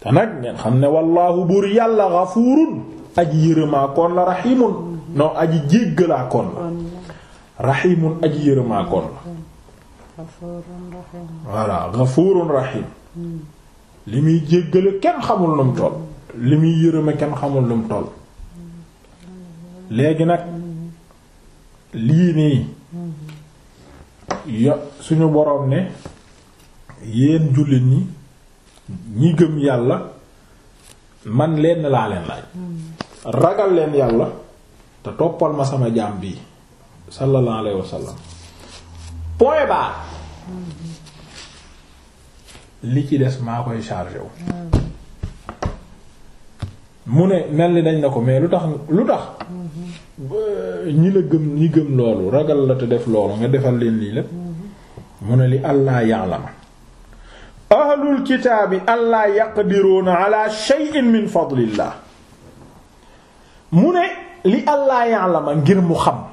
te nag ngeen xam ne wallaahu buur yàlla ghafuurun aji yërëmaakoon la rahimun non aji jéggalaakoon la rahimun aji yërëmaakoon li muy jéggale kenn xamul lu toll li muy yërëme kenn xamul lu mu toll léegi nag lii nii yo suñu boroom ne yéen jullit ñi ñi gëm yàlla man lenn laa leen laaj ragal leen yàlla te toppal ma sama jaam bii sallallahu alayhi wa point barre li ci des maa koy chargé mu ne mel ni dañ na ko mais lu tax lu tax ñi la gëm ñi gëm loolu ragal la te def loolu nga defal leen lii lépp mu ne li allah ya'lama ahlul kitaabi allah yaqdiruuna ala shay'in min fadlillah mu ne li allah ya'lama ngir mu xam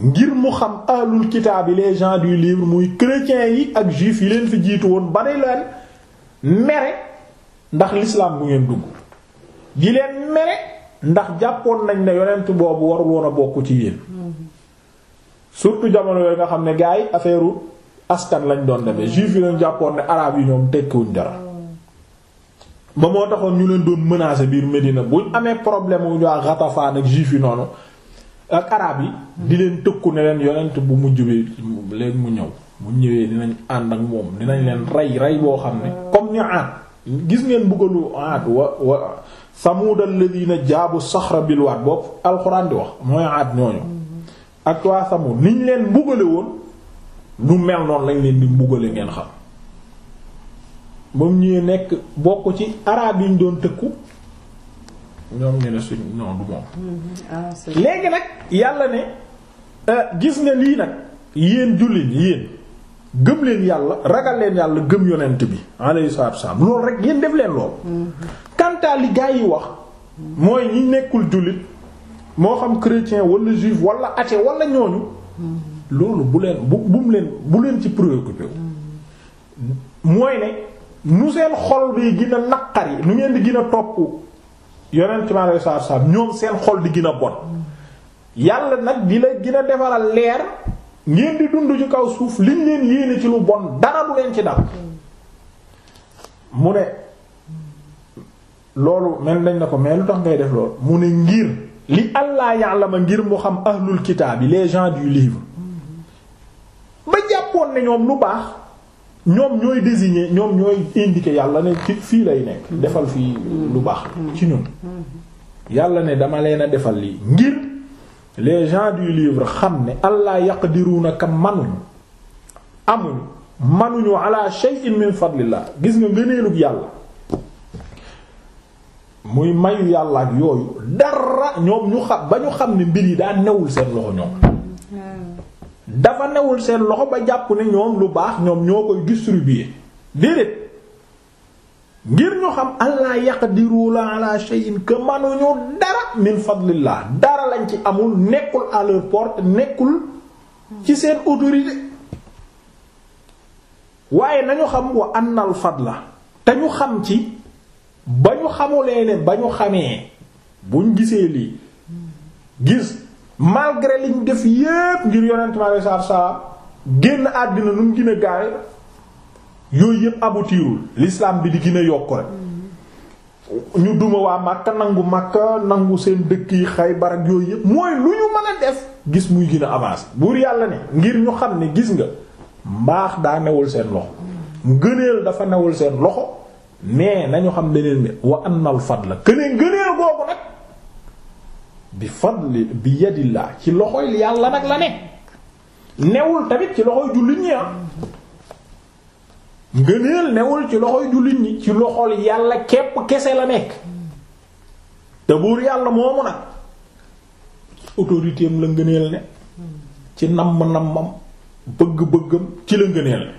ngir mu xam ahlul kitaab yi les gens du livre muy chrétiens yi ak juifs yi leen fi jiitu woon ba day leen mere ndax lislaam bu ngeen dugg di leen mere ndax jàppoon nañ ne yonent boobu warul woon bokk ci yéen surtout jamono yooyu nga xam ne gars yi affaire askan lañ doon demee juif yi leen jàppoon ne arab yi ñoom tekkiwuñ dara ba moo taxoon ñu leen doon menacer biir Medina buñ amee problème wu ñu waa Ghatafan ak juif yi noonu. ak euh, arab yi di leen tëkku ne leen yonent bu mujj bi leen mu ñëw mu ñëwee dinañ ànd ak moom dinañ leen rey rey boo xam ne comme ni aat gis ngeen bëggalu aat wa wa samuud alladina jaabu saxra bilwaat boobu alxuraan di wax mooy aat ñooñu ak waa samuud niñ leen mbugale woon lu mel noonu lañ leen di mbugale ngeen xam ba mu ñëwee nekk bokk ci araab yu ñu doon tëkku ñoom ñu ne suñ mm-hmm. ah, léegi nag yàlla ne euh, gis nga lii nag yéen jullit ñi yéen gëm leen yàlla ragal leen yàlla gëm yonent bi alayhi salaatu wasallam loolu rek yéen def leen lool kantaa mm-hmm. li yi wax mooy ñi nekkul jullit moo xam chrétien wala juif wala athée wala ñooñu mm-hmm. loolu bu leen bu bu leen bu leen ci préoccupé wu mooy ne nu seen xol bi gën a yi nu ngeen di gën a topp yonent mi alayhi salaatu ñoom seen xol di gën a bon yàlla nag di la gën a defaral leer ngeen di dund ci kaw suuf liñ leen yéene ci lu bon dara du leen ci dal mu ne loolu mel nañ na ko mais lu tax ngay def loolu mu ne ngir li Allah ma ngir mu xam ahlul kitaab yi les gens du livre ba jàppoon ne ñoom lu baax ñoom ñooy désigner ñoom ñooy indiquer yàlla ne ci fii lay nekk defal fii lu baax ci ñun yàlla ne dama leen a defal lii ngir les gens du livre xam ne allah yaqdiruna ka manuñ amuñ manuñu ala shay'in min fadlillah gis nga ngëneelug yàlla muy mayu yàlla ak yooyu dara ñoom ñu xam ba ñu xam ne mbir yi daa newul seen loxo ñoom hmm. dafa newul seen loxo ba jàpp ne ñoom lu baax ñoom ñoo koy distribuer déedéet ngir ñu xam allah yaqdiruna ala shay'in que manuñu dara min fadlillah dara lañ ci amul nekkul à porte nekkul ci seen autorité waaye nañu xam wa annal fadla te ñu xam ci ba ñu xamulee ne ba ñu xamee buñ gisee lii gis malgré liñ def yépp ngir yonent mi alayhi salaatu salaam génn àddina nu mu gën a gaawe yooyu yépp aboutirul l'islam bi di gën a yokk rek ñu duma waa Makka nangu Makka nangu seen dëkk yi Xaybar ak yooyu yépp mooy lu ñu mën a def gis muy gën a buur yàlla ne ngir ñu xam ne gis nga mbaax daa newul seen loxo ngëneel dafa newul seen loxo mais nañu xam beneen bi wa annal fadla këne ngëneel googu nag bi fadli bi yadillah ci loxoy yàlla nag la ne newul tamit ci loxoy jullit ñi ah ngëneel newul ci loxoy jullit ñi ci loxol yàlla kepp kese la nekk te buur yàlla moomu nag autorité am la ngëneel ne ci nam nammam bëgg-bëggam ci la ngëneel ne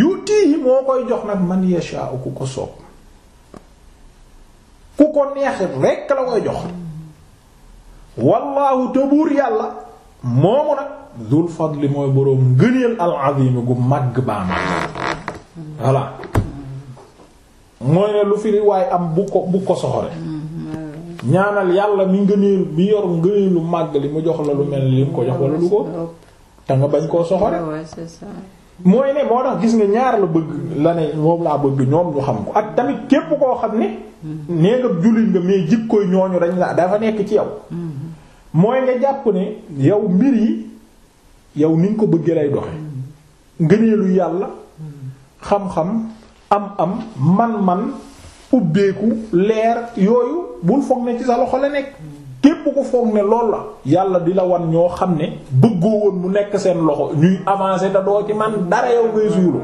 yutii yi moo koy jox nag man yasha ku ko soob ku ko neex rekk la koy jox wallaahu te yàlla moomu nag dul fadli mooy boroom ngëneel al azim gu màgg baama voilà mooy ne lu fi waaye am bu ko ko soxore ñaanal yàlla mi ngëneel mi yor ngëneelu màgg li mu jox la lu mel ni li mu ko jox wala lu ko te nga bañ koo soxore ah mooy ne moo tax gis nga ñaar la bëgg la ne moom laa bëgg ñoom ñu xam ko ak tamit képp koo xam ne nee nga jullit nga mais jikkoy ñooñu dañ dafa nekk ci yow mooy nga jàpp ne yow mbir yi yow ni ko bëggee lay doxe ngëneelu yàlla xam-xam am-am man-man ubbeeku leer yooyu bul foog ne ci sa loxo la nekk képp ku foog ne lool la yàlla di la wan ñoo xam ne bëggoo woon mu nekk seen loxo ñuy avancer da doo ci man dara yow ngay suulu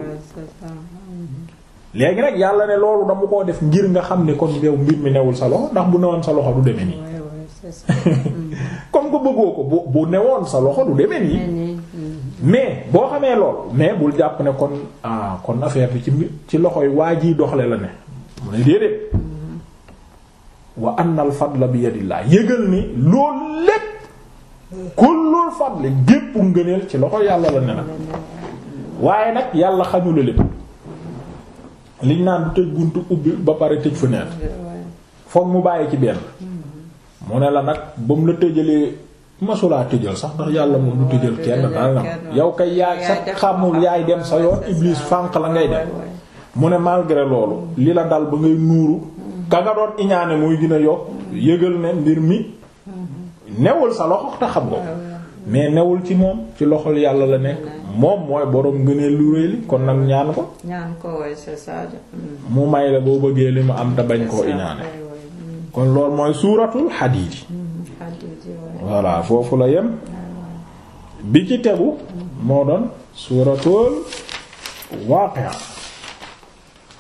léegi nag yàlla ne loolu dama koo def ngir nga xam ne kon yow mbir mi newul sa loxo ndax bu newoon sa loxo du demee nii comme que bëggoo ko bu bu newoon sa loxo du demee nii mais boo xamee lool mais bul jàpp ne kon ah kon affaire bi ci ci loxo yi waa ji doxle la ne mu ne déedéet wa anna al fadla bi yadillah yëgal ni loolu lépp kullul fadli gépp ngëneel ci loxo yàlla la ne nag waaye nag yàlla xamula lépp liñ naan du tëj buntu ubbi ba pare tëj fenêtre foog mu bàyyi ci benn mu ne la nag ba mu la tëjalee masulaa tëjal sax ndax yàlla moom du tëjal kenn daal na yow kay yaay sax xamul yaay dem sa yoon iblis fànq la ngay dem mu ne malgré loolu li la dal ba ngay nuuru ka nga doon iñaane muy gën a yokk yëgal ne mbir mi newul sa loxo te xam mais newul ci moom ci loxol yàlla la nekk moom mooy borom ngëneel lu rëy li kon nag ñaan ko ñaan ko waaye c'est ça mu may la boo bëggee li mu am te koo iñaane kon loolu mooy suuratul xadiid mm, voilà foofu la yem bi ci tegu moo doon suuratul waaqi'a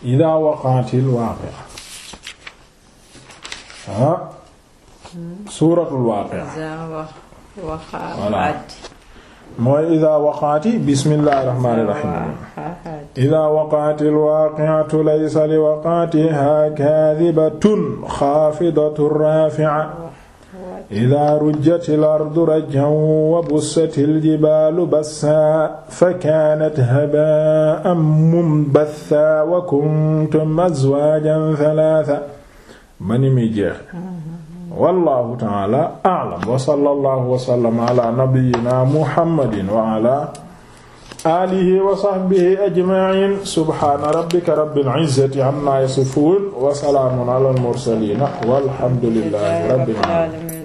idaa waqa'atil waaqi'a ah suuratul waaqi'a voilà mooy idaa waqaati bismillahir rahmaanir rahiim idaa waqaatil waaqi'atu laysa li waqaatihaa kaadibatun xaafidatun raafi'a idaa rujjatil ardu raj'an wa bussatil jibaalu bassaa fakaanat habaa'an munbathaa wa kuntum azwaajan thalaatha mani muy jeex wallahu taala a'lam wa sallallahu wa sallam ala nabiyyina muhammadin wa ala alihi wa sahbihi ajma'in subhana rabbika rabbil izzati amma yasifun wa salamun ala al mursalin walhamdulillahi rabbil alamin